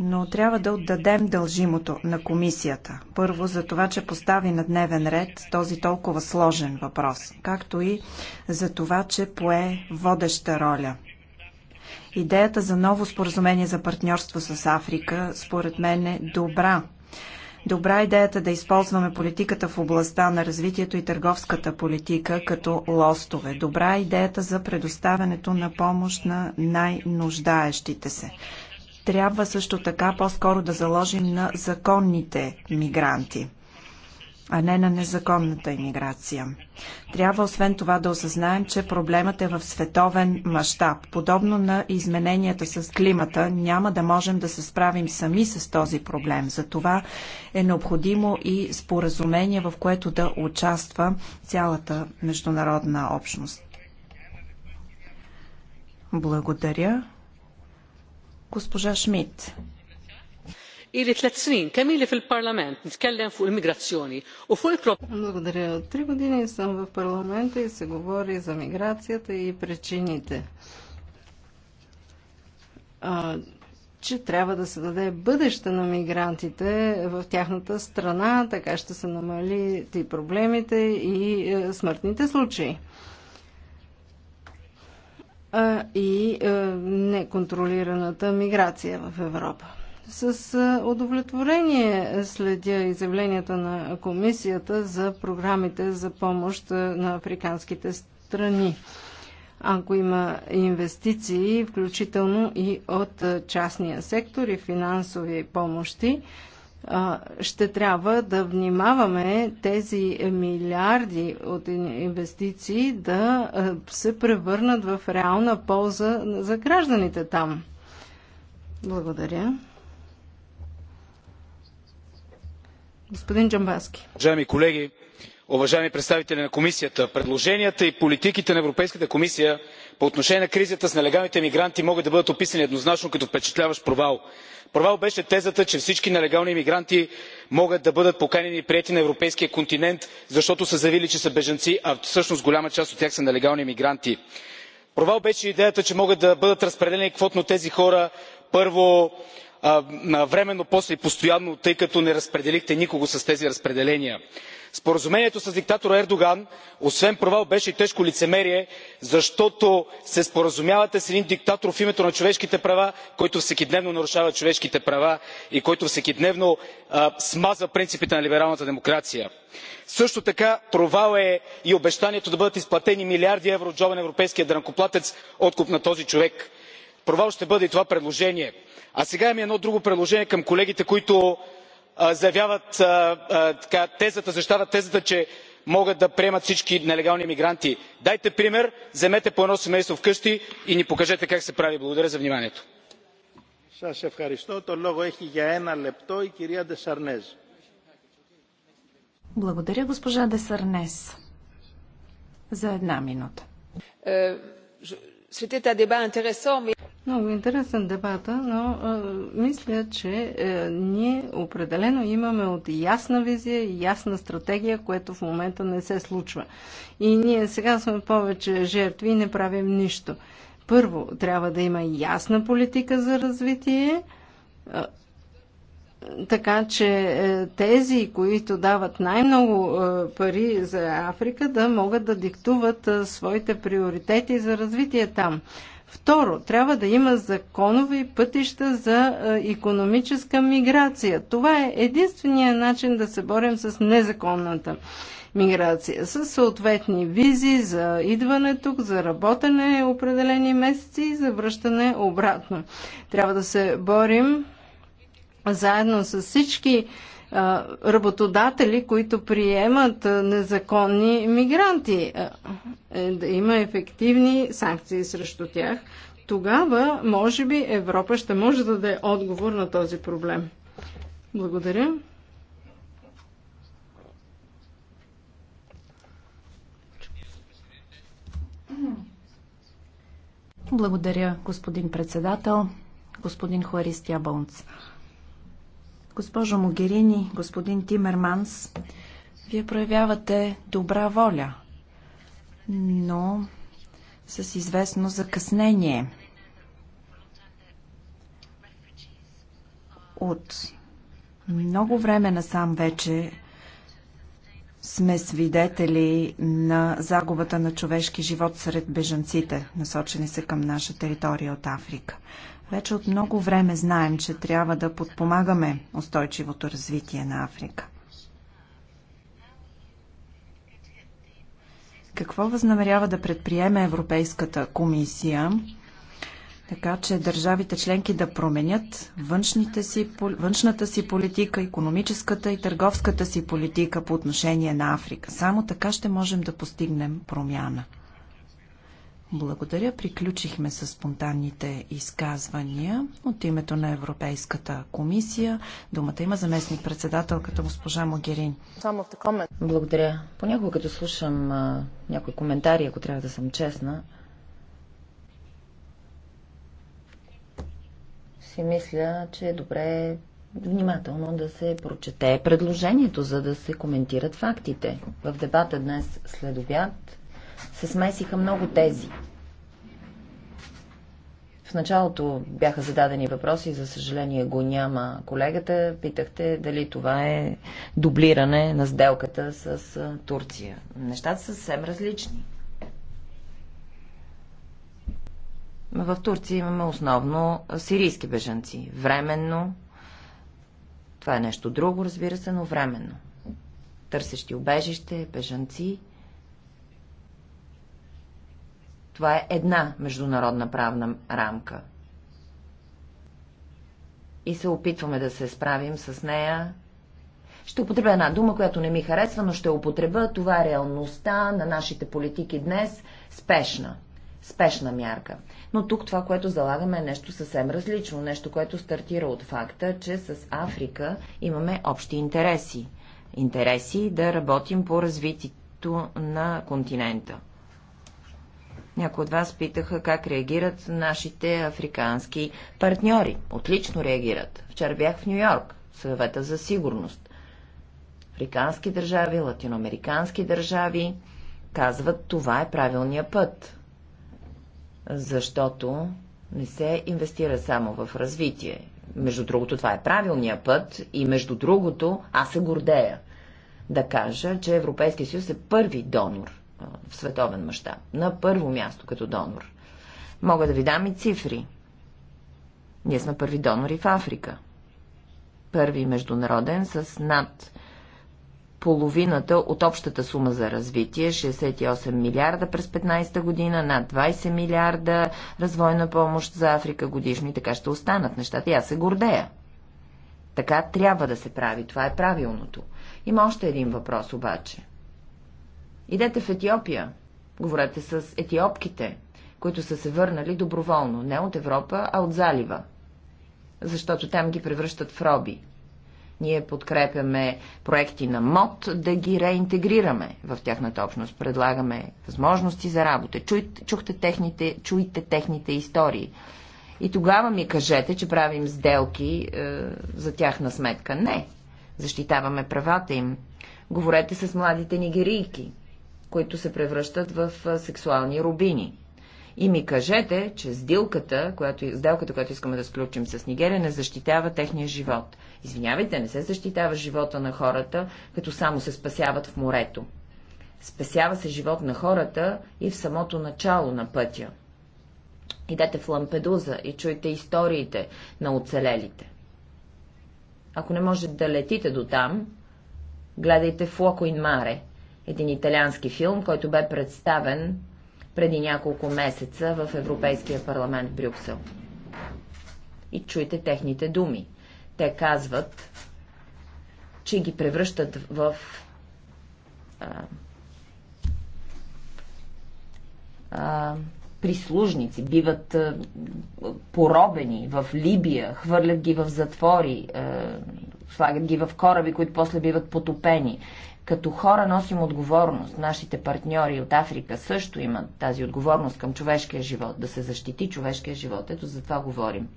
но трябва да отдадем дължимото на комисията. Първо за това, че постави на дневен ред този толкова сложен въпрос, както и за това, че пое водеща роля. Идеята за ново споразумение за партньорство с Африка, според мен, е добра. Добра е идеята да използваме политиката в областта на развитието и търговската политика като лостове. Добра е идеята за предоставянето на помощ на най-нуждаещите се. Трябва също така по-скоро да заложим на законните мигранти а не на незаконната иммиграция. Трябва освен това да осъзнаем, че проблемът е в световен мащаб. Подобно на измененията с климата, няма да можем да се справим сами с този проблем. Затова е необходимо и споразумение, в което да участва цялата международна общност. Благодаря. Госпожа Шмидт. в парламент, фу иммиграциони. Благодаря. От три години съм в парламента и се говори за миграцията и причините. А, че трябва да се даде бъдеще на мигрантите в тяхната страна, така ще се намали и проблемите и е, смъртните случаи а и неконтролираната миграция в Европа. С удовлетворение следя изявленията на комисията за програмите за помощ на африканските страни. Ако има инвестиции, включително и от частния сектор и финансови помощи, ще трябва да внимаваме тези милиарди от инвестиции да се превърнат в реална полза за гражданите там. Благодаря. Господин Джамбаски. Уважаеми колеги, уважаеми представители на комисията, предложенията и политиките на Европейската комисия по отношение на кризата с нелегалните мигранти могат да бъдат описани еднозначно като впечатляващ провал провал беше тезата че всички нелегални емигранти могат да бъдат поканени и приети на европейския континент защото са заявили че са бежанци а всъщност голяма част от тях са нелегални емигранти. провал беше идеята че могат да бъдат разпределени квотно тези хора първо временно после и постоянно тъй като не разпределихте никого с тези разпределения. споразумението с диктатора ердоган освен провал беше и тежко лицемерие защото се споразумявате с един диктатор в името на човешките права който всекидневно нарушава човешките права и който всекидневно смазва принципите на либералната демокрация. също така провал е и обещанието да бъдат изплатени милиарди евро от джоба на европейския данъкоплатец откуп на този човек провал ще бъде и това предложение. а сега имам и едно друго предложение към колегите които защитават тезата че могат да приемат всички нелегални мигранти. дайте пример вземете по едно семейство вкъщи и ни покажете как се прави. благодаря за вниманието. Благодаря, госпожа Десарнес. За една минута. Е, C'était un débat intéressant, mais... Много интересен дебата, но мисля, че е, ние определено имаме от ясна визия и ясна стратегия, което в момента не се случва. И ние сега сме повече жертви и не правим нищо. Първо, трябва да има ясна политика за развитие, така че е, тези, които дават най-много е, пари за Африка, да могат да диктуват е, своите приоритети за развитие там. Второ, трябва да има законови пътища за економическа миграция. Това е единствения начин да се борим с незаконната миграция. С съответни визи за идване тук, за работене определени месеци и за връщане обратно. Трябва да се борим заедно с всички работодатели, които приемат незаконни мигранти, е, да има ефективни санкции срещу тях, тогава, може би, Европа ще може да даде отговор на този проблем. Благодаря. Благодаря, господин председател, господин Хуаристия Бонс. Госпожо Могерини, господин Тимерманс, вие проявявате добра воля, но с известно закъснение. От много време насам вече сме свидетели на загубата на човешки живот сред бежанците, насочени се към наша територия от Африка. Вече от много време знаем, че трябва да подпомагаме устойчивото развитие на Африка. Какво възнамерява да предприеме Европейската комисия, така че държавите членки да променят си, външната си политика, економическата и търговската си политика по отношение на Африка? Само така ще можем да постигнем промяна. Благодаря. Приключихме с спонтанните изказвания от името на Европейската комисия. Думата има заместник председателката госпожа Могерин. Благодаря. Понякога като слушам а, някои коментари, ако трябва да съм честна, си мисля, че е добре внимателно да се прочете предложението, за да се коментират фактите. В дебата днес след обяд се смесиха много тези. В началото бяха зададени въпроси, за съжаление го няма колегата. Питахте дали това е дублиране на сделката с Турция. Нещата са съвсем различни. В Турция имаме основно сирийски бежанци. Временно. Това е нещо друго, разбира се, но временно. Търсещи убежище, бежанци, Това е една международна правна рамка. И се опитваме да се справим с нея. Ще употребя една дума, която не ми харесва, но ще употреба. Това е реалността на нашите политики днес. Спешна. Спешна мярка. Но тук това, което залагаме е нещо съвсем различно. Нещо, което стартира от факта, че с Африка имаме общи интереси. Интереси да работим по развитието на континента. Някои от вас питаха как реагират нашите африкански партньори. Отлично реагират. Вчера бях в Нью Йорк, съвета за сигурност. Африкански държави, латиноамерикански държави казват, това е правилния път. Защото не се инвестира само в развитие. Между другото, това е правилния път и между другото, аз се гордея да кажа, че Европейския съюз е първи донор в световен мащаб. На първо място като донор. Мога да ви дам и цифри. Ние сме първи донори в Африка. Първи международен с над половината от общата сума за развитие 68 милиарда през 15-та година, над 20 милиарда развойна помощ за Африка годишно и така ще останат нещата. И аз се гордея. Така трябва да се прави. Това е правилното. Има още един въпрос обаче. Идете в Етиопия, говорете с етиопките, които са се върнали доброволно, не от Европа, а от залива, защото там ги превръщат в роби. Ние подкрепяме проекти на МОД да ги реинтегрираме в тяхната общност. Предлагаме възможности за работа. Чуйте, чухте техните, чуйте техните истории. И тогава ми кажете, че правим сделки е, за тяхна сметка. Не. Защитаваме правата им. Говорете с младите нигерийки които се превръщат в сексуални рубини. И ми кажете, че сделката, която, сделката, която искаме да сключим с Нигерия, не защитава техния живот. Извинявайте, не се защитава живота на хората, като само се спасяват в морето. Спасява се живот на хората и в самото начало на пътя. Идете в Лампедуза и чуйте историите на оцелелите. Ако не можете да летите до там, гледайте Флоко ин Маре, един италиански филм, който бе представен преди няколко месеца в Европейския парламент в Брюксел. И чуйте техните думи. Те казват, че ги превръщат в а, а, прислужници, биват а, поробени в Либия, хвърлят ги в затвори, а, слагат ги в кораби, които после биват потопени. Като хора носим отговорност. Нашите партньори от Африка също имат тази отговорност към човешкия живот, да се защити човешкия живот. Ето за това говорим.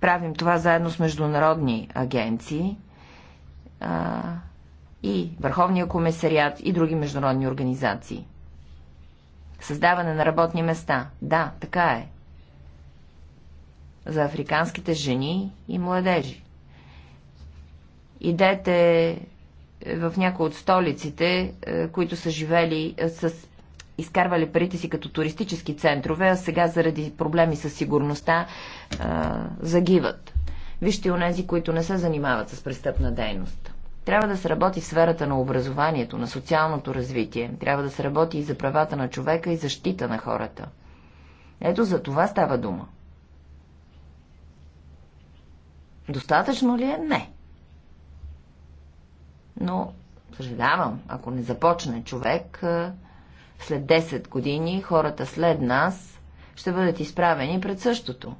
Правим това заедно с международни агенции а, и Върховния комисариат и други международни организации. Създаване на работни места. Да, така е. За африканските жени и младежи идете е, в някои от столиците, е, които са живели е, с изкарвали парите си като туристически центрове, а сега заради проблеми с сигурността загиват. Вижте онези, които не се занимават с престъпна дейност. Трябва да се работи в сферата на образованието, на социалното развитие. Трябва да се работи и за правата на човека и защита на хората. Ето за това става дума. Достатъчно ли е? Не но съжалявам, ако не започне човек, след 10 години хората след нас ще бъдат изправени пред същото.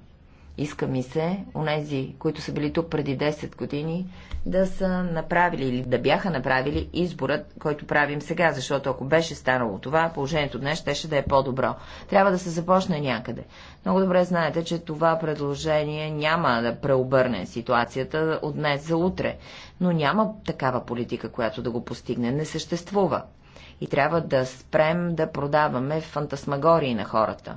Иска ми се, онези, които са били тук преди 10 години, да са направили или да бяха направили изборът, който правим сега, защото ако беше станало това, положението днес щеше да е по-добро. Трябва да се започне някъде. Много добре знаете, че това предложение няма да преобърне ситуацията от днес за утре, но няма такава политика, която да го постигне. Не съществува. И трябва да спрем да продаваме фантасмагории на хората.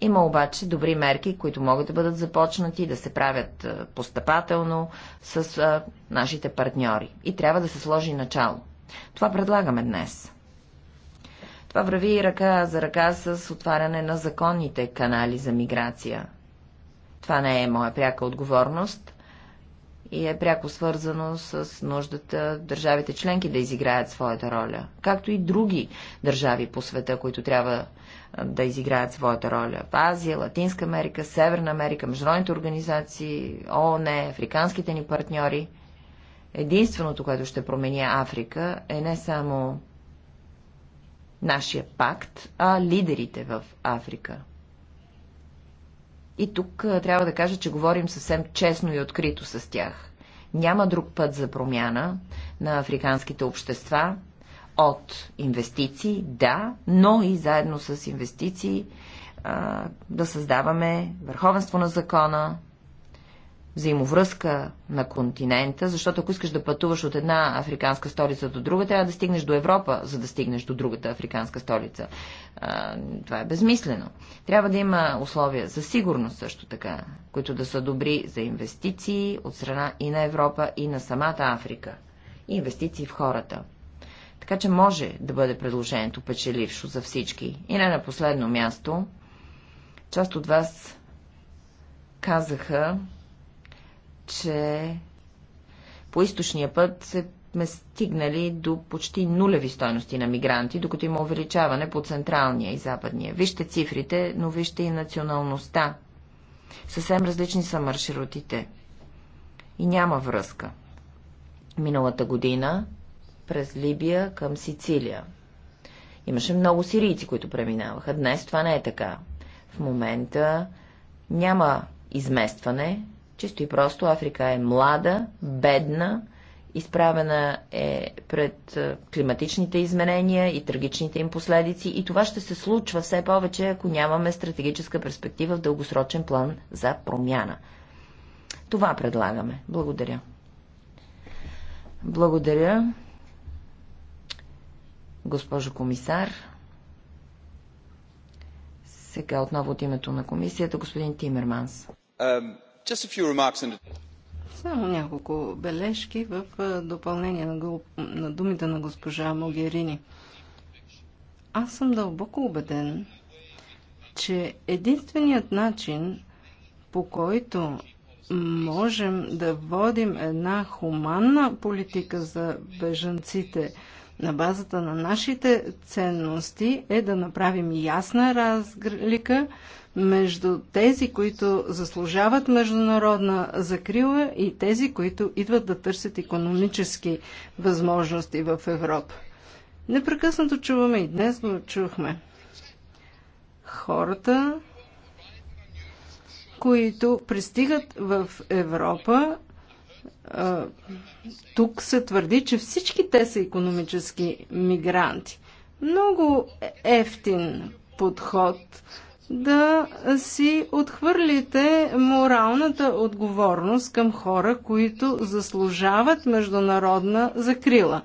Има обаче добри мерки, които могат да бъдат започнати, да се правят постъпателно с нашите партньори. И трябва да се сложи начало. Това предлагаме днес. Това върви ръка за ръка с отваряне на законните канали за миграция. Това не е моя пряка отговорност и е пряко свързано с нуждата държавите членки да изиграят своята роля, както и други държави по света, които трябва да изиграят своята роля. В Азия, Латинска Америка, Северна Америка, международните организации, ООН, африканските ни партньори. Единственото, което ще промени Африка е не само нашия пакт, а лидерите в Африка. И тук трябва да кажа, че говорим съвсем честно и открито с тях. Няма друг път за промяна на африканските общества, от инвестиции, да, но и заедно с инвестиции а, да създаваме върховенство на закона, взаимовръзка на континента, защото ако искаш да пътуваш от една африканска столица до друга, трябва да стигнеш до Европа, за да стигнеш до другата африканска столица. А, това е безмислено. Трябва да има условия за сигурност също така, които да са добри за инвестиции от страна и на Европа, и на самата Африка. И инвестиции в хората – така че може да бъде предложението печелившо за всички. И не на последно място, част от вас казаха, че по източния път се сме стигнали до почти нулеви стойности на мигранти, докато има увеличаване по централния и западния. Вижте цифрите, но вижте и националността. Съвсем различни са маршрутите. И няма връзка. Миналата година през Либия към Сицилия. Имаше много сирийци, които преминаваха. Днес това не е така. В момента няма изместване. Чисто и просто Африка е млада, бедна, изправена е пред е, климатичните изменения и трагичните им последици и това ще се случва все повече, ако нямаме стратегическа перспектива в дългосрочен план за промяна. Това предлагаме. Благодаря. Благодаря госпожо комисар. Сега отново от името на комисията господин Тимерманс. Um, Само няколко бележки в допълнение на, на думите на госпожа Могерини. Аз съм дълбоко убеден, че единственият начин, по който можем да водим една хуманна политика за бежанците – на базата на нашите ценности е да направим ясна разлика между тези, които заслужават международна закрила и тези, които идват да търсят економически възможности в Европа. Непрекъснато чуваме и днес го чухме. Хората, които пристигат в Европа, тук се твърди, че всички те са економически мигранти. Много ефтин подход да си отхвърлите моралната отговорност към хора, които заслужават международна закрила.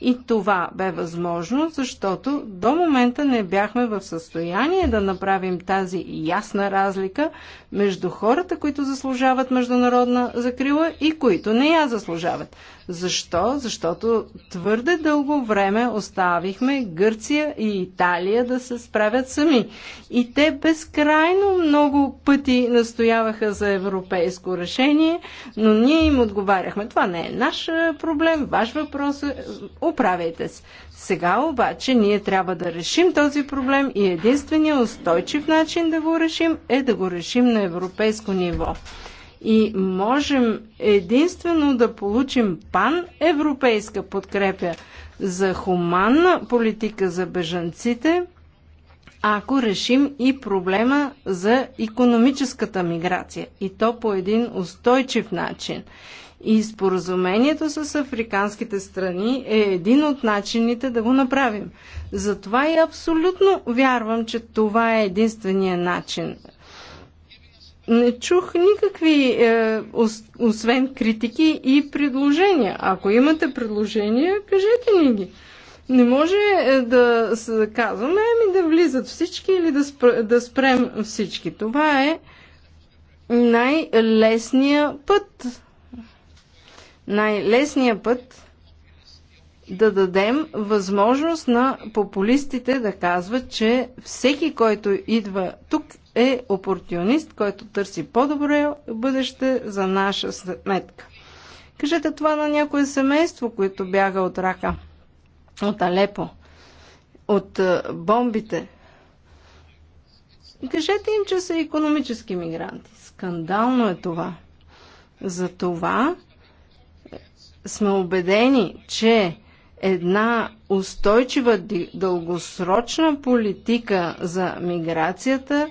И това бе възможно, защото до момента не бяхме в състояние да направим тази ясна разлика между хората, които заслужават международна закрила и които не я заслужават. Защо? Защото твърде дълго време оставихме Гърция и Италия да се справят сами. И те безкрайно много пъти настояваха за европейско решение, но ние им отговаряхме. Това не е наш проблем, ваш въпрос е, оправяйте се. Сега обаче ние трябва да решим този проблем и единственият устойчив начин да го решим е да го решим на европейско ниво. И можем единствено да получим пан-европейска подкрепя за хуманна политика за бежанците, ако решим и проблема за економическата миграция. И то по един устойчив начин. И споразумението с африканските страни е един от начините да го направим. Затова и абсолютно вярвам, че това е единствения начин не чух никакви, е, ос, освен критики и предложения. Ако имате предложения, кажете ни ги. Не може е, да казваме, ами да влизат всички или да, спр, да спрем всички. Това е най лесният път. най лесният път да дадем възможност на популистите да казват, че всеки, който идва тук е опортионист, който търси по добро бъдеще за наша сметка. Кажете това на някое семейство, което бяга от рака, от Алепо, от е, бомбите. Кажете им, че са економически мигранти. Скандално е това. За това е, сме убедени, че една устойчива дългосрочна политика за миграцията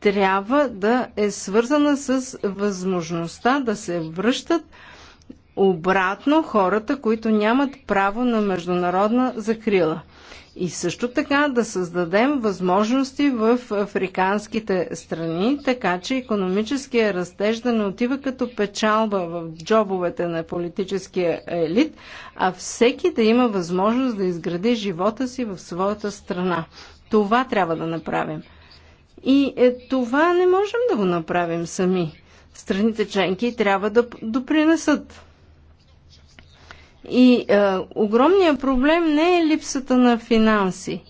трябва да е свързана с възможността да се връщат обратно хората, които нямат право на международна закрила. И също така да създадем възможности в африканските страни, така че економическия растеж да не отива като печалба в джобовете на политическия елит, а всеки да има възможност да изгради живота си в своята страна. Това трябва да направим. И е, това не можем да го направим сами. Страните членки трябва да допринесат. И а, е, огромният проблем не е липсата на финанси.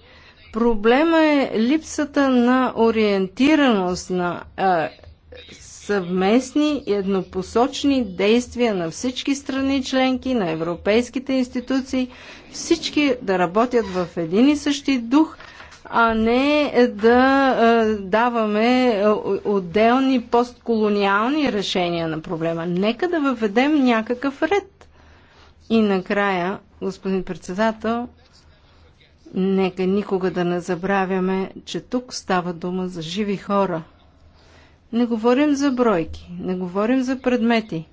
Проблема е липсата на ориентираност на а, е, съвместни и еднопосочни действия на всички страни членки, на европейските институции, всички да работят в един и същи дух, а не да е, даваме отделни постколониални решения на проблема. Нека да въведем някакъв ред и накрая, господин председател, нека никога да не забравяме, че тук става дума за живи хора. Не говорим за бройки, не говорим за предмети.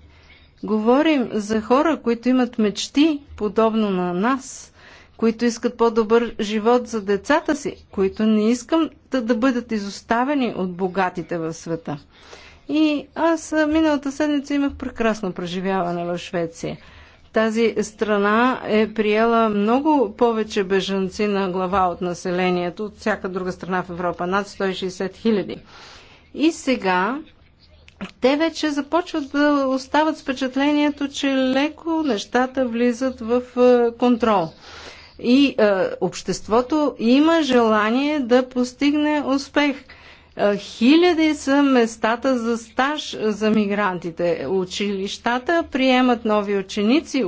Говорим за хора, които имат мечти, подобно на нас, които искат по-добър живот за децата си, които не искам да, да бъдат изоставени от богатите в света. И аз миналата седмица имах прекрасно преживяване в Швеция. Тази страна е приела много повече бежанци на глава от населението от всяка друга страна в Европа, над 160 хиляди. И сега те вече започват да остават с впечатлението, че леко нещата влизат в е, контрол. И е, обществото има желание да постигне успех – е, хиляди са местата за стаж за мигрантите. Училищата приемат нови ученици,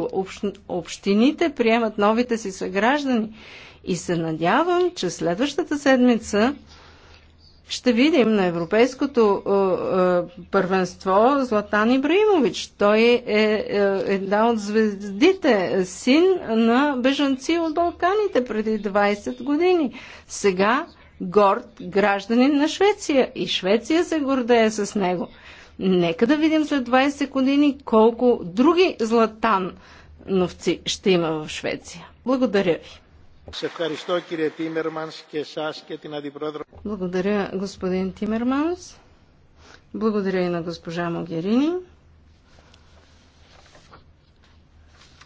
общините приемат новите си съграждани. И се надявам, че следващата седмица ще видим на Европейското е, е, първенство Златан Ибраимович. Той е една от звездите, син на бежанци от Балканите преди 20 години. Сега горд гражданин на Швеция и Швеция се гордее с него. Нека да видим след 20 години колко други златан новци ще има в Швеция. Благодаря ви. Благодаря, господин Тимерманс. Благодаря и на госпожа Могерини.